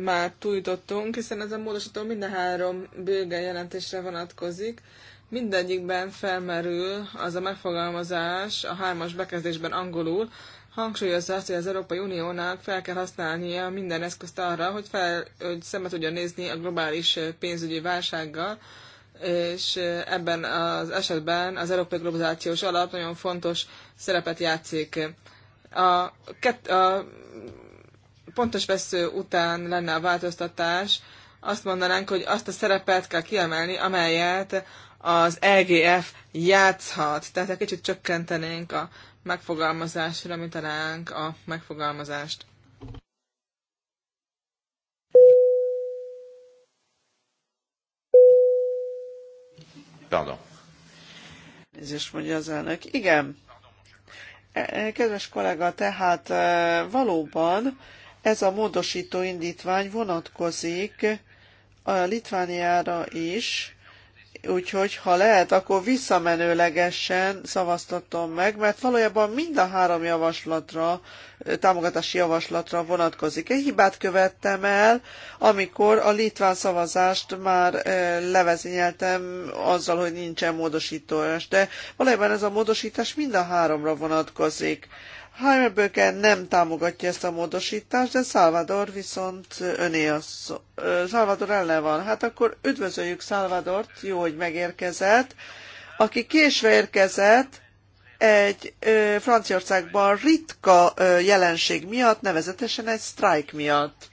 már tújtottunk, hiszen ez a módosító minden három bőgen jelentésre vonatkozik. Mindegyikben felmerül az a megfogalmazás a hármas bekezdésben angolul, hangsúlyozza azt, hogy az Európai Uniónak fel kell használnia minden eszközt arra, hogy, fel, hogy szembe tudjon nézni a globális pénzügyi válsággal, és ebben az esetben az Európai Globalizációs Alap nagyon fontos szerepet játszik. A, kett, a pontos vesző után lenne a változtatás, azt mondanánk, hogy azt a szerepet kell kiemelni, amelyet az LGF e játszhat. Tehát egy kicsit csökkentenénk a megfogalmazásra, mint talánk a megfogalmazást. Pardon. Nézést mondja az elnök. Igen. E, e, kedves kollega, tehát valóban ez a módosító indítvány vonatkozik a Litvániára is, úgyhogy ha lehet, akkor visszamenőlegesen szavaztatom meg, mert valójában mind a három javaslatra, támogatási javaslatra vonatkozik. Egy hibát követtem el, amikor a litván szavazást már eh, levezényeltem azzal, hogy nincsen módosítás, de valójában ez a módosítás mind a háromra vonatkozik. Heimerberger nem támogatja ezt a módosítást, de Salvador viszont öné a szó. Salvador ellen van. Hát akkor üdvözöljük Salvadort, jó, hogy megérkezett. Aki késve érkezett, egy ö, Franciaországban ritka ö, jelenség miatt, nevezetesen egy sztrájk miatt.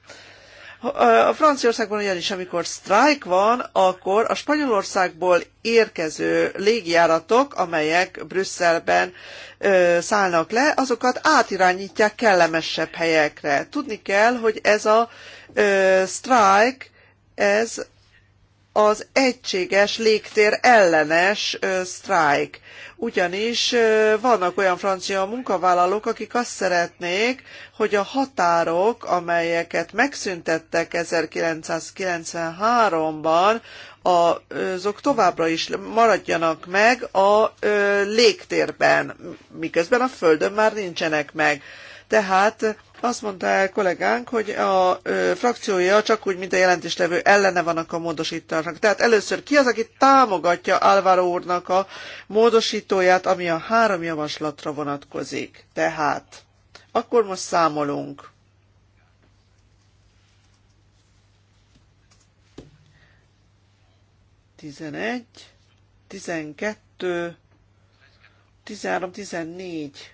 A Franciaországban ugyanis, amikor sztrájk van, akkor a Spanyolországból érkező légjáratok, amelyek Brüsszelben ö, szállnak le, azokat átirányítják kellemesebb helyekre. Tudni kell, hogy ez a sztrájk, ez az egységes légtér ellenes sztrájk. Ugyanis vannak olyan francia munkavállalók, akik azt szeretnék, hogy a határok, amelyeket megszüntettek 1993-ban, azok továbbra is maradjanak meg a légtérben, miközben a Földön már nincsenek meg. Tehát azt mondta el kollégánk, hogy a ö, frakciója csak úgy, mint a jelentéstevő ellene vannak a módosítóknak. Tehát először ki az, aki támogatja Álvaro úrnak a módosítóját, ami a három javaslatra vonatkozik. Tehát akkor most számolunk. Tizenegy, tizenkettő, tizenhárom, tizennégy.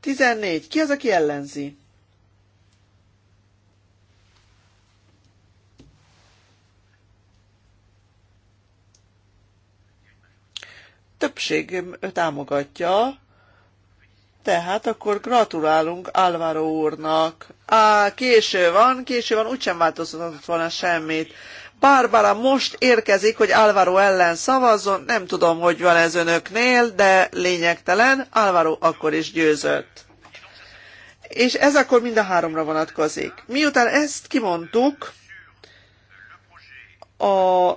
Tizennégy. Ki az, aki ellenzi? többség támogatja, tehát akkor gratulálunk Álvaro úrnak. Á, késő van, késő van, úgysem változtatott volna semmit. Barbara most érkezik, hogy Álvaro ellen szavazzon, nem tudom, hogy van ez önöknél, de lényegtelen, Álvaro akkor is győzött. És ez akkor mind a háromra vonatkozik. Miután ezt kimondtuk, a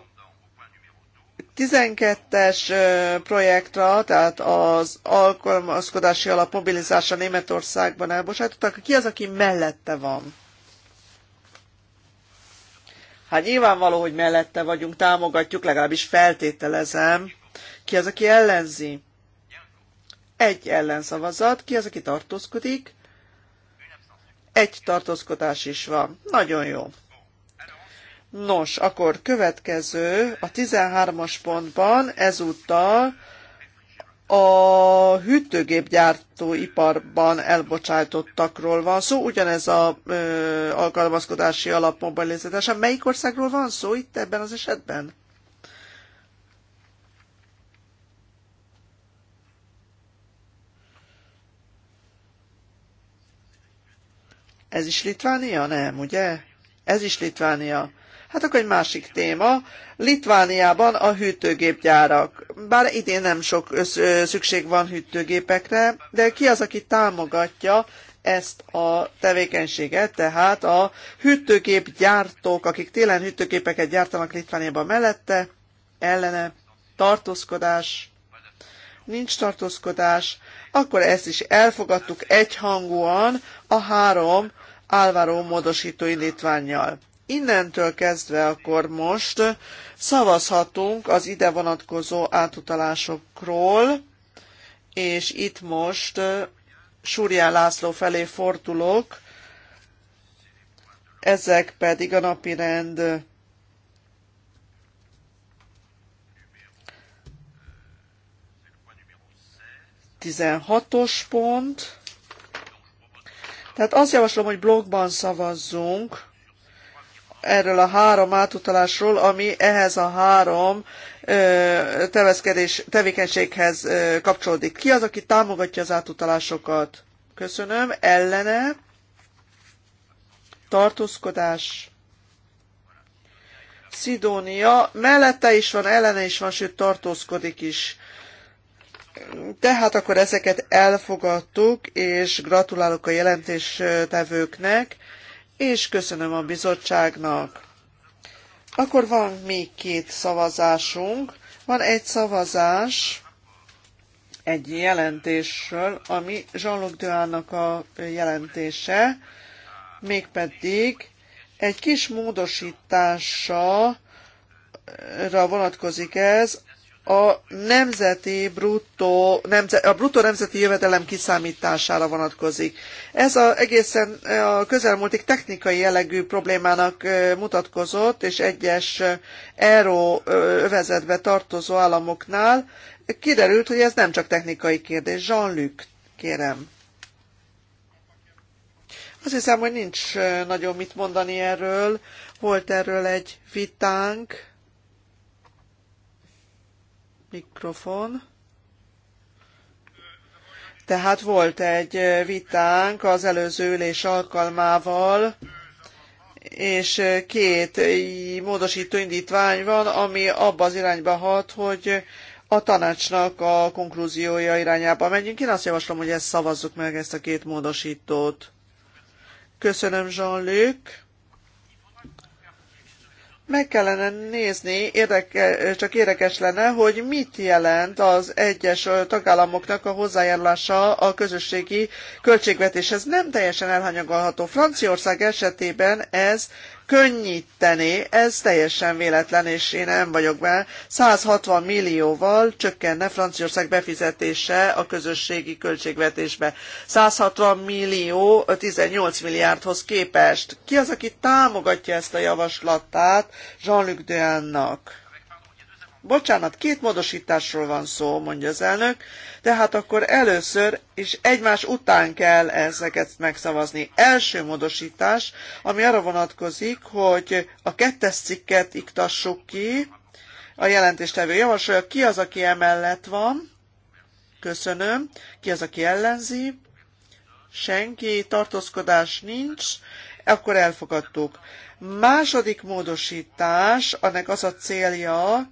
12-es projektra, tehát az alkalmazkodási alap mobilizása Németországban elbocsátottak. Ki az, aki mellette van? Hát nyilvánvaló, hogy mellette vagyunk, támogatjuk, legalábbis feltételezem. Ki az, aki ellenzi? Egy ellenszavazat. Ki az, aki tartózkodik? Egy tartózkodás is van. Nagyon jó. Nos, akkor következő, a 13-as pontban ezúttal a hűtőgépgyártóiparban elbocsájtottakról van szó, ugyanez a ö, alkalmazkodási alap mobilizátása. Melyik országról van szó itt ebben az esetben? Ez is Litvánia? Nem, ugye? Ez is Litvánia. Hát akkor egy másik téma. Litvániában a hűtőgépgyárak. Bár idén nem sok szükség van hűtőgépekre, de ki az, aki támogatja ezt a tevékenységet, tehát a hűtőgépgyártók, akik télen hűtőgépeket gyártanak Litvániában mellette, ellene, tartózkodás, nincs tartózkodás, akkor ezt is elfogadtuk egyhangúan a három álvaró módosító indítványjal innentől kezdve akkor most szavazhatunk az ide vonatkozó átutalásokról, és itt most Súrján László felé fordulok, ezek pedig a napi rend tizenhatos pont. Tehát azt javaslom, hogy blogban szavazzunk erről a három átutalásról, ami ehhez a három tevékenységhez kapcsolódik. Ki az, aki támogatja az átutalásokat? Köszönöm. Ellene? Tartózkodás? Szidónia. Mellette is van, ellene is van, sőt tartózkodik is. Tehát akkor ezeket elfogadtuk, és gratulálok a jelentéstevőknek és köszönöm a bizottságnak. Akkor van még két szavazásunk. Van egy szavazás egy jelentésről, ami Jean-Luc a jelentése, mégpedig egy kis módosítása vonatkozik ez a nemzeti bruttó, nemzet, a bruttó nemzeti jövedelem kiszámítására vonatkozik. Ez a, egészen a közelmúltig technikai jellegű problémának mutatkozott, és egyes euró övezetbe tartozó államoknál kiderült, hogy ez nem csak technikai kérdés. Jean-Luc, kérem. Azt hiszem, hogy nincs nagyon mit mondani erről. Volt erről egy vitánk Mikrofon. Tehát volt egy vitánk az előző ülés alkalmával, és két módosító indítvány van, ami abba az irányba hat, hogy a tanácsnak a konklúziója irányába menjünk. Én azt javaslom, hogy ezt szavazzuk meg, ezt a két módosítót. Köszönöm, Jean-Luc meg kellene nézni, érdeke, csak érdekes lenne, hogy mit jelent az egyes tagállamoknak a hozzájárulása a közösségi költségvetéshez. Nem teljesen elhanyagolható. Franciaország esetében ez könnyíteni, ez teljesen véletlen, és én nem vagyok be, 160 millióval csökkenne Franciaország befizetése a közösségi költségvetésbe. 160 millió 18 milliárdhoz képest. Ki az, aki támogatja ezt a javaslatát Jean-Luc Deannak? Bocsánat, két módosításról van szó, mondja az elnök, tehát akkor először és egymás után kell ezeket megszavazni. Első módosítás, ami arra vonatkozik, hogy a kettes cikket iktassuk ki, a jelentéstevő javasolja, ki az, aki emellett van, köszönöm, ki az, aki ellenzi, senki, tartózkodás nincs, akkor elfogadtuk. Második módosítás, annak az a célja,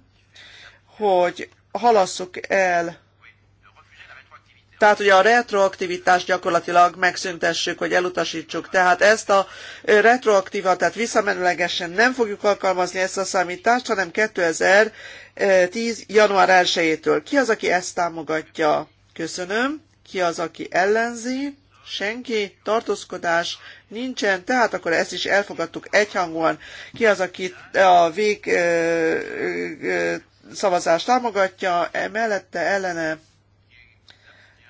hogy halasszuk el tehát, hogy a retroaktivitást gyakorlatilag megszüntessük, hogy elutasítsuk. Tehát ezt a retroaktívat, tehát visszamenőlegesen nem fogjuk alkalmazni ezt a számítást, hanem 2010. január 1-től. Ki az, aki ezt támogatja? Köszönöm. Ki az, aki ellenzi? Senki. Tartózkodás nincsen, tehát akkor ezt is elfogadtuk egyhangúan. Ki az, aki a vég szavazás támogatja, e mellette ellene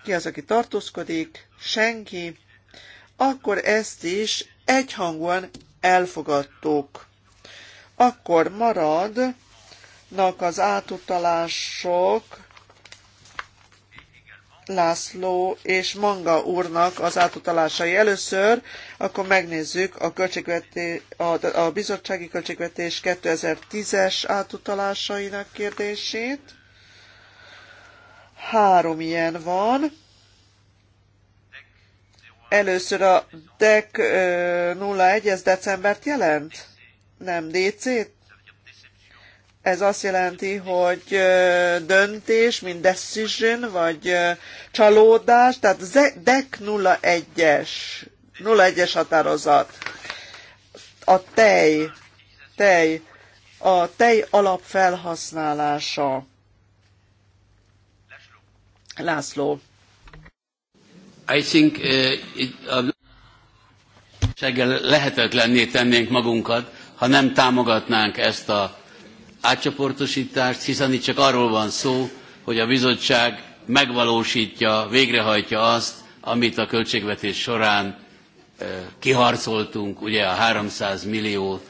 ki az, aki tartózkodik, senki, akkor ezt is egyhangúan elfogadtuk. Akkor maradnak az átutalások László és Manga úrnak az átutalásai először, akkor megnézzük a, a, a bizottsági költségvetés 2010-es átutalásainak kérdését. Három ilyen van. Először a DEC 01, ez decembert jelent? Nem DC-t? E ez azt jelenti, hogy döntés, mint decision, vagy csalódás, tehát DEC 01-es, 01-es határozat. A tej, tej, a tej alapfelhasználása. László. I think, uh, it, uh lehetetlenné tennénk magunkat, ha nem támogatnánk ezt a átcsoportosítást, hiszen itt csak arról van szó, hogy a bizottság megvalósítja, végrehajtja azt, amit a költségvetés során kiharcoltunk, ugye a 300 millió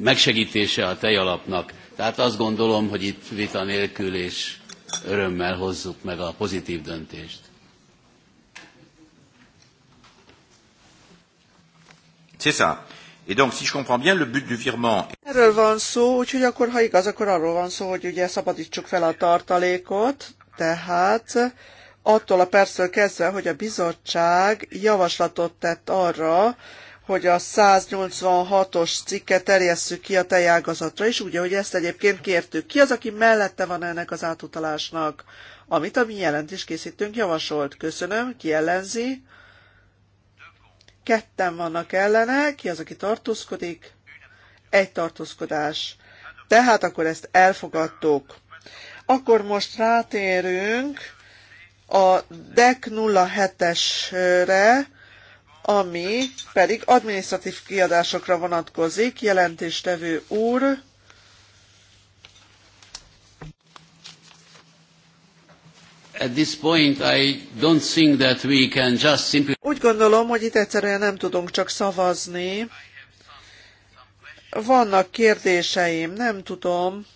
megsegítése a tejalapnak. Tehát azt gondolom, hogy itt vita nélkül és örömmel hozzuk meg a pozitív döntést. Cisa. Et donc, si je comprends bien, le but du virement... Erről van szó, úgyhogy akkor, ha igaz, akkor arról van szó, hogy ugye szabadítsuk fel a tartalékot, tehát attól a perctől kezdve, hogy a bizottság javaslatot tett arra, hogy a 186-os cikket terjesszük ki a tejágazatra is, úgy, ahogy ezt egyébként kértük. Ki az, aki mellette van ennek az átutalásnak, amit a mi jelentés készítünk javasolt? Köszönöm, ki ellenzi? Ketten vannak ellene, ki az, aki tartózkodik? Egy tartózkodás. Tehát akkor ezt elfogadtuk. Akkor most rátérünk a DEC 07-esre, ami pedig adminisztratív kiadásokra vonatkozik, jelentéstevő úr. Úgy gondolom, hogy itt egyszerűen nem tudunk csak szavazni. Vannak kérdéseim, nem tudom,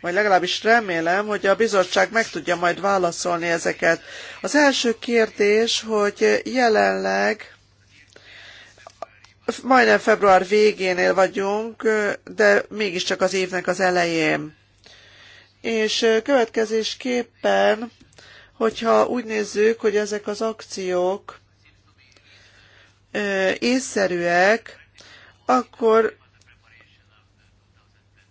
vagy legalábbis remélem, hogy a bizottság meg tudja majd válaszolni ezeket. Az első kérdés, hogy jelenleg majdnem február végénél vagyunk, de mégiscsak az évnek az elején és következésképpen, hogyha úgy nézzük, hogy ezek az akciók észszerűek, akkor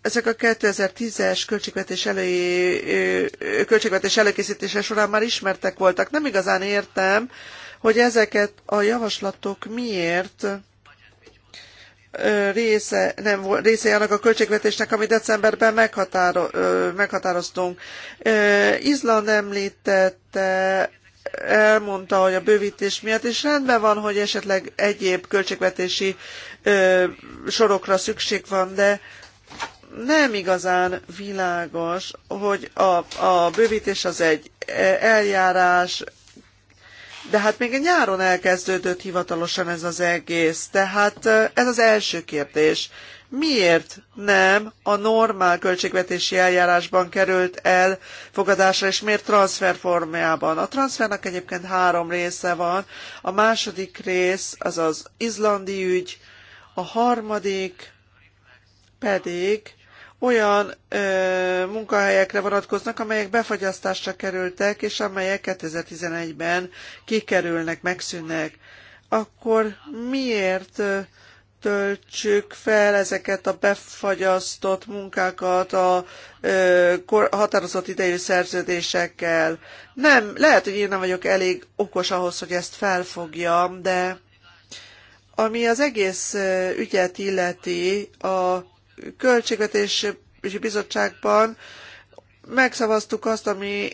ezek a 2010-es költségvetés, elői költségvetés előkészítése során már ismertek voltak. Nem igazán értem, hogy ezeket a javaslatok miért része, nem, része annak a költségvetésnek, amit decemberben meghatáro, meghatároztunk. Izland említette elmondta, hogy a bővítés miatt, és rendben van, hogy esetleg egyéb költségvetési sorokra szükség van, de nem igazán világos, hogy a, a bővítés az egy e, eljárás, de hát még nyáron elkezdődött hivatalosan ez az egész. Tehát ez az első kérdés. Miért nem a normál költségvetési eljárásban került el fogadásra, és miért transfer formájában? A transfernek egyébként három része van. A második rész az az izlandi ügy, a harmadik pedig olyan ö, munkahelyekre vonatkoznak, amelyek befagyasztásra kerültek, és amelyek 2011-ben kikerülnek, megszűnnek. Akkor miért töltsük fel ezeket a befagyasztott munkákat a ö, határozott idejű szerződésekkel. Nem, lehet, hogy én nem vagyok elég okos ahhoz, hogy ezt felfogjam, de ami az egész ügyet illeti, a Költségvetési Bizottságban megszavaztuk azt, ami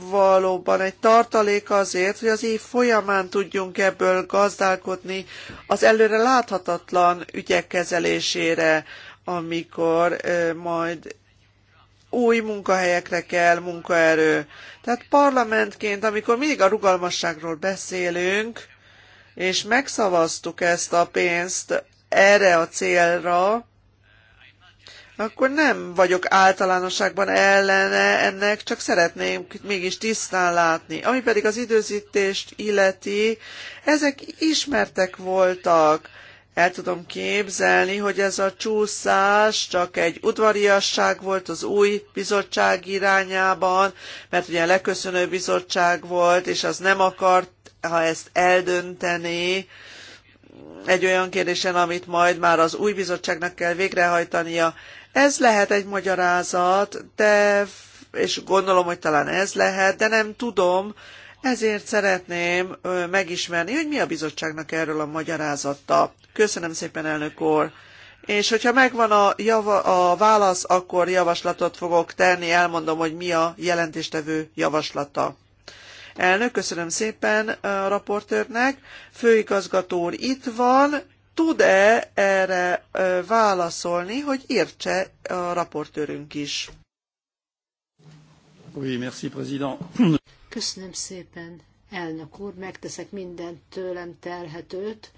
valóban egy tartalék azért, hogy az év folyamán tudjunk ebből gazdálkodni az előre láthatatlan ügyek kezelésére, amikor majd új munkahelyekre kell munkaerő. Tehát parlamentként, amikor mindig a rugalmasságról beszélünk, és megszavaztuk ezt a pénzt erre a célra, akkor nem vagyok általánosságban ellene ennek, csak szeretném mégis tisztán látni. Ami pedig az időzítést illeti, ezek ismertek voltak. El tudom képzelni, hogy ez a csúszás csak egy udvariasság volt az új bizottság irányában, mert ugye leköszönő bizottság volt, és az nem akart, ha ezt eldönteni, egy olyan kérdésen, amit majd már az új bizottságnak kell végrehajtania. Ez lehet egy magyarázat, de, és gondolom, hogy talán ez lehet, de nem tudom, ezért szeretném megismerni, hogy mi a bizottságnak erről a magyarázata. Köszönöm szépen, elnök úr! És hogyha megvan a, java, a válasz, akkor javaslatot fogok tenni, elmondom, hogy mi a jelentéstevő javaslata. Elnök, köszönöm szépen a raportőrnek. Főigazgató úr itt van, tud-e erre válaszolni, hogy értse a raportőrünk is? Oui, merci, président. Köszönöm szépen, elnök úr, megteszek mindent tőlem telhetőt,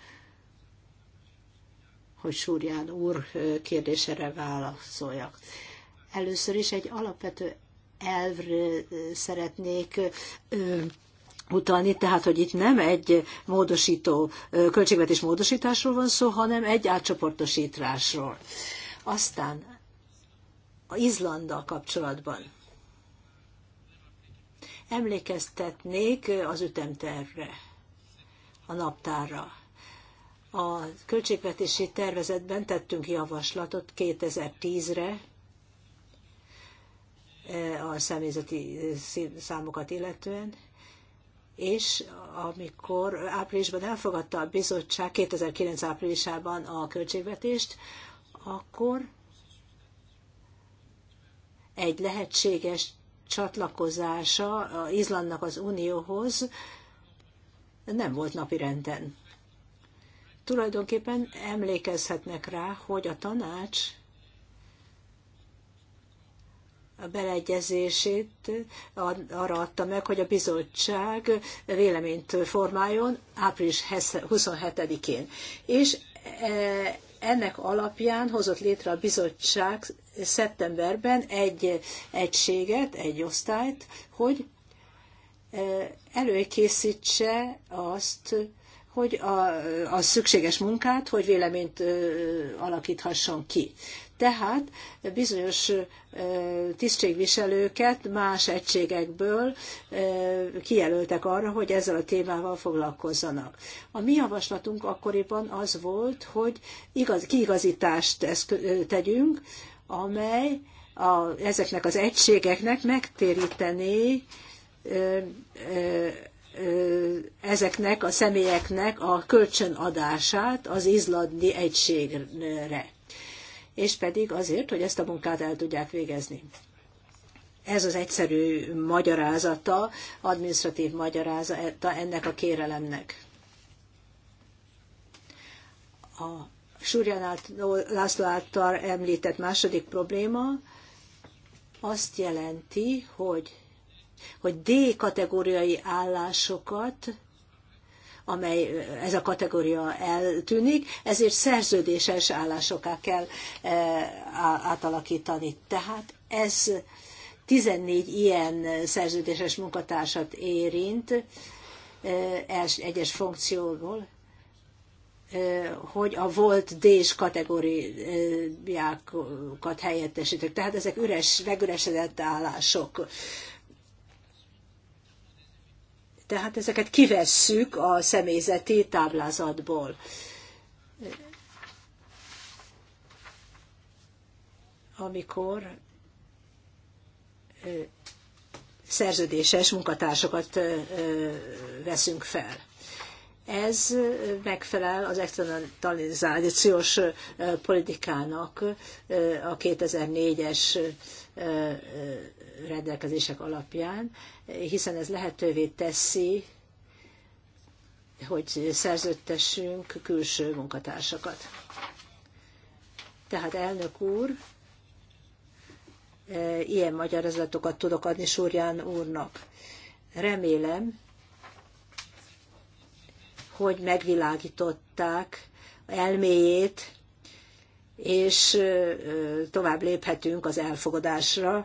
hogy Súrján úr kérdésére válaszoljak. Először is egy alapvető elv szeretnék utalni, tehát hogy itt nem egy módosító, költségvetés módosításról van szó, hanem egy átcsoportosításról. Aztán a Izlanddal kapcsolatban emlékeztetnék az ütemtervre, a naptárra. A költségvetési tervezetben tettünk javaslatot 2010-re, a személyzeti számokat illetően, és amikor áprilisban elfogadta a bizottság 2009 áprilisában a költségvetést, akkor egy lehetséges csatlakozása Izlandnak az Unióhoz nem volt napirenden. Tulajdonképpen emlékezhetnek rá, hogy a tanács beleegyezését arra adta meg, hogy a bizottság véleményt formáljon április 27-én. És e, ennek alapján hozott létre a bizottság szeptemberben egy egységet, egy osztályt, hogy e, előkészítse azt, hogy a, a szükséges munkát, hogy véleményt ö, alakíthasson ki. Tehát bizonyos tisztségviselőket más egységekből kijelöltek arra, hogy ezzel a témával foglalkozzanak. A mi javaslatunk akkoriban az volt, hogy igaz, kiigazítást tegyünk, amely a, ezeknek az egységeknek megtérítené ezeknek a személyeknek a kölcsönadását az izlandi egységre és pedig azért, hogy ezt a munkát el tudják végezni. Ez az egyszerű magyarázata, administratív magyarázata ennek a kérelemnek. A Súrján László által említett második probléma azt jelenti, hogy, hogy D kategóriai állásokat amely ez a kategória eltűnik, ezért szerződéses állásoká kell átalakítani. Tehát ez 14 ilyen szerződéses munkatársat érint egyes funkcióból, hogy a volt D-s kategóriákat helyettesítik. Tehát ezek üres, megüresedett állások. Tehát ezeket kivesszük a személyzeti táblázatból. Amikor szerződéses munkatársokat veszünk fel. Ez megfelel az externalizációs politikának a 2004-es rendelkezések alapján, hiszen ez lehetővé teszi, hogy szerződtessünk külső munkatársakat. Tehát elnök úr, ilyen magyarázatokat tudok adni Súrján úrnak. Remélem, hogy megvilágították elméjét, és tovább léphetünk az elfogadásra,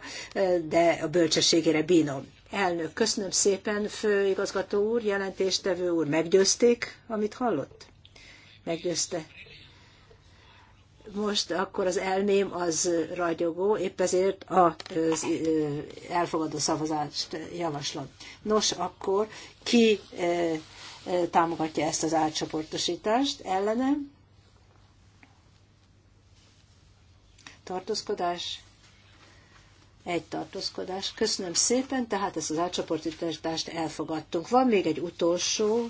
de a bölcsességére bínom. Elnök, köszönöm szépen, főigazgató úr, jelentéstevő úr, meggyőzték, amit hallott? Meggyőzte. Most akkor az elmém az ragyogó, épp ezért az elfogadó szavazást javaslom. Nos, akkor ki támogatja ezt az átcsoportosítást ellenem? tartózkodás, egy tartózkodás. Köszönöm szépen, tehát ezt az átcsoportosítást elfogadtunk. Van még egy utolsó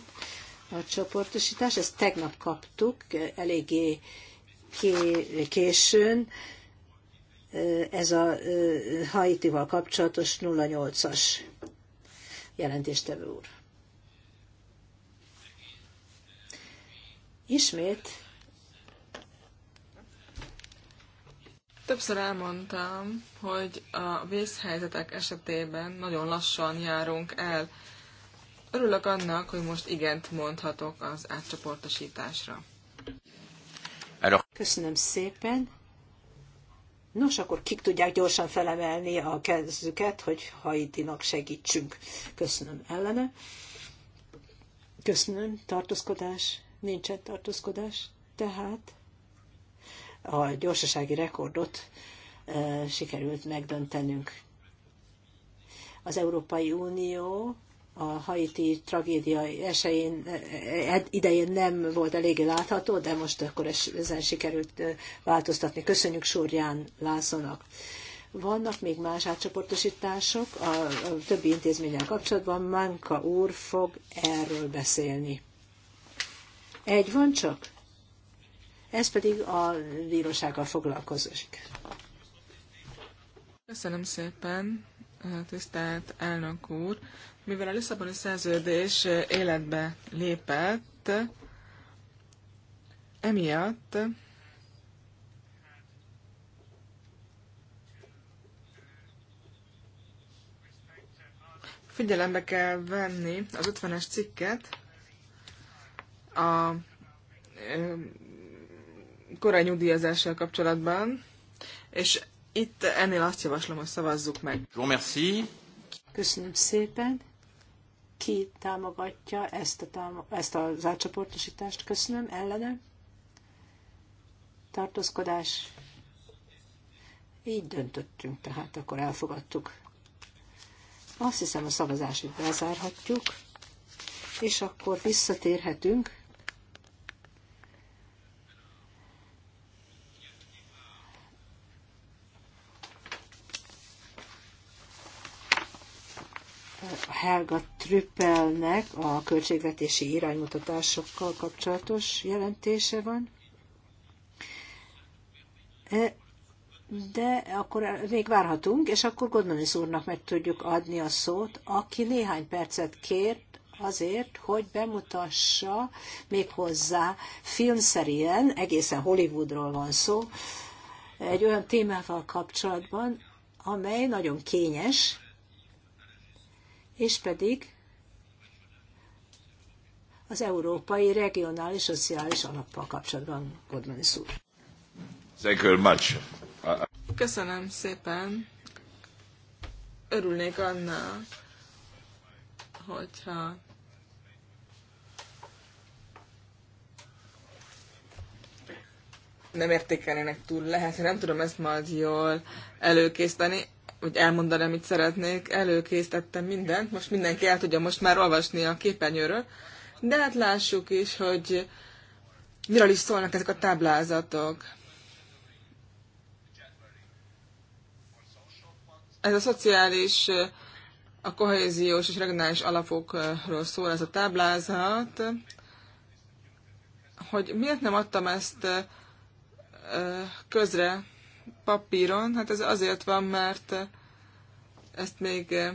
átcsoportosítás, ezt tegnap kaptuk, eléggé későn, ez a Haitival kapcsolatos 08-as jelentéstevő úr. Ismét Többször elmondtam, hogy a vészhelyzetek esetében nagyon lassan járunk el. Örülök annak, hogy most igent mondhatok az átcsoportosításra. Köszönöm szépen. Nos, akkor kik tudják gyorsan felemelni a kezüket, hogy Haitinak segítsünk. Köszönöm ellene. Köszönöm. Tartózkodás. Nincsen tartózkodás. Tehát a gyorsasági rekordot sikerült megdöntenünk. Az Európai Unió a haiti tragédia esején, idején nem volt eléggé látható, de most akkor ezen sikerült változtatni. Köszönjük Súrján Lászónak. Vannak még más átcsoportosítások a, a többi intézménnyel kapcsolatban. Manka úr fog erről beszélni. Egy van csak? Ez pedig a bírósággal foglalkozik. Köszönöm szépen, tisztelt elnök úr. Mivel a Lisszaboni szerződés életbe lépett, emiatt figyelembe kell venni az 50-es cikket a korai nyugdíjazással kapcsolatban, és itt ennél azt javaslom, hogy szavazzuk meg. Köszönöm szépen. Ki támogatja ezt, a támo- ezt az átcsoportosítást? Köszönöm. Ellene? Tartózkodás? Így döntöttünk, tehát akkor elfogadtuk. Azt hiszem a szavazásig bezárhatjuk, és akkor visszatérhetünk Helga Trüppelnek a költségvetési iránymutatásokkal kapcsolatos jelentése van. E, de akkor még várhatunk, és akkor Godmanis úrnak meg tudjuk adni a szót, aki néhány percet kért azért, hogy bemutassa még hozzá filmszerűen, egészen Hollywoodról van szó, egy olyan témával kapcsolatban, amely nagyon kényes, és pedig az Európai Regionális Szociális Alappal kapcsolatban, Godman úr. Thank you much. Köszönöm szépen. Örülnék annak, hogyha nem értékelnének túl lehet, nem tudom ezt majd jól előkészíteni hogy elmondani amit szeretnék. Előkészítettem mindent, most mindenki el tudja most már olvasni a képernyőről. De hát lássuk is, hogy miről is szólnak ezek a táblázatok. Ez a szociális, a kohéziós és regionális alapokról szól ez a táblázat. Hogy miért nem adtam ezt közre papíron, hát ez azért van, mert ezt még eh,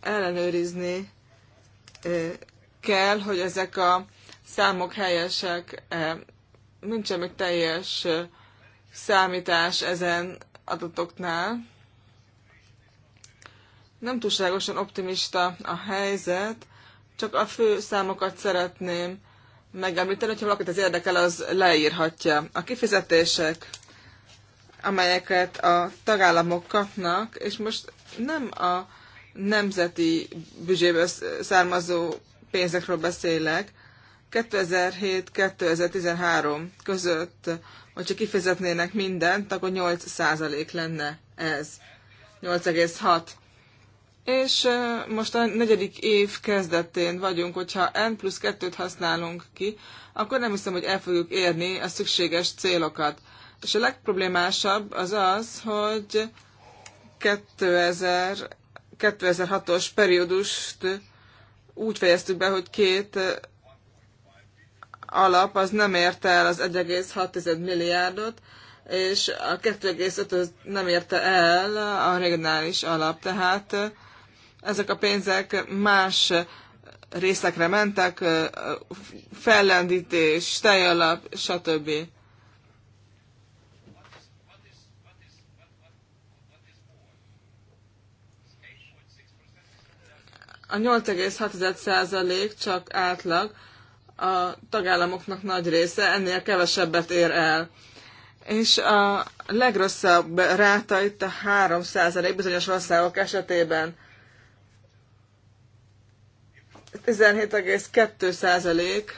ellenőrizni eh, kell, hogy ezek a számok helyesek, eh, nincsen még teljes számítás ezen adatoknál. Nem túlságosan optimista a helyzet, csak a fő számokat szeretném megemlíteni, hogyha valakit az érdekel, az leírhatja. A kifizetések amelyeket a tagállamok kapnak, és most nem a nemzeti büdzséből származó pénzekről beszélek. 2007-2013 között, hogyha kifizetnének mindent, akkor 8% lenne ez. 8,6. És most a negyedik év kezdetén vagyunk, hogyha N plusz 2-t használunk ki, akkor nem hiszem, hogy el fogjuk érni a szükséges célokat. És a legproblémásabb az az, hogy 2000, 2006-os periódust úgy fejeztük be, hogy két alap az nem érte el az 1,6 milliárdot, és a 2,5 nem érte el a regionális alap. Tehát ezek a pénzek más részekre mentek, fellendítés, tejalap, stb. A 8,6% csak átlag, a tagállamoknak nagy része ennél kevesebbet ér el. És a legrosszabb ráta itt a 3% bizonyos országok esetében. 17,2%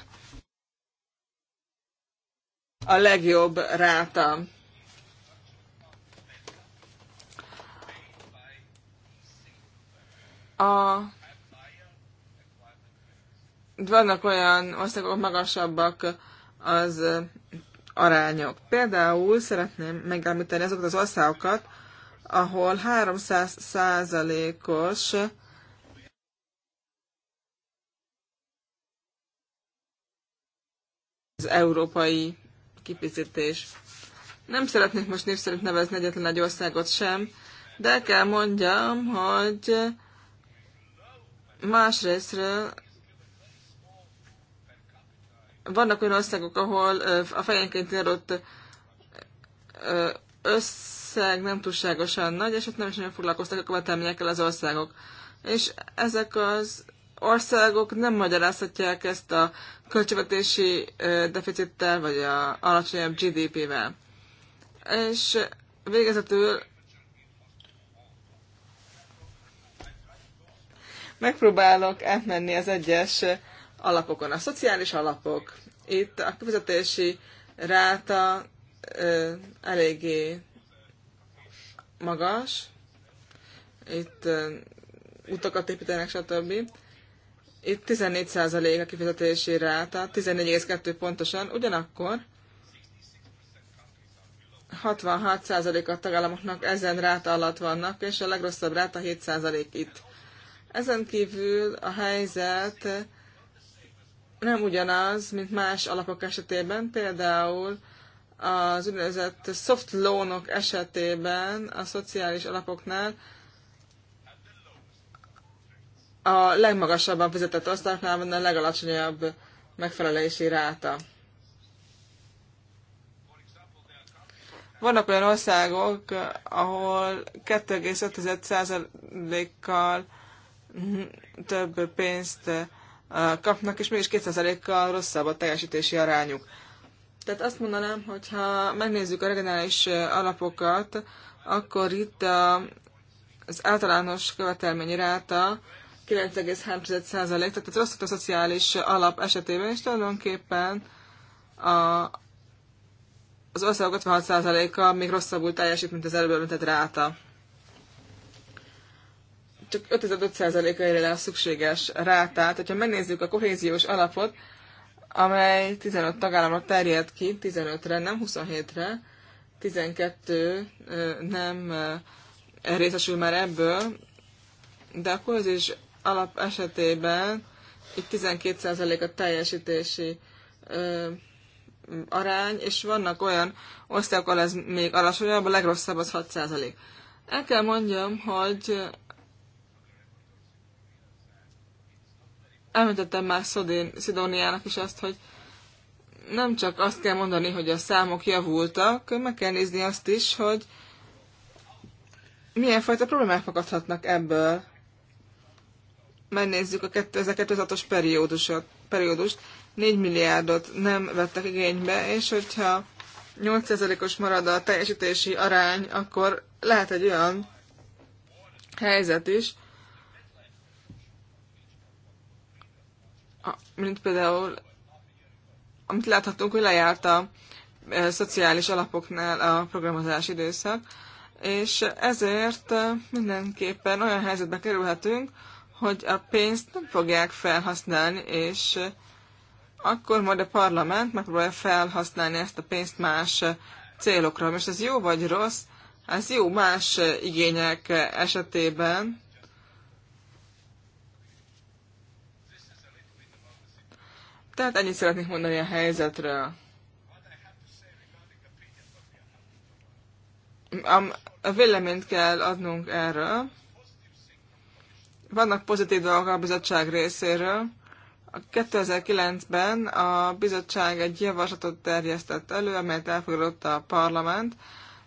a legjobb ráta. A vannak olyan országok magasabbak az arányok. Például szeretném megállítani azokat az országokat, ahol 300 százalékos az európai kipizítés. Nem szeretnék most név szerint nevezni egyetlen egy országot sem, de el kell mondjam, hogy másrésztről vannak olyan országok, ahol a fejenként adott összeg nem túlságosan nagy, és ott nem is nagyon foglalkoztak a követelményekkel az országok. És ezek az országok nem magyarázhatják ezt a költségvetési deficittel, vagy a alacsonyabb GDP-vel. És végezetül megpróbálok átmenni az egyes alapokon. A szociális alapok. Itt a kifizetési ráta ö, eléggé magas, itt ö, utakat építenek, stb. Itt 14% a kifizetési ráta, 14,2 pontosan, ugyanakkor 66% a tagállamoknak ezen ráta alatt vannak, és a legrosszabb ráta 7% itt. Ezen kívül a helyzet nem ugyanaz, mint más alapok esetében, például az úgynevezett soft loanok esetében a szociális alapoknál a legmagasabban fizetett osztályoknál van a legalacsonyabb megfelelési ráta. Vannak olyan országok, ahol 2,5%-kal több pénzt kapnak, és mégis 2%-kal rosszabb a teljesítési arányuk. Tehát azt mondanám, hogy ha megnézzük a regionális alapokat, akkor itt a, az általános követelményi ráta 9,3%, tehát rosszabb a szociális alap esetében, és tulajdonképpen a, az országok 56%-a még rosszabbul teljesít, mint az előbb említett ráta csak 5,5%-ra éri szükséges rá szükséges tehát Hogyha megnézzük a kohéziós alapot, amely 15 tagállamra terjed ki, 15-re, nem 27-re, 12 nem részesül már ebből, de a kohéziós alap esetében itt 12% a teljesítési arány, és vannak olyan osztályok, ahol ez még alacsonyabb, a legrosszabb az 6%. El kell mondjam, hogy Említettem már Szodén, Szidóniának is azt, hogy nem csak azt kell mondani, hogy a számok javultak, meg kell nézni azt is, hogy milyen fajta problémák fakadhatnak ebből. Megnézzük a 2006-os periódusot, periódust. 4 milliárdot nem vettek igénybe, és hogyha 8%-os marad a teljesítési arány, akkor lehet egy olyan helyzet is, mint például, amit láthatunk, hogy lejárt a e, szociális alapoknál a programozás időszak, és ezért e, mindenképpen olyan helyzetbe kerülhetünk, hogy a pénzt nem fogják felhasználni, és e, akkor majd a parlament megpróbálja felhasználni ezt a pénzt más célokra. Most ez jó vagy rossz? Ez jó más igények esetében, Tehát ennyit szeretnék mondani a helyzetről. A véleményt kell adnunk erről. Vannak pozitív dolgok a bizottság részéről. A 2009-ben a bizottság egy javaslatot terjesztett elő, amelyet elfogadott a parlament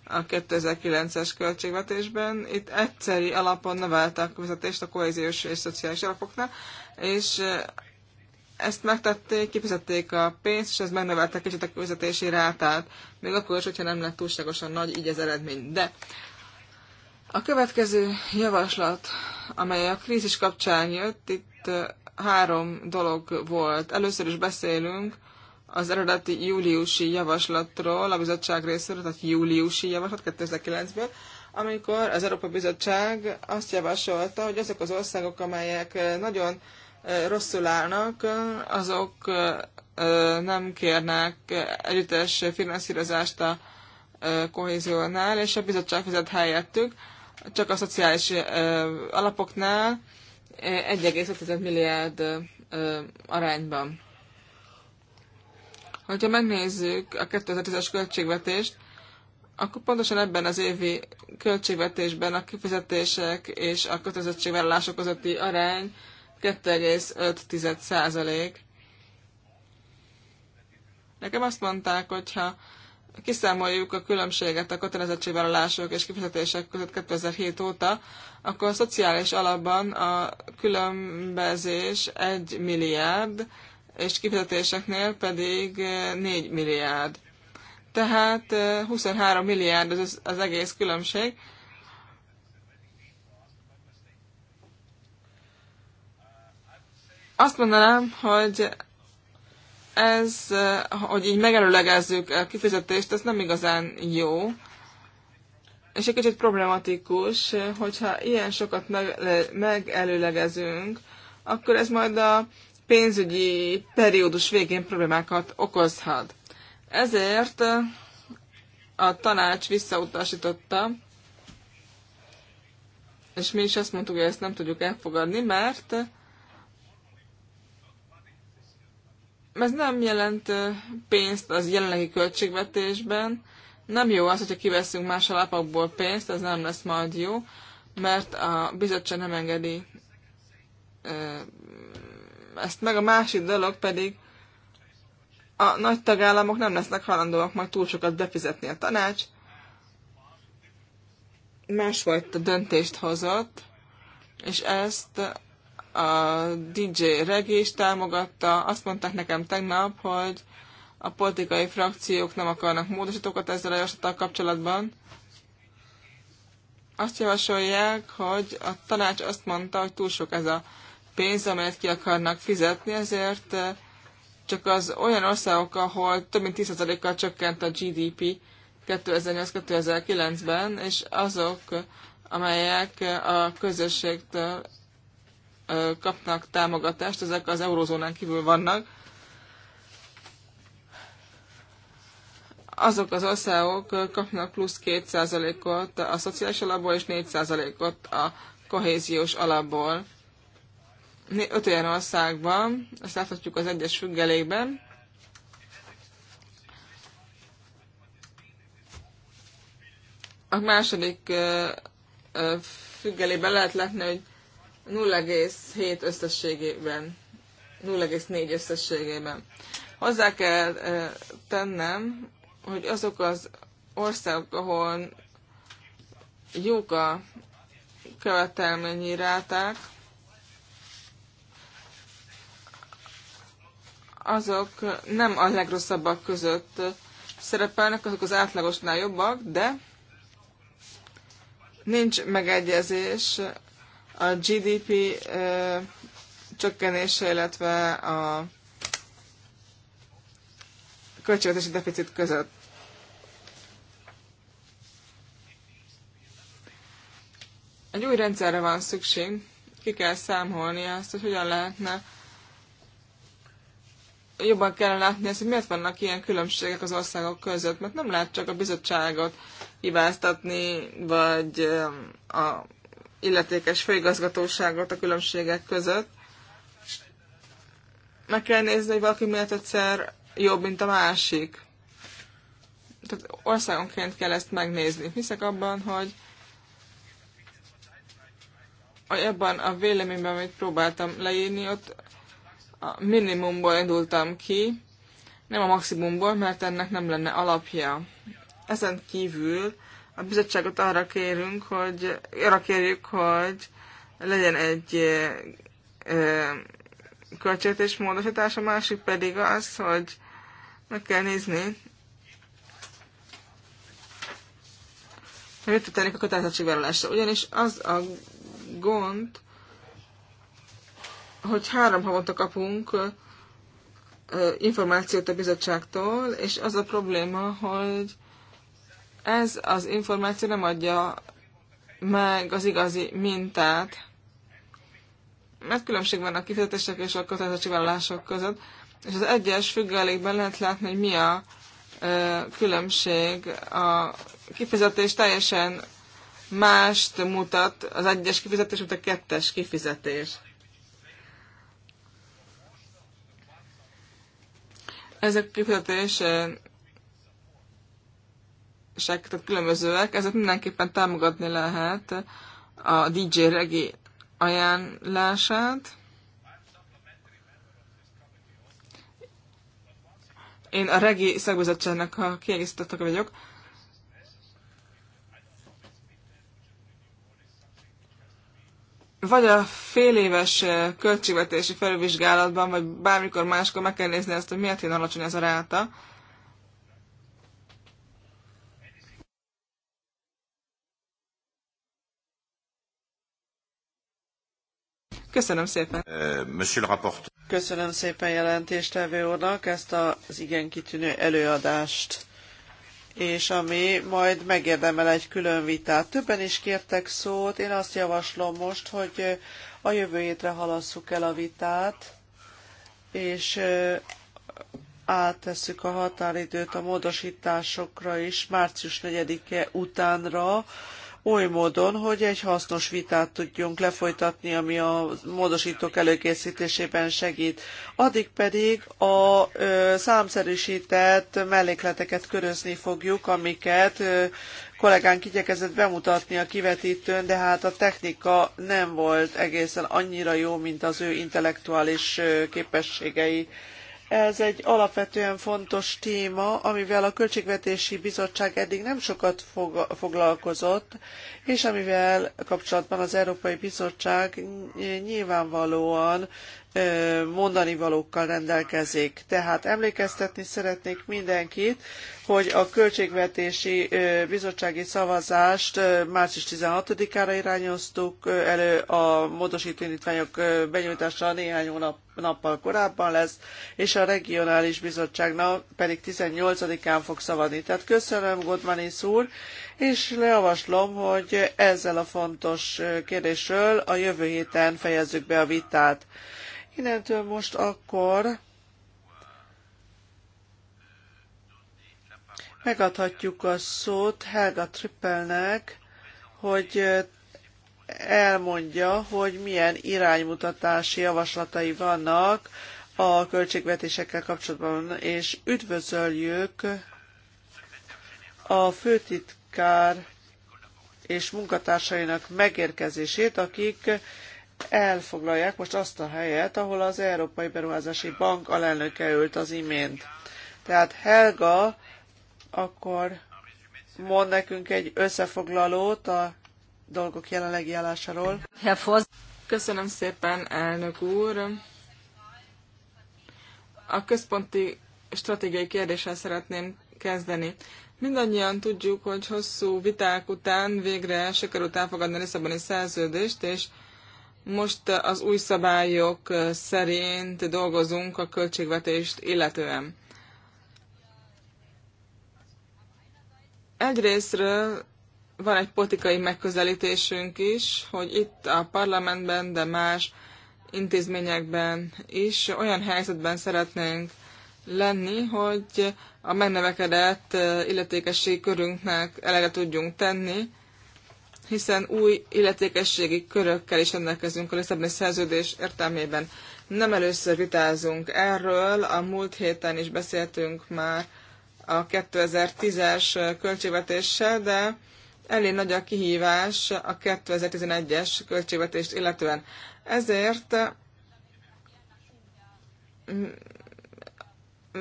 a 2009-es költségvetésben. Itt egyszeri alapon növeltek a fizetést a kohéziós és szociális alapoknál, és ezt megtették, kifizették a pénzt, és ez megnövelte kicsit a kifizetési rátát, még akkor is, hogyha nem lett túlságosan nagy így az eredmény. De a következő javaslat, amely a krízis kapcsán jött, itt három dolog volt. Először is beszélünk az eredeti júliusi javaslatról, a bizottság részéről, tehát júliusi javaslat 2009-ből, amikor az Európa Bizottság azt javasolta, hogy azok az országok, amelyek nagyon rosszul állnak, azok nem kérnek együttes finanszírozást a kohéziónál, és a bizottság fizet helyettük, csak a szociális alapoknál 1,5 milliárd arányban. Ha megnézzük a 2010-es költségvetést, akkor pontosan ebben az évi költségvetésben a kifizetések és a kötelezettségvállalások közötti arány 2,5 százalék. Nekem azt mondták, hogyha kiszámoljuk a különbséget a kötelezettségvállalások és kifizetések között 2007 óta, akkor a szociális alapban a különbözés 1 milliárd, és kifizetéseknél pedig 4 milliárd. Tehát 23 eh, milliárd az, az egész különbség, Azt mondanám, hogy ez, hogy így megelőlegezzük a kifizetést, ez nem igazán jó. És egy kicsit problematikus, hogyha ilyen sokat megelőlegezünk, akkor ez majd a pénzügyi periódus végén problémákat okozhat. Ezért a tanács visszautasította, és mi is azt mondtuk, hogy ezt nem tudjuk elfogadni, mert ez nem jelent pénzt az jelenlegi költségvetésben. Nem jó az, hogyha kiveszünk más alapokból pénzt, ez nem lesz majd jó, mert a bizottság nem engedi ezt meg. A másik dolog pedig a nagy tagállamok nem lesznek halandóak majd túl sokat befizetni a tanács. Másfajta döntést hozott, és ezt a DJ Regi is támogatta. Azt mondták nekem tegnap, hogy a politikai frakciók nem akarnak módosítókat ezzel a javaslattal kapcsolatban. Azt javasolják, hogy a tanács azt mondta, hogy túl sok ez a pénz, amelyet ki akarnak fizetni, ezért eh, csak az olyan országok, ahol több mint 10%-kal csökkent a GDP 2008-2009-ben, és azok, amelyek a közösségtől kapnak támogatást, ezek az eurózónán kívül vannak. Azok az országok kapnak plusz 2%-ot a szociális alapból és 4%-ot a kohéziós alapból. Öt olyan országban, ezt láthatjuk az egyes függelékben, a második függelében lehet látni, hogy 0,7 összességében, 0,4 összességében. Hozzá kell tennem, hogy azok az országok, ahol jók a követelményi ráták, azok nem a legrosszabbak között szerepelnek, azok az átlagosnál jobbak, de nincs megegyezés a GDP ö, csökkenése, illetve a költségvetési deficit között. Egy új rendszerre van szükség, ki kell számolni azt, hogy hogyan lehetne jobban kellene látni ezt, hogy miért vannak ilyen különbségek az országok között, mert nem lehet csak a bizottságot hibáztatni, vagy a illetékes főigazgatóságot a különbségek között. Meg kell nézni, hogy valaki miért egyszer jobb, mint a másik. Tehát országonként kell ezt megnézni. Hiszek abban, hogy ebben a véleményben, amit próbáltam leírni, ott a minimumból indultam ki, nem a maximumból, mert ennek nem lenne alapja. Ezen kívül a bizottságot arra kérünk, hogy arra kérjük, hogy legyen egy költségvetés módosítás, a másik pedig az, hogy meg kell nézni, hogy mit a kötelezettségvállalásra. Ugyanis az a gond, hogy három havonta kapunk információt a bizottságtól, és az a probléma, hogy ez az információ nem adja meg az igazi mintát, mert különbség van a kifizetések és a vállalások között, és az egyes függelékben lehet látni, hogy mi a ö, különbség. A kifizetés teljesen mást mutat az egyes kifizetés, mint a kettes kifizetés. Ez a kifizetés tehát különbözőek, ezek mindenképpen támogatni lehet a DJ Regi ajánlását. Én a Regi szakbizottságnak a kiegészítettek vagyok. Vagy a fél éves költségvetési felvizsgálatban, vagy bármikor máskor meg kell nézni ezt, hogy miért én alacsony ez a ráta. Köszönöm szépen. Eh, monsieur le rapporteur. Köszönöm szépen jelentéstevő úrnak ezt az igen kitűnő előadást és ami majd megérdemel egy külön vitát. Többen is kértek szót, én azt javaslom most, hogy a jövő hétre halasszuk el a vitát, és eh, áttesszük a határidőt a módosításokra is március 4-e utánra, oly módon, hogy egy hasznos vitát tudjunk lefolytatni, ami a módosítók előkészítésében segít. Addig pedig a ö, számszerűsített mellékleteket körözni fogjuk, amiket ö, kollégánk igyekezett bemutatni a kivetítőn, de hát a technika nem volt egészen annyira jó, mint az ő intellektuális képességei ez egy alapvetően fontos téma, amivel a Költségvetési Bizottság eddig nem sokat foglalkozott, és amivel kapcsolatban az Európai Bizottság nyilvánvalóan mondani valókkal rendelkezik. Tehát emlékeztetni szeretnék mindenkit, hogy a Költségvetési Bizottsági Szavazást március 16-ára irányoztuk elő, a módosító indítványok benyújtása néhány hónap nappal korábban lesz, és a regionális bizottságnak pedig 18-án fog szavazni. Tehát köszönöm Godmanis úr, és javaslom, hogy ezzel a fontos kérdésről a jövő héten fejezzük be a vitát. Innentől most akkor megadhatjuk a szót Helga Trippelnek, hogy elmondja, hogy milyen iránymutatási javaslatai vannak a költségvetésekkel kapcsolatban, és üdvözöljük a főtitkár és munkatársainak megérkezését, akik elfoglalják most azt a helyet, ahol az Európai Beruházási Bank alelnöke ült az imént. Tehát Helga akkor mond nekünk egy összefoglalót a dolgok jelenlegi állásáról. Köszönöm szépen, elnök úr. A központi stratégiai kérdéssel szeretném kezdeni. Mindannyian tudjuk, hogy hosszú viták után végre sikerült elfogadni a Lisszaboni szerződést, és most eh, az új szabályok eh, szerint dolgozunk a költségvetést illetően. Egyrésztről van egy politikai megközelítésünk is, hogy itt a parlamentben, de más intézményekben is olyan helyzetben szeretnénk lenni, hogy a megnevekedett eh, illetékesség körünknek eleget tudjunk tenni, hiszen új illetékességi körökkel is rendelkezünk a Lisszaboni szerződés értelmében. Nem először vitázunk erről, a múlt héten is beszéltünk már a 2010-es költségvetéssel, de elég nagy a kihívás a 2011-es költségvetést illetően. Ezért, mm,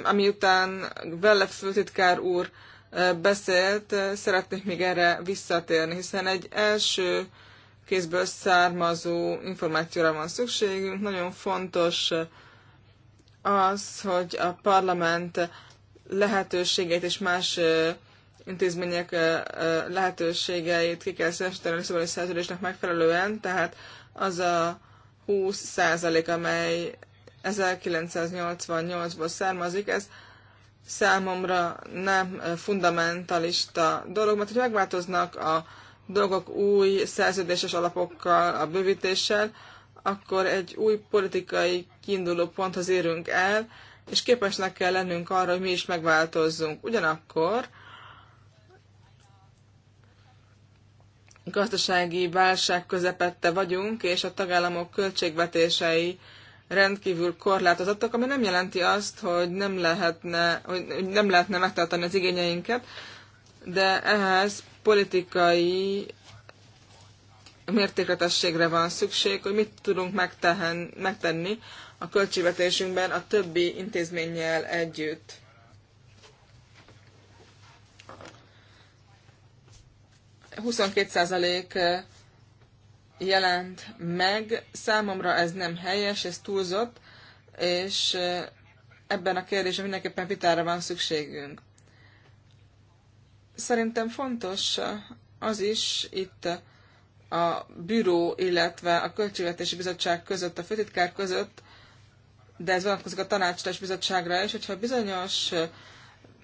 amiután vele főtitkár úr beszélt, szeretnék még erre visszatérni, hiszen egy első kézből származó információra van szükségünk. Nagyon fontos az, hogy a parlament lehetőségeit és más intézmények lehetőségeit ki kell szerződni a szabadi szerződésnek megfelelően, tehát az a 20 százalék, amely 1988-ból származik, ez számomra nem fundamentalista dolog, mert hogy megváltoznak a dolgok új szerződéses alapokkal, a bővítéssel, akkor egy új politikai kiinduló ponthoz érünk el, és képesnek kell lennünk arra, hogy mi is megváltozzunk. Ugyanakkor gazdasági válság közepette vagyunk, és a tagállamok költségvetései rendkívül korlátozottak, ami nem jelenti azt, hogy nem lehetne, hogy nem lehetne megtartani az igényeinket, de ehhez politikai mértékletességre van szükség, hogy mit tudunk megtehen, megtenni a költségvetésünkben a többi intézménnyel együtt. százalék jelent meg. Számomra ez nem helyes, ez túlzott, és eh, ebben a kérdésben mindenképpen vitára van szükségünk. Szerintem fontos az is itt a büró, illetve a Költségvetési Bizottság között, a főtitkár között, de ez vonatkozik a tanácsadás bizottságra is, hogyha bizonyos eh,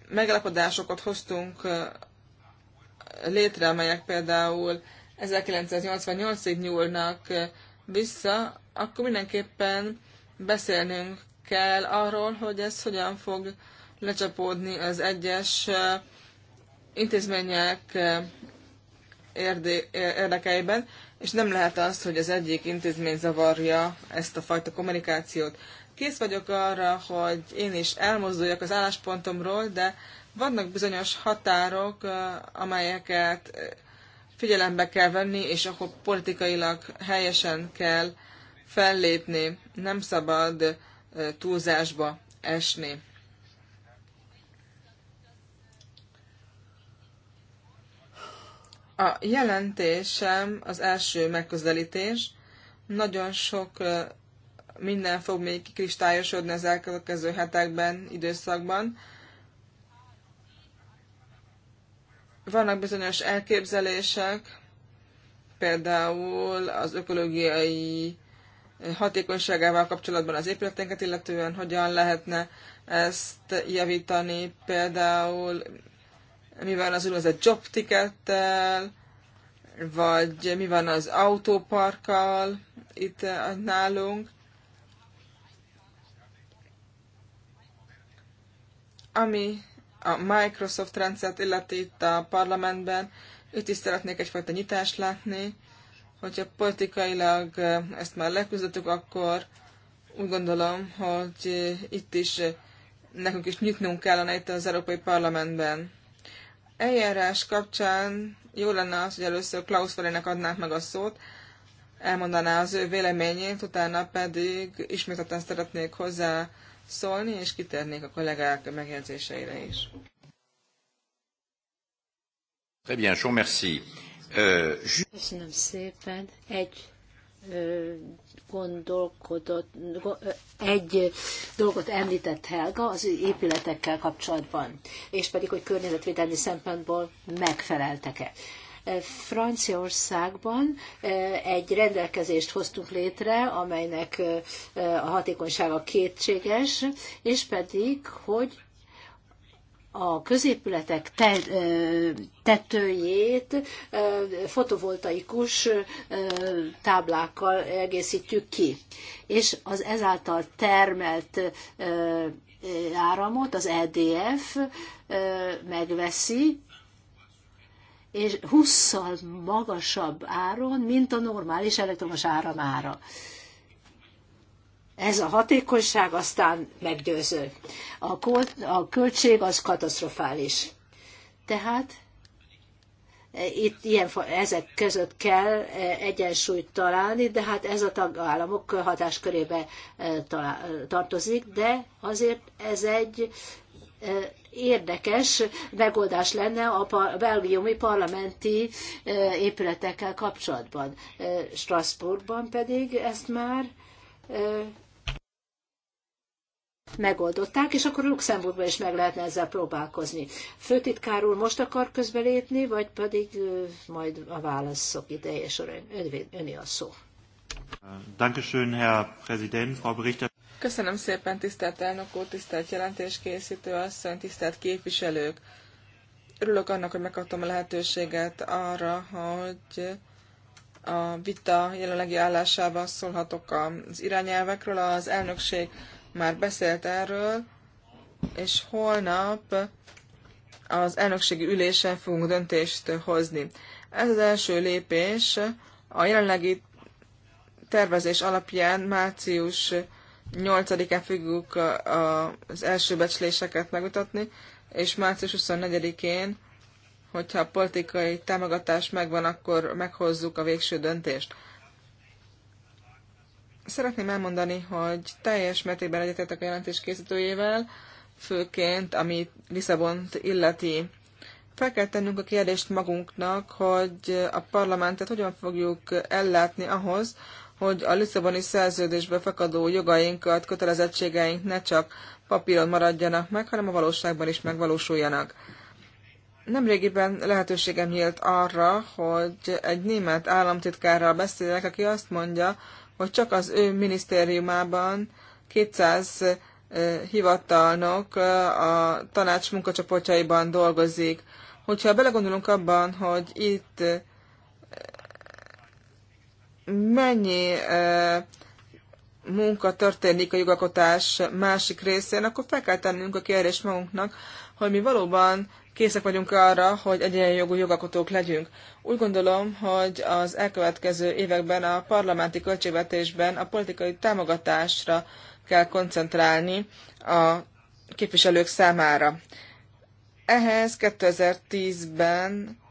megalapodásokat hoztunk eh, létre, amelyek például 1988-ig nyúlnak vissza, akkor mindenképpen beszélnünk kell arról, hogy ez hogyan fog lecsapódni az egyes intézmények érdekeiben, és nem lehet az, hogy az egyik intézmény zavarja ezt a fajta kommunikációt. Kész vagyok arra, hogy én is elmozduljak az álláspontomról, de vannak bizonyos határok, amelyeket figyelembe kell venni, és akkor politikailag helyesen kell fellépni, nem szabad túlzásba esni. A jelentésem az első megközelítés. Nagyon sok minden fog még kristályosodni az elkövetkező hetekben, időszakban. Vannak bizonyos elképzelések, például az ökológiai hatékonyságával kapcsolatban az épületeinket, illetően hogyan lehetne ezt javítani, például mi van az úgynevezett job tickettel, vagy mi van az autóparkkal itt nálunk. Ami a Microsoft rendszert illeti itt a parlamentben, itt is szeretnék egyfajta nyitást látni, hogyha politikailag ezt már leküzdöttük, akkor úgy gondolom, hogy itt is nekünk is nyitnunk kellene itt az Európai Parlamentben. Eljárás kapcsán jó lenne az, hogy először Klaus Felének adnák meg a szót, elmondaná az ő véleményét, utána pedig ismételten szeretnék hozzá szólni, és kitérnék a kollégák megjegyzéseire is. Très bien, je merci. Euh, Köszönöm szépen. Egy gondolkodott, egy dolgot említett Helga az épületekkel kapcsolatban, és pedig, hogy környezetvédelmi szempontból megfeleltek-e. Franciaországban eh, egy rendelkezést hoztunk létre, amelynek eh, a hatékonysága kétséges, és pedig, hogy a középületek te, eh, tetőjét fotovoltaikus táblákkal egészítjük ki. És az ezáltal termelt áramot az EDF megveszi, és 20 magasabb áron, mint a normális elektromos áramára. Ez a hatékonyság aztán meggyőző. A, a költség az katasztrofális. Tehát e, itt ilyen, ezek között kell e, egyensúlyt találni, de hát ez a tagállamok hatáskörébe e, tartozik, de azért ez egy érdekes megoldás lenne a belgiumi parlamenti e, épületekkel kapcsolatban. E, Strasbourgban pedig ezt már e, megoldották, és akkor Luxemburgban is meg lehetne ezzel próbálkozni. Főtitkár úr most akar közbelépni, vagy pedig majd a válaszok ideje során öné a szó. Dankeschön, Herr Präsident, Frau Berichter. Köszönöm szépen, tisztelt elnök úr, tisztelt jelentéskészítő asszony, tisztelt képviselők. Örülök annak, hogy megkaptam a lehetőséget arra, hogy a vita jelenlegi állásában szólhatok az irányelvekről. Az elnökség már beszélt erről, és holnap az elnökségi ülésen fogunk döntést hozni. Ez az első lépés a jelenlegi tervezés alapján március 8 e függük az első becsléseket megmutatni, és március 24-én, hogyha a politikai támogatás megvan, akkor meghozzuk a végső döntést. Szeretném elmondani, hogy teljes mértékben egyetértek a jelentés készítőjével, főként ami Lisszabont illeti. Fel kell tennünk a kérdést magunknak, hogy a parlamentet hogyan fogjuk ellátni ahhoz, hogy a Lisszaboni szerződésbe fakadó jogainkat, kötelezettségeink ne csak papíron maradjanak meg, hanem a valóságban is megvalósuljanak. Nemrégiben lehetőségem nyílt arra, hogy egy német államtitkárral beszélek, aki azt mondja, hogy csak az ő minisztériumában 200 hivatalnok a tanács munkacsoportjaiban dolgozik. Hogyha belegondolunk abban, hogy itt mennyi munka történik a jogalkotás másik részén, akkor fel kell tennünk a kérdést magunknak, hogy mi valóban készek vagyunk arra, hogy egyenjogú jogalkotók legyünk. Úgy gondolom, hogy az elkövetkező években a parlamenti költségvetésben a politikai támogatásra kell koncentrálni a képviselők számára. Ehhez 2010-ben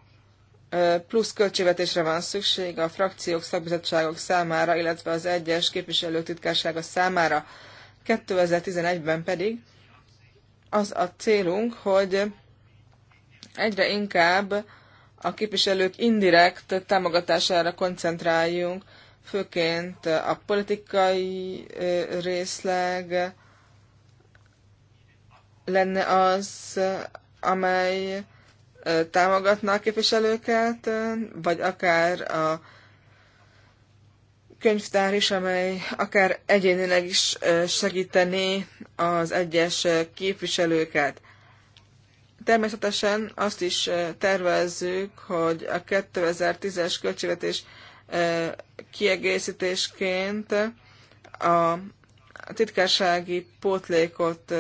plusz költségvetésre van szükség a frakciók, szakbizottságok számára, illetve az egyes képviselők titkársága számára. 2011-ben pedig az a célunk, hogy egyre inkább a képviselők indirekt támogatására koncentráljunk, főként a politikai részleg lenne az, amely támogatna a képviselőket, vagy akár a könyvtár is, amely akár egyénileg is segítené az egyes képviselőket. Természetesen azt is tervezzük, hogy a 2010-es költségvetés kiegészítésként a titkársági pótlékot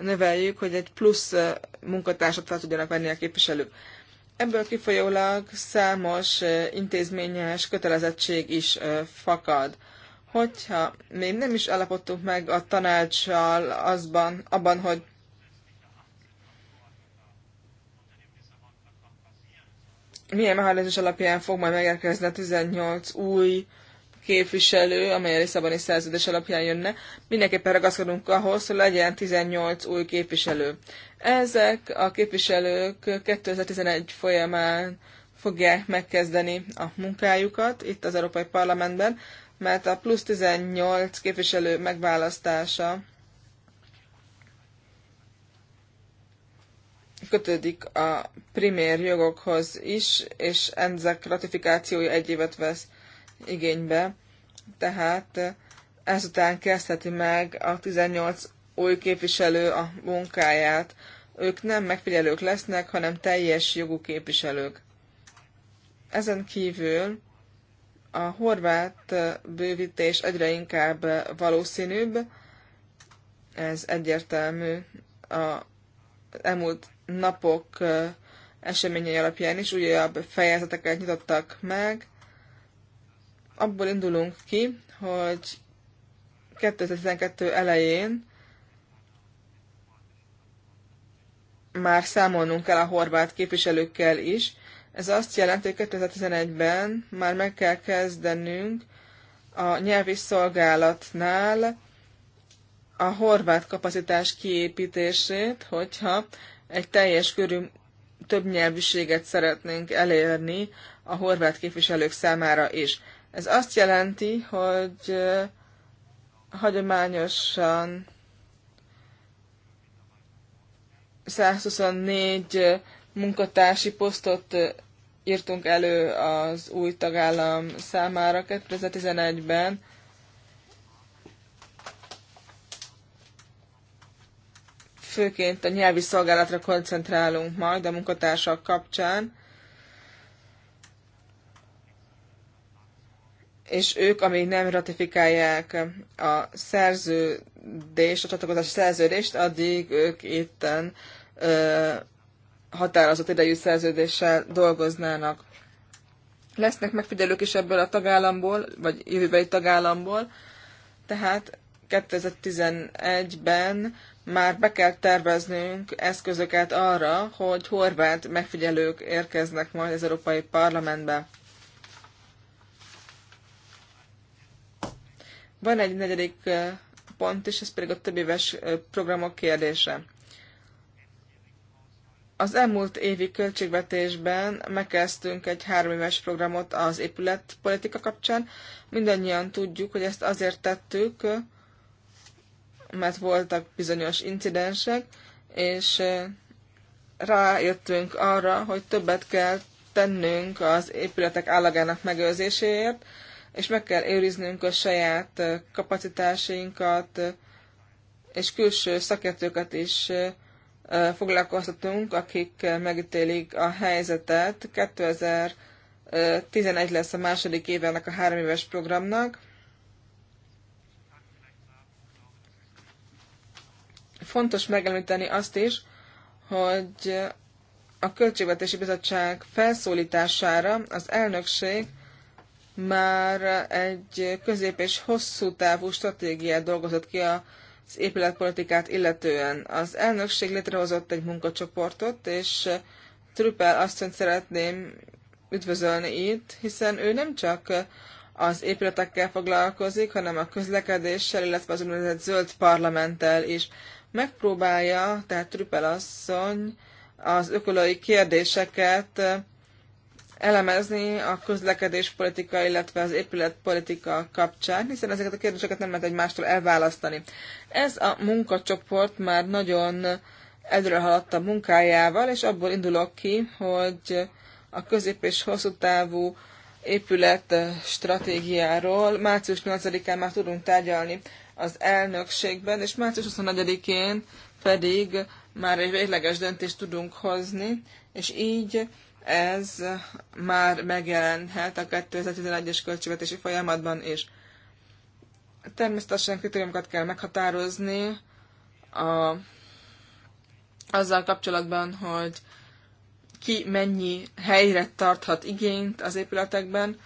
növeljük, hogy egy plusz munkatársat fel tudjanak venni a képviselők. Ebből kifolyólag számos intézményes kötelezettség is fakad. Hogyha még nem is alapodtunk meg a tanácssal azban, abban, hogy milyen mechanizmus alapján fog majd megérkezni a 18 új képviselő, amely a Lisszaboni szerződés alapján jönne, mindenképpen ragaszkodunk ahhoz, hogy legyen 18 új képviselő. Ezek a képviselők 2011 folyamán fogják megkezdeni a munkájukat itt az Európai Parlamentben, mert a plusz 18 képviselő megválasztása kötődik a primér jogokhoz is, és ezek ratifikációja egy évet vesz igénybe, tehát ezután kezdheti meg a 18 új képviselő a munkáját. Ők nem megfigyelők lesznek, hanem teljes jogú képviselők. Ezen kívül a horvát bővítés egyre inkább valószínűbb, ez egyértelmű a elmúlt napok eseményei alapján is újabb fejezeteket nyitottak meg, abból indulunk ki, hogy 2012 elején már számolnunk kell a horvát képviselőkkel is. Ez azt jelenti, hogy 2011-ben már meg kell kezdenünk a nyelvi szolgálatnál a horvát kapacitás kiépítését, hogyha egy teljes körű többnyelvűséget szeretnénk elérni a horvát képviselők számára is. Ez azt jelenti, hogy hagyományosan 124 munkatársi posztot írtunk elő az új tagállam számára 2011-ben. Főként a nyelvi szolgálatra koncentrálunk majd a munkatársak kapcsán. és ők, amíg nem ratifikálják a szerződést, a csatlakozási szerződést, addig ők itten ö, határozott idejű szerződéssel dolgoznának. Lesznek megfigyelők is ebből a tagállamból, vagy jövőbeli tagállamból, tehát 2011-ben már be kell terveznünk eszközöket arra, hogy horvát megfigyelők érkeznek majd az Európai Parlamentbe. Van egy negyedik pont is, ez pedig a több éves programok kérdése. Az elmúlt évi költségvetésben megkezdtünk egy három éves programot az épületpolitika kapcsán. Mindannyian tudjuk, hogy ezt azért tettük, mert voltak bizonyos incidensek, és rájöttünk arra, hogy többet kell tennünk az épületek állagának megőrzéséért, és meg kell őriznünk a saját kapacitásainkat, és külső szakértőket is foglalkoztatunk, akik megítélik a helyzetet. 2011 lesz a második évének a három éves programnak. Fontos megemlíteni azt is, hogy a Költségvetési Bizottság felszólítására az elnökség már egy közép- és hosszú távú stratégiát dolgozott ki az épületpolitikát illetően. Az elnökség létrehozott egy munkacsoportot, és Trüppel azt szeretném üdvözölni itt, hiszen ő nem csak az épületekkel foglalkozik, hanem a közlekedéssel, illetve az úgynevezett zöld parlamenttel is. Megpróbálja, tehát Trüppel asszony, az ökológiai kérdéseket elemezni a közlekedéspolitika, illetve az épületpolitika kapcsán, hiszen ezeket a kérdéseket nem lehet egymástól elválasztani. Ez a munkacsoport már nagyon előre haladt a munkájával, és abból indulok ki, hogy a közép- és hosszú távú épület stratégiáról március 8-án már tudunk tárgyalni az elnökségben, és március 24-én pedig már egy végleges döntést tudunk hozni, és így ez már megjelenhet a 2011-es költségvetési folyamatban is. Természetesen kritériumokat kell meghatározni a, azzal kapcsolatban, hogy ki mennyi helyre tarthat igényt az épületekben.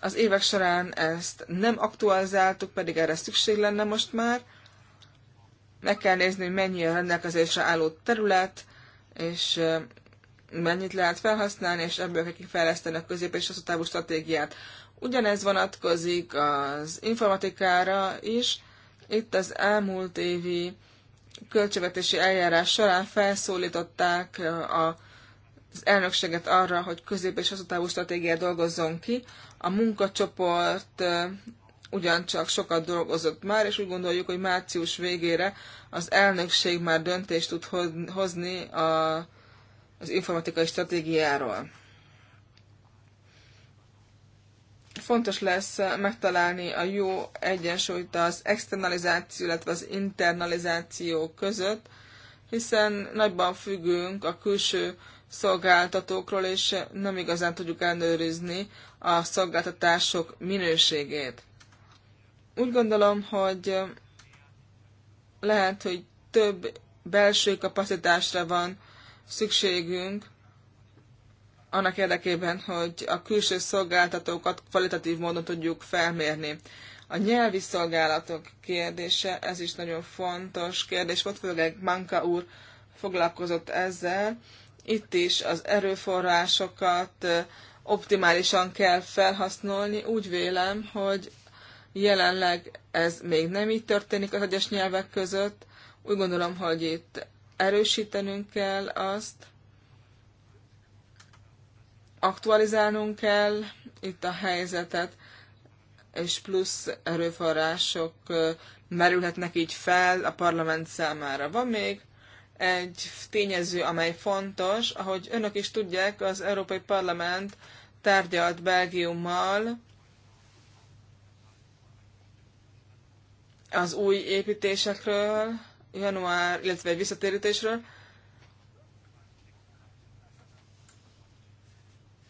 Az évek során ezt nem aktualizáltuk, pedig erre szükség lenne most már. Meg kell nézni, hogy mennyi a rendelkezésre álló terület, és mennyit lehet felhasználni, és ebből kell kifejleszteni a közép- és hosszú távú stratégiát. Ugyanez vonatkozik az informatikára is. Itt az elmúlt évi költségvetési eljárás során felszólították a az elnökséget arra, hogy közép- és hosszú távú stratégiát dolgozzon ki. A munkacsoport ugyancsak sokat dolgozott már, és úgy gondoljuk, hogy március végére az elnökség már döntést tud hozni a az informatikai stratégiáról. Fontos lesz megtalálni a jó egyensúlyt az externalizáció, illetve az internalizáció között, hiszen nagyban függünk a külső szolgáltatókról, és nem igazán tudjuk ellenőrizni a szolgáltatások minőségét. Úgy gondolom, hogy lehet, hogy több belső kapacitásra van szükségünk annak érdekében, hogy a külső szolgáltatókat kvalitatív módon tudjuk felmérni. A nyelvi szolgálatok kérdése, ez is nagyon fontos kérdés volt, főleg Manka úr foglalkozott ezzel. Itt is az erőforrásokat optimálisan kell felhasználni. Úgy vélem, hogy jelenleg ez még nem így történik az egyes nyelvek között. Úgy gondolom, hogy itt erősítenünk kell azt, aktualizálnunk kell itt a helyzetet, és plusz erőforrások merülhetnek így fel a parlament számára. Van még egy tényező, amely fontos, ahogy önök is tudják, az Európai Parlament tárgyalt Belgiummal az új építésekről, január, illetve egy visszatérítésről.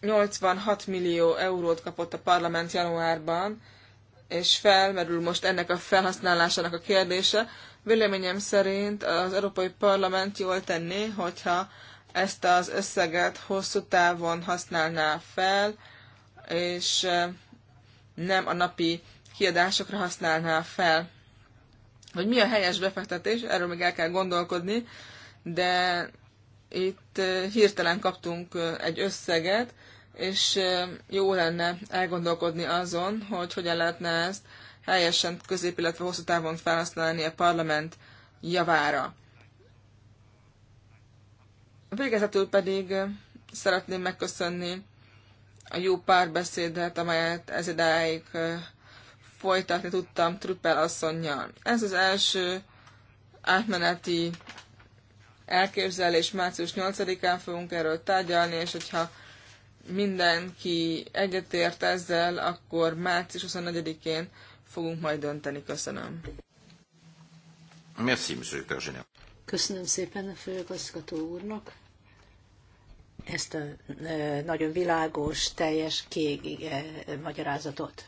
86 millió eurót kapott a parlament januárban, és felmerül most ennek a felhasználásának a kérdése. Véleményem szerint az Európai Parlament jól tenné, hogyha ezt az összeget hosszú távon használná fel, és eh, nem a napi kiadásokra használná fel. Hogy mi a helyes befektetés, erről még el kell gondolkodni, de itt hirtelen kaptunk egy összeget, és jó lenne elgondolkodni azon, hogy hogyan lehetne ezt helyesen, közép, illetve hosszú távon felhasználni a parlament javára. Végezetül pedig szeretném megköszönni a jó párbeszédet, amelyet ez idáig folytatni tudtam Truppel asszonynal. Ez az első átmeneti elképzelés március 8-án fogunk erről tárgyalni, és hogyha mindenki egyetért ezzel, akkor március 24-én fogunk majd dönteni. Köszönöm. Merci, monsieur Köszönöm szépen a főgazgató úrnak ezt a e, nagyon világos, teljes, kék e, magyarázatot.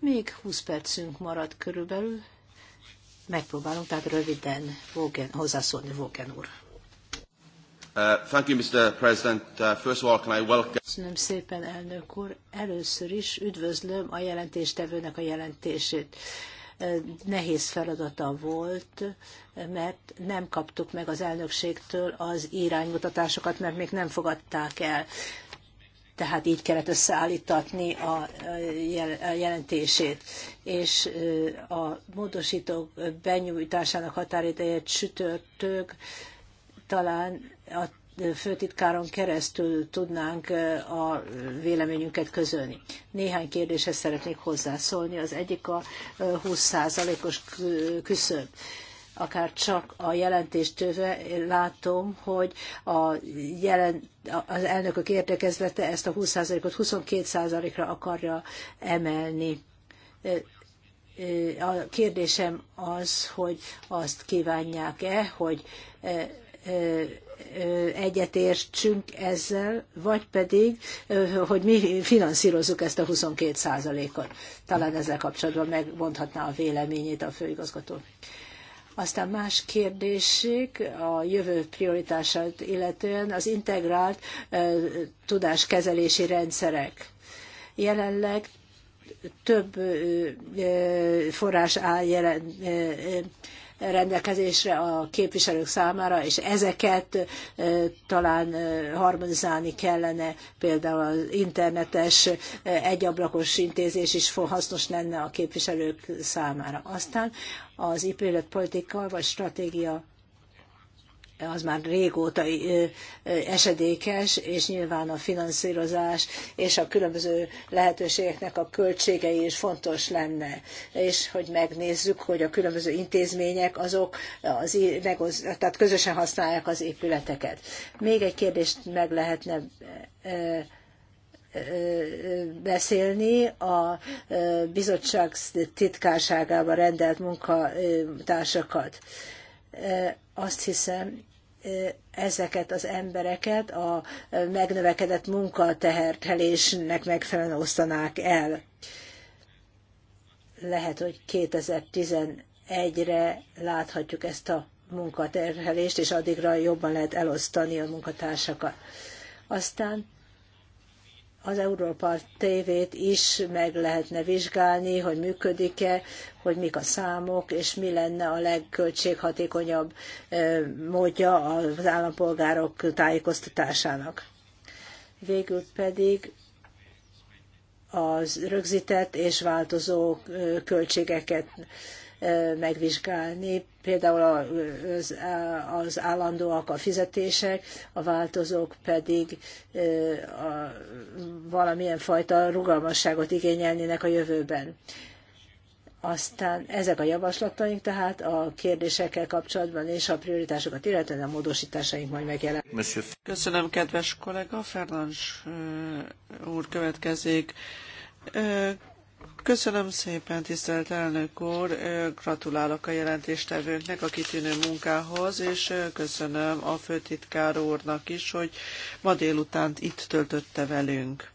Még 20 percünk marad körülbelül. Megpróbálunk tehát röviden Vogen, hozzászólni, Vogen úr. Uh, thank you, Mr. President. Uh, first of all, can I welcome... Köszönöm szépen, elnök úr. Először is üdvözlöm a jelentéstevőnek a jelentését. Uh, nehéz feladata volt, mert nem kaptuk meg az elnökségtől az iránymutatásokat, mert még nem fogadták el tehát így kellett összeállítatni a jelentését. És a módosítók benyújtásának határideje csütörtök, talán a főtitkáron keresztül tudnánk a véleményünket közölni. Néhány kérdéshez szeretnék hozzászólni. Az egyik a 20%-os küszöb akár csak a jelentést látom, hogy a jelen, az elnökök érdekezlete ezt a 20%-ot 22%-ra akarja emelni. A kérdésem az, hogy azt kívánják-e, hogy egyetértsünk ezzel, vagy pedig, hogy mi finanszírozzuk ezt a 22 százalékot. Talán ezzel kapcsolatban megmondhatná a véleményét a főigazgató. Aztán más kérdésük a jövő prioritását illetően az integrált tudáskezelési rendszerek. Jelenleg több forrás áll jelen, rendelkezésre a képviselők számára, és ezeket talán harmonizálni kellene, például az internetes egyablakos intézés is hasznos lenne a képviselők számára. Aztán az épületpolitika vagy stratégia az már régóta esedékes, és nyilván a finanszírozás és a különböző lehetőségeknek a költségei is fontos lenne. És hogy megnézzük, hogy a különböző intézmények azok az, tehát közösen használják az épületeket. Még egy kérdést meg lehetne beszélni a bizottság titkárságába rendelt munkatársakat. Azt hiszem, ezeket az embereket a megnövekedett munkaterhelésnek megfelelően osztanák el. Lehet, hogy 2011-re láthatjuk ezt a munkaterhelést, és addigra jobban lehet elosztani a munkatársakat. Aztán az Európa tévét is meg lehetne vizsgálni, hogy működik-e, hogy mik a számok, és mi lenne a legköltséghatékonyabb módja az állampolgárok tájékoztatásának. Végül pedig az rögzített és változó költségeket megvizsgálni, például az, az állandóak a fizetések, a változók pedig a, valamilyen fajta rugalmasságot igényelnének a jövőben. Aztán ezek a javaslataink, tehát a kérdésekkel kapcsolatban és a prioritásokat, illetve a módosításaink majd megjelen. Köszönöm, kedves kollega. Fernandes úr következik. Köszönöm szépen, tisztelt elnök úr! Gratulálok a jelentéstevőnknek a kitűnő munkához, és köszönöm a főtitkár úrnak is, hogy ma délután itt töltötte velünk.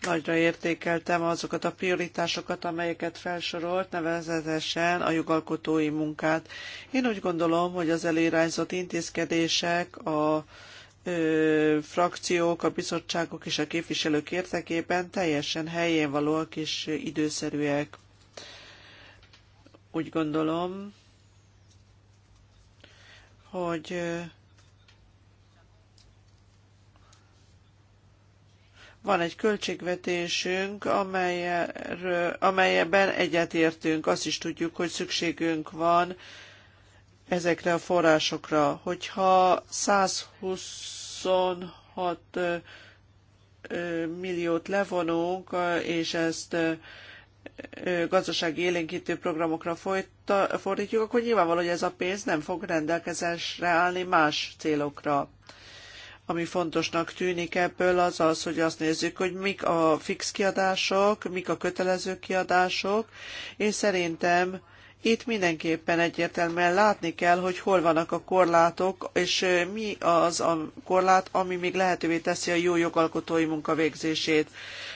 Nagyra értékeltem azokat a prioritásokat, amelyeket felsorolt, nevezetesen a jogalkotói munkát. Én úgy gondolom, hogy az elirányzott intézkedések a ö, frakciók, a bizottságok és a képviselők érdekében teljesen helyén valóak és időszerűek. Úgy gondolom, hogy van egy költségvetésünk, amelyben egyetértünk. Azt is tudjuk, hogy szükségünk van ezekre a forrásokra. Hogyha 126 milliót levonunk, és ezt gazdasági élénkítő programokra fordítjuk, akkor nyilvánvaló, hogy ez a pénz nem fog rendelkezésre állni más célokra. Ami fontosnak tűnik ebből az az, hogy azt nézzük, hogy mik a fix kiadások, mik a kötelező kiadások, és szerintem itt mindenképpen egyértelműen látni kell, hogy hol vannak a korlátok, és mi az a korlát, ami még lehetővé teszi a jó jogalkotói munka végzését.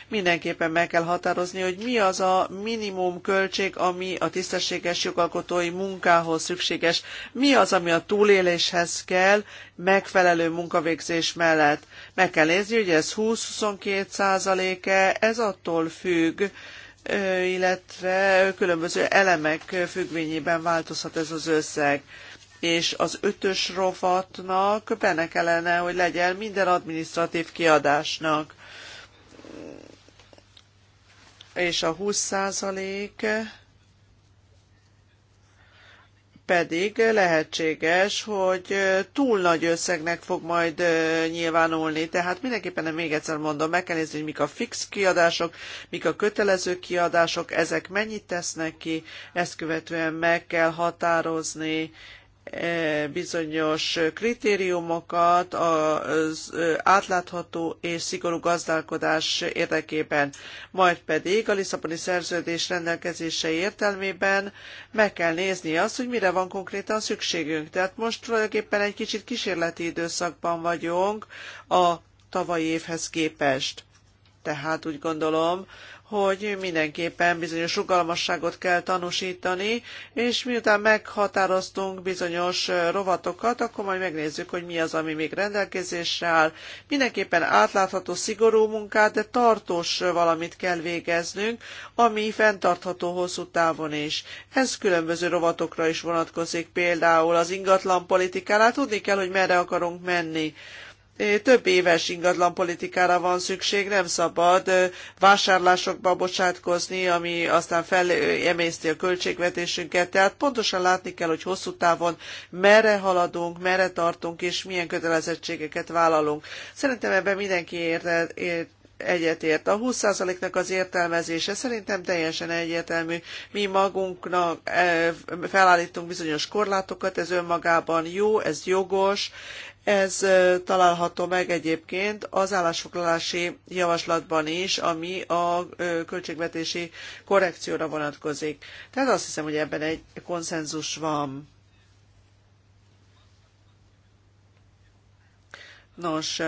Mindenképpen meg kell határozni, hogy mi az a minimum költség, ami a tisztességes jogalkotói munkához szükséges, mi az, ami a túléléshez kell megfelelő munkavégzés mellett. Meg kell nézni, hogy ez 20-22 százaléke, ez attól függ, illetve különböző elemek függvényében változhat ez az összeg és az ötös rovatnak benne kellene, hogy legyen minden adminisztratív kiadásnak. És a 20 pedig lehetséges, hogy túl nagy összegnek fog majd nyilvánulni. Tehát mindenképpen még egyszer mondom, meg kell nézni, hogy mik a fix kiadások, mik a kötelező kiadások, ezek mennyit tesznek ki, ezt követően meg kell határozni E, bizonyos kritériumokat az e, átlátható és szigorú gazdálkodás érdekében, majd pedig a Lisszaboni szerződés rendelkezései értelmében meg kell nézni azt, hogy mire van konkrétan szükségünk. Tehát most tulajdonképpen egy kicsit kísérleti időszakban vagyunk a tavalyi évhez képest. Tehát úgy gondolom, hogy mindenképpen bizonyos rugalmasságot kell tanúsítani, és miután meghatároztunk bizonyos rovatokat, akkor majd megnézzük, hogy mi az, ami még rendelkezésre áll. Mindenképpen átlátható, szigorú munkát, de tartós valamit kell végeznünk, ami fenntartható hosszú távon is. Ez különböző rovatokra is vonatkozik, például az ingatlan politikára. Tudni kell, hogy merre akarunk menni több éves ingatlanpolitikára van szükség, nem szabad vásárlásokba bocsátkozni, ami aztán felemészti a költségvetésünket. Tehát pontosan látni kell, hogy hosszú távon merre haladunk, merre tartunk, és milyen kötelezettségeket vállalunk. Szerintem ebben mindenki érte, ért, egyetért. A 20%-nak az értelmezése szerintem teljesen egyértelmű. Mi magunknak felállítunk bizonyos korlátokat, ez önmagában jó, ez jogos, ez található meg egyébként az állásfoglalási javaslatban is, ami a költségvetési korrekcióra vonatkozik. Tehát azt hiszem, hogy ebben egy konszenzus van. Nos,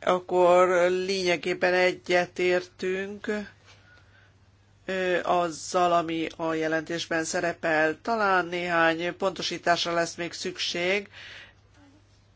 akkor lényegében egyetértünk azzal, ami a jelentésben szerepel. Talán néhány pontosításra lesz még szükség,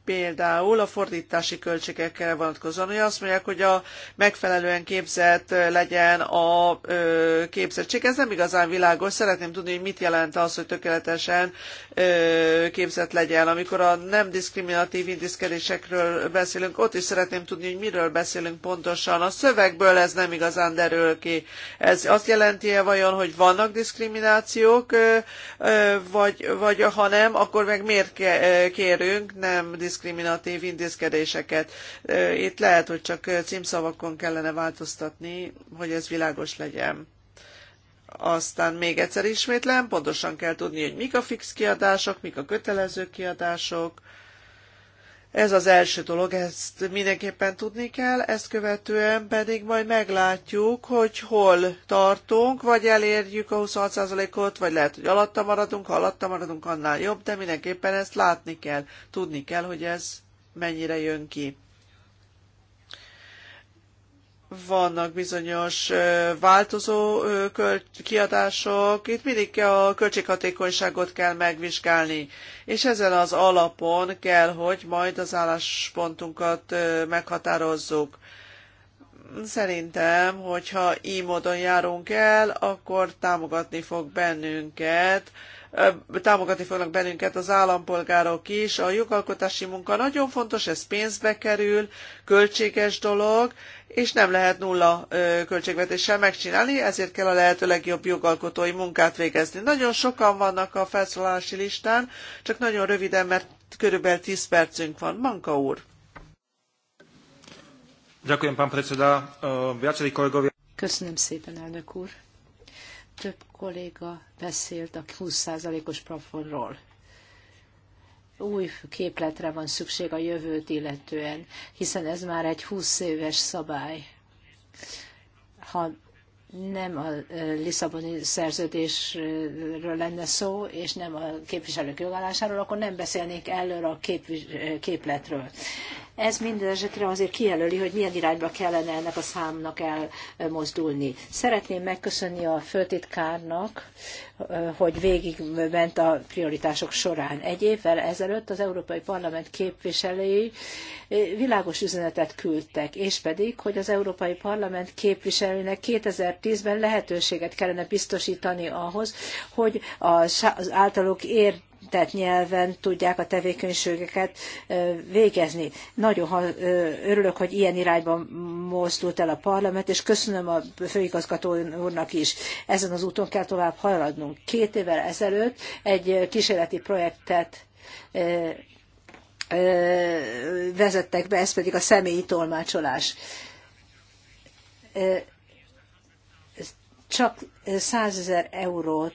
például a fordítási költségekkel vonatkozóan, hogy azt mondják, hogy a megfelelően képzett legyen a ö, képzettség. Ez nem igazán világos. Szeretném tudni, hogy mit jelent az, hogy tökéletesen ö, képzett legyen. Amikor a nem diszkriminatív intézkedésekről beszélünk, ott is szeretném tudni, hogy miről beszélünk pontosan. A szövegből ez nem igazán derül ki. Ez azt jelenti-e vajon, hogy vannak diszkriminációk, ö, ö, vagy, vagy ha nem, akkor meg miért kérünk nem diszkriminációt? diszkriminatív intézkedéseket. Itt lehet, hogy csak címszavakon kellene változtatni, hogy ez világos legyen. Aztán még egyszer ismétlem, pontosan kell tudni, hogy mik a fix kiadások, mik a kötelező kiadások, ez az első dolog, ezt mindenképpen tudni kell, ezt követően pedig majd meglátjuk, hogy hol tartunk, vagy elérjük a 26%-ot, vagy lehet, hogy alatta maradunk, ha alatta maradunk, annál jobb, de mindenképpen ezt látni kell, tudni kell, hogy ez mennyire jön ki vannak bizonyos változó kiadások, itt mindig a költséghatékonyságot kell megvizsgálni, és ezen az alapon kell, hogy majd az álláspontunkat meghatározzuk. Szerintem, hogyha így módon járunk el, akkor támogatni fog bennünket támogatni fognak bennünket az állampolgárok is. A jogalkotási munka nagyon fontos, ez pénzbe kerül, költséges dolog, és nem lehet nulla költségvetéssel megcsinálni, ezért kell a lehető legjobb jogalkotói munkát végezni. Nagyon sokan vannak a felszólalási listán, csak nagyon röviden, mert körülbelül 10 percünk van. Manka úr! Köszönöm szépen, elnök úr! Több kolléga beszélt a 20%-os plafonról új képletre van szükség a jövőt illetően, hiszen ez már egy 20 éves szabály. Ha nem a Lisszaboni szerződésről lenne szó, és nem a képviselők jogállásáról, akkor nem beszélnék előre a képletről. Ez minden esetre azért kijelöli, hogy milyen irányba kellene ennek a számnak elmozdulni. Szeretném megköszönni a főtitkárnak, hogy végigment a prioritások során. Egy évvel ezelőtt az Európai Parlament képviselői világos üzenetet küldtek, és pedig, hogy az Európai Parlament képviselőinek 2010-ben lehetőséget kellene biztosítani ahhoz, hogy az általuk ért tehát nyelven tudják a tevékenységeket végezni. Nagyon örülök, hogy ilyen irányban mozdult el a parlament, és köszönöm a főigazgató úrnak is. Ezen az úton kell tovább haladnunk. Két évvel ezelőtt egy kísérleti projektet vezettek be, ez pedig a személyi tolmácsolás csak 100 ezer eurót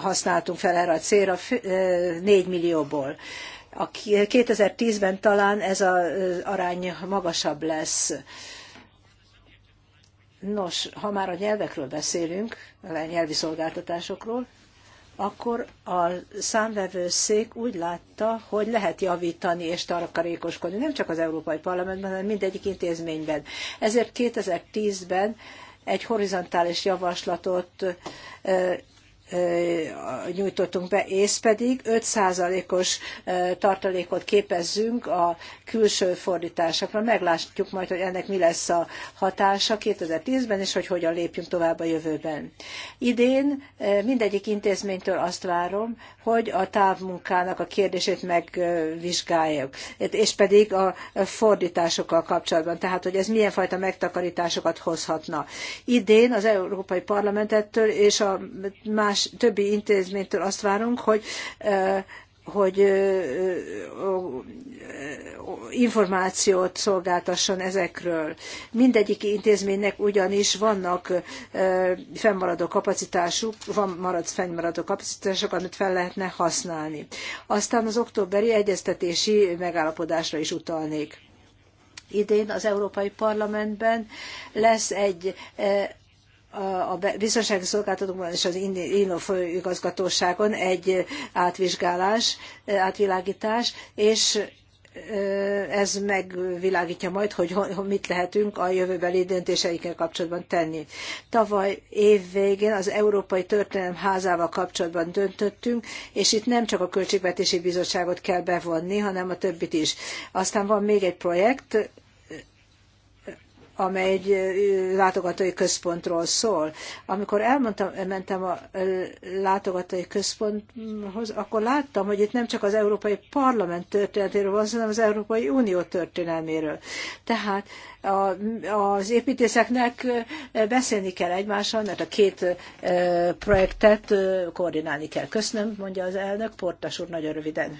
használtunk fel erre a célra 4 millióból. A 2010-ben talán ez az arány magasabb lesz. Nos, ha már a nyelvekről beszélünk, a nyelvi szolgáltatásokról, akkor a számvevőszék úgy látta, hogy lehet javítani és tarakarékoskodni, nem csak az Európai Parlamentben, hanem mindegyik intézményben. Ezért 2010-ben egy horizontális javaslatot nyújtottunk be, és pedig 5%-os tartalékot képezzünk a külső fordításokra. Meglátjuk majd, hogy ennek mi lesz a hatása 2010-ben, és hogy hogyan lépjünk tovább a jövőben. Idén mindegyik intézménytől azt várom, hogy a távmunkának a kérdését megvizsgáljuk, és pedig a fordításokkal kapcsolatban, tehát hogy ez milyen fajta megtakarításokat hozhatna. Idén az Európai Parlamentettől és a más más többi intézménytől azt várunk, hogy hogy információt szolgáltasson ezekről. Mindegyik intézménynek ugyanis vannak fennmaradó kapacitásuk, van marad fennmaradó kapacitások, amit fel lehetne használni. Aztán az októberi egyeztetési megállapodásra is utalnék idén az Európai Parlamentben lesz egy a biztonsági szolgáltatókban és az INO főigazgatóságon egy átvizsgálás, átvilágítás, és ez megvilágítja majd, hogy mit lehetünk a jövőbeli döntéseikkel kapcsolatban tenni. Tavaly év végén az Európai Történelem házával kapcsolatban döntöttünk, és itt nem csak a Költségvetési Bizottságot kell bevonni, hanem a többit is. Aztán van még egy projekt, amely egy látogatói központról szól. Amikor elmondtam, mentem a látogatói központhoz, akkor láttam, hogy itt nem csak az Európai Parlament történetéről van, hanem az Európai Unió történelméről. Tehát a, az építészeknek beszélni kell egymással, mert a két projektet koordinálni kell. Köszönöm, mondja az elnök, Portas úr, nagyon röviden.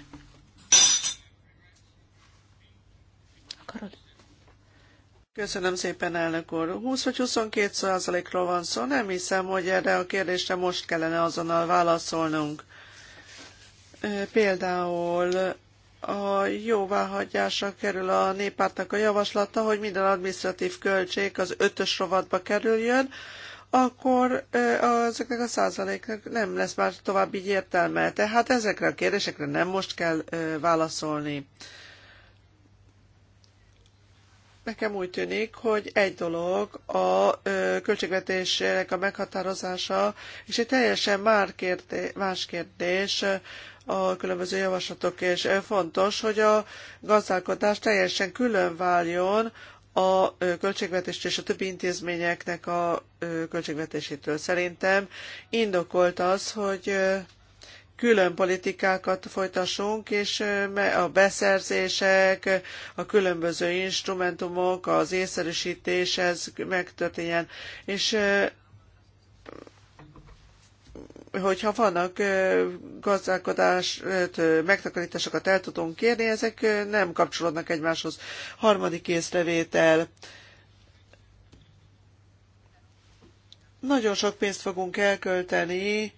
Köszönöm szépen, elnök úr. 20 vagy 22 százalékról van szó, nem hiszem, hogy erre a kérdésre most kellene azonnal válaszolnunk. Például a jóváhagyásra kerül a néppártnak a javaslata, hogy minden administratív költség az ötös rovatba kerüljön, akkor ezeknek a százaléknak nem lesz már további értelme. Tehát ezekre a kérdésekre nem most kell válaszolni. Nekem úgy tűnik, hogy egy dolog a költségvetésének a meghatározása, és egy teljesen már kérdés, más kérdés a különböző javaslatok, és fontos, hogy a gazdálkodás teljesen külön váljon a költségvetést és a többi intézményeknek a költségvetésétől. Szerintem indokolt az, hogy külön politikákat folytassunk, és a beszerzések, a különböző instrumentumok, az észszerűsítés, ez megtörténjen. És hogyha vannak gazdálkodás, megtakarításokat el tudunk érni, ezek nem kapcsolódnak egymáshoz. Harmadik észrevétel. Nagyon sok pénzt fogunk elkölteni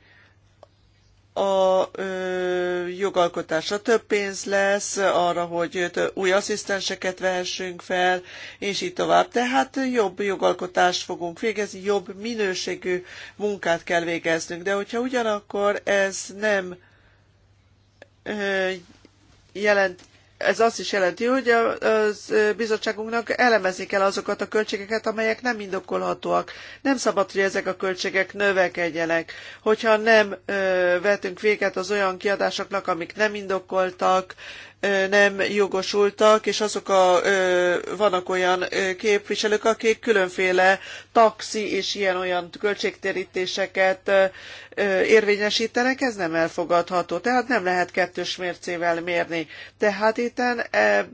a ö, jogalkotásra több pénz lesz, arra, hogy új asszisztenseket vehessünk fel, és így tovább. Tehát jobb jogalkotást fogunk végezni, jobb minőségű munkát kell végeznünk. De hogyha ugyanakkor ez nem ö, jelent ez azt is jelenti, hogy a bizottságunknak elemezni kell azokat a költségeket, amelyek nem indokolhatóak. Nem szabad, hogy ezek a költségek növekedjenek. Hogyha nem vetünk véget az olyan kiadásoknak, amik nem indokoltak, nem jogosultak, és azok a, vannak olyan képviselők, akik különféle taxi és ilyen-olyan költségtérítéseket érvényesítenek, ez nem elfogadható. Tehát nem lehet kettős mércével mérni. Tehát itten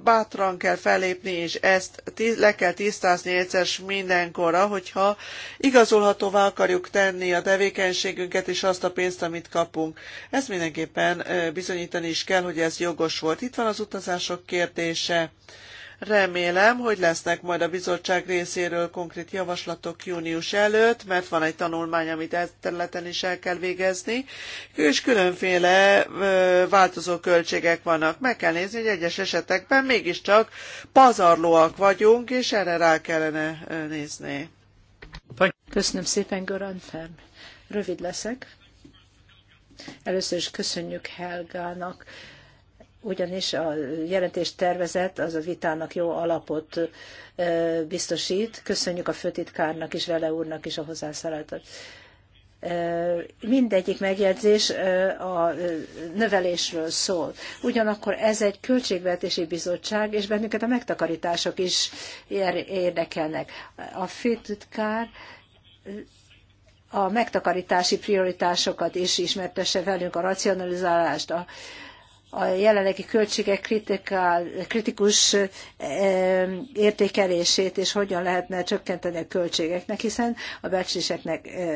bátran kell fellépni, és ezt le kell tisztázni egyszer mindenkorra, hogyha igazolhatóvá akarjuk tenni a tevékenységünket és azt a pénzt, amit kapunk. Ezt mindenképpen bizonyítani is kell, hogy ez jogos volt. Itt van az utazások kérdése. Remélem, hogy lesznek majd a bizottság részéről konkrét javaslatok június előtt, mert van egy tanulmány, amit ezt területen is el kell végezni, és különféle változó költségek vannak. Meg kell nézni, hogy egyes esetekben mégiscsak pazarlóak vagyunk, és erre rá kellene nézni. Köszönöm szépen, Göran Ferm. Rövid leszek. Először is köszönjük Helgának ugyanis a jelentés tervezet az a vitának jó alapot biztosít. Köszönjük a főtitkárnak és Vele úrnak is a hozzászállatot. Mindegyik megjegyzés a növelésről szól. Ugyanakkor ez egy költségvetési bizottság, és bennünket a megtakarítások is érdekelnek. A főtitkár a megtakarítási prioritásokat is ismertesse velünk, a racionalizálást, a, a jelenlegi költségek kritikál, kritikus eh, értékelését, és hogyan lehetne csökkenteni a költségeknek, hiszen a becsléseknek eh,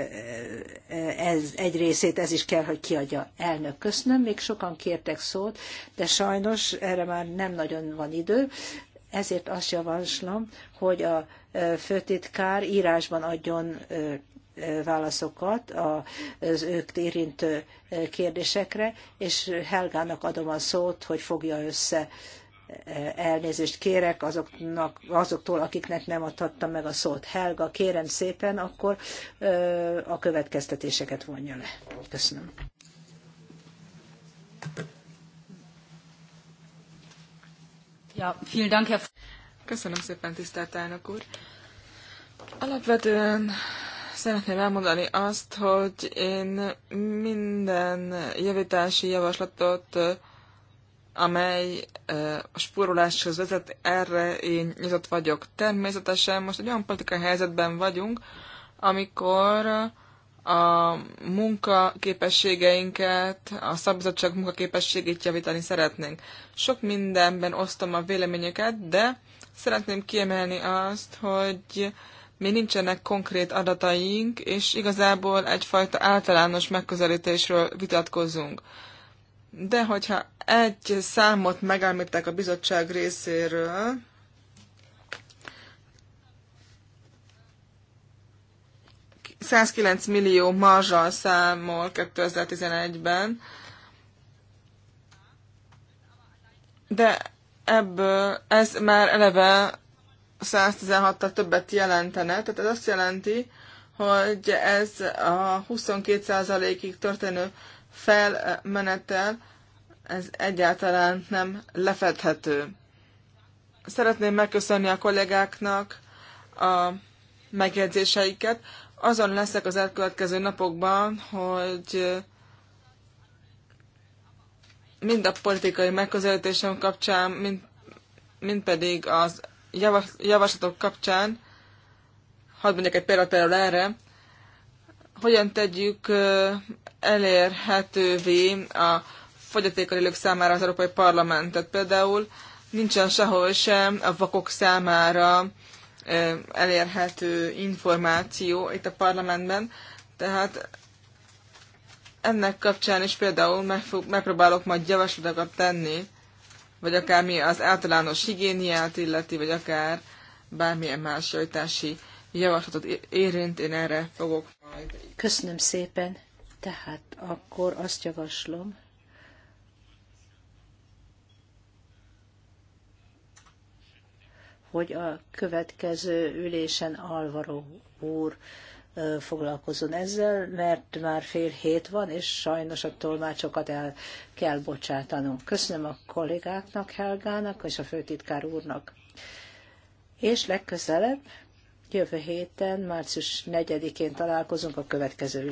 eh, ez, egy részét ez is kell, hogy kiadja elnök. Köszönöm, még sokan kértek szót, de sajnos erre már nem nagyon van idő, ezért azt javaslom, hogy a főtitkár írásban adjon válaszokat az ők érintő kérdésekre, és Helgának adom a szót, hogy fogja össze elnézést kérek azoknak, azoktól, akiknek nem adhattam meg a szót. Helga, kérem szépen, akkor a következtetéseket vonja le. Köszönöm. Ja, vielen Dank, Herr... Köszönöm szépen, tisztelt elnök úr. Alapvetően Szeretném elmondani azt, hogy én minden javítási javaslatot, amely a spóroláshoz vezet, erre én nyitott vagyok. Természetesen most egy olyan politikai helyzetben vagyunk, amikor a munkaképességeinket, a szabadság munkaképességét javítani szeretnénk. Sok mindenben osztom a véleményeket, de szeretném kiemelni azt, hogy mi nincsenek konkrét adataink, és igazából egyfajta általános megközelítésről vitatkozunk. De hogyha egy számot megállították a bizottság részéről, ...109 millió marzsal számol 2011-ben, de ebből ez már eleve 116-tal többet jelentene, tehát ez azt jelenti, hogy ez a 22%-ig történő felmenetel, ez egyáltalán nem lefedhető. Szeretném megköszönni a kollégáknak a megjegyzéseiket. Azon leszek az elkövetkező napokban, hogy mind a politikai megközelítésem kapcsán, mind, mind pedig az javaslatok kapcsán, hadd mondjak egy példát például erre, hogyan tegyük elérhetővé a fogyatékkal élők számára az Európai Parlamentet. Például nincsen sehol sem a vakok számára elérhető információ itt a parlamentben, tehát ennek kapcsán is például megpróbálok majd javaslatokat tenni vagy akár mi az általános higiéniát illeti, vagy akár bármilyen más sajtási javaslatot érint, én erre fogok majd. Köszönöm szépen. Tehát akkor azt javaslom, hogy a következő ülésen Alvaro úr foglalkozon ezzel, mert már fél hét van, és sajnos a tolmácsokat el kell bocsátanunk. Köszönöm a kollégáknak, Helgának és a főtitkár úrnak. És legközelebb, jövő héten, március 4-én találkozunk a következő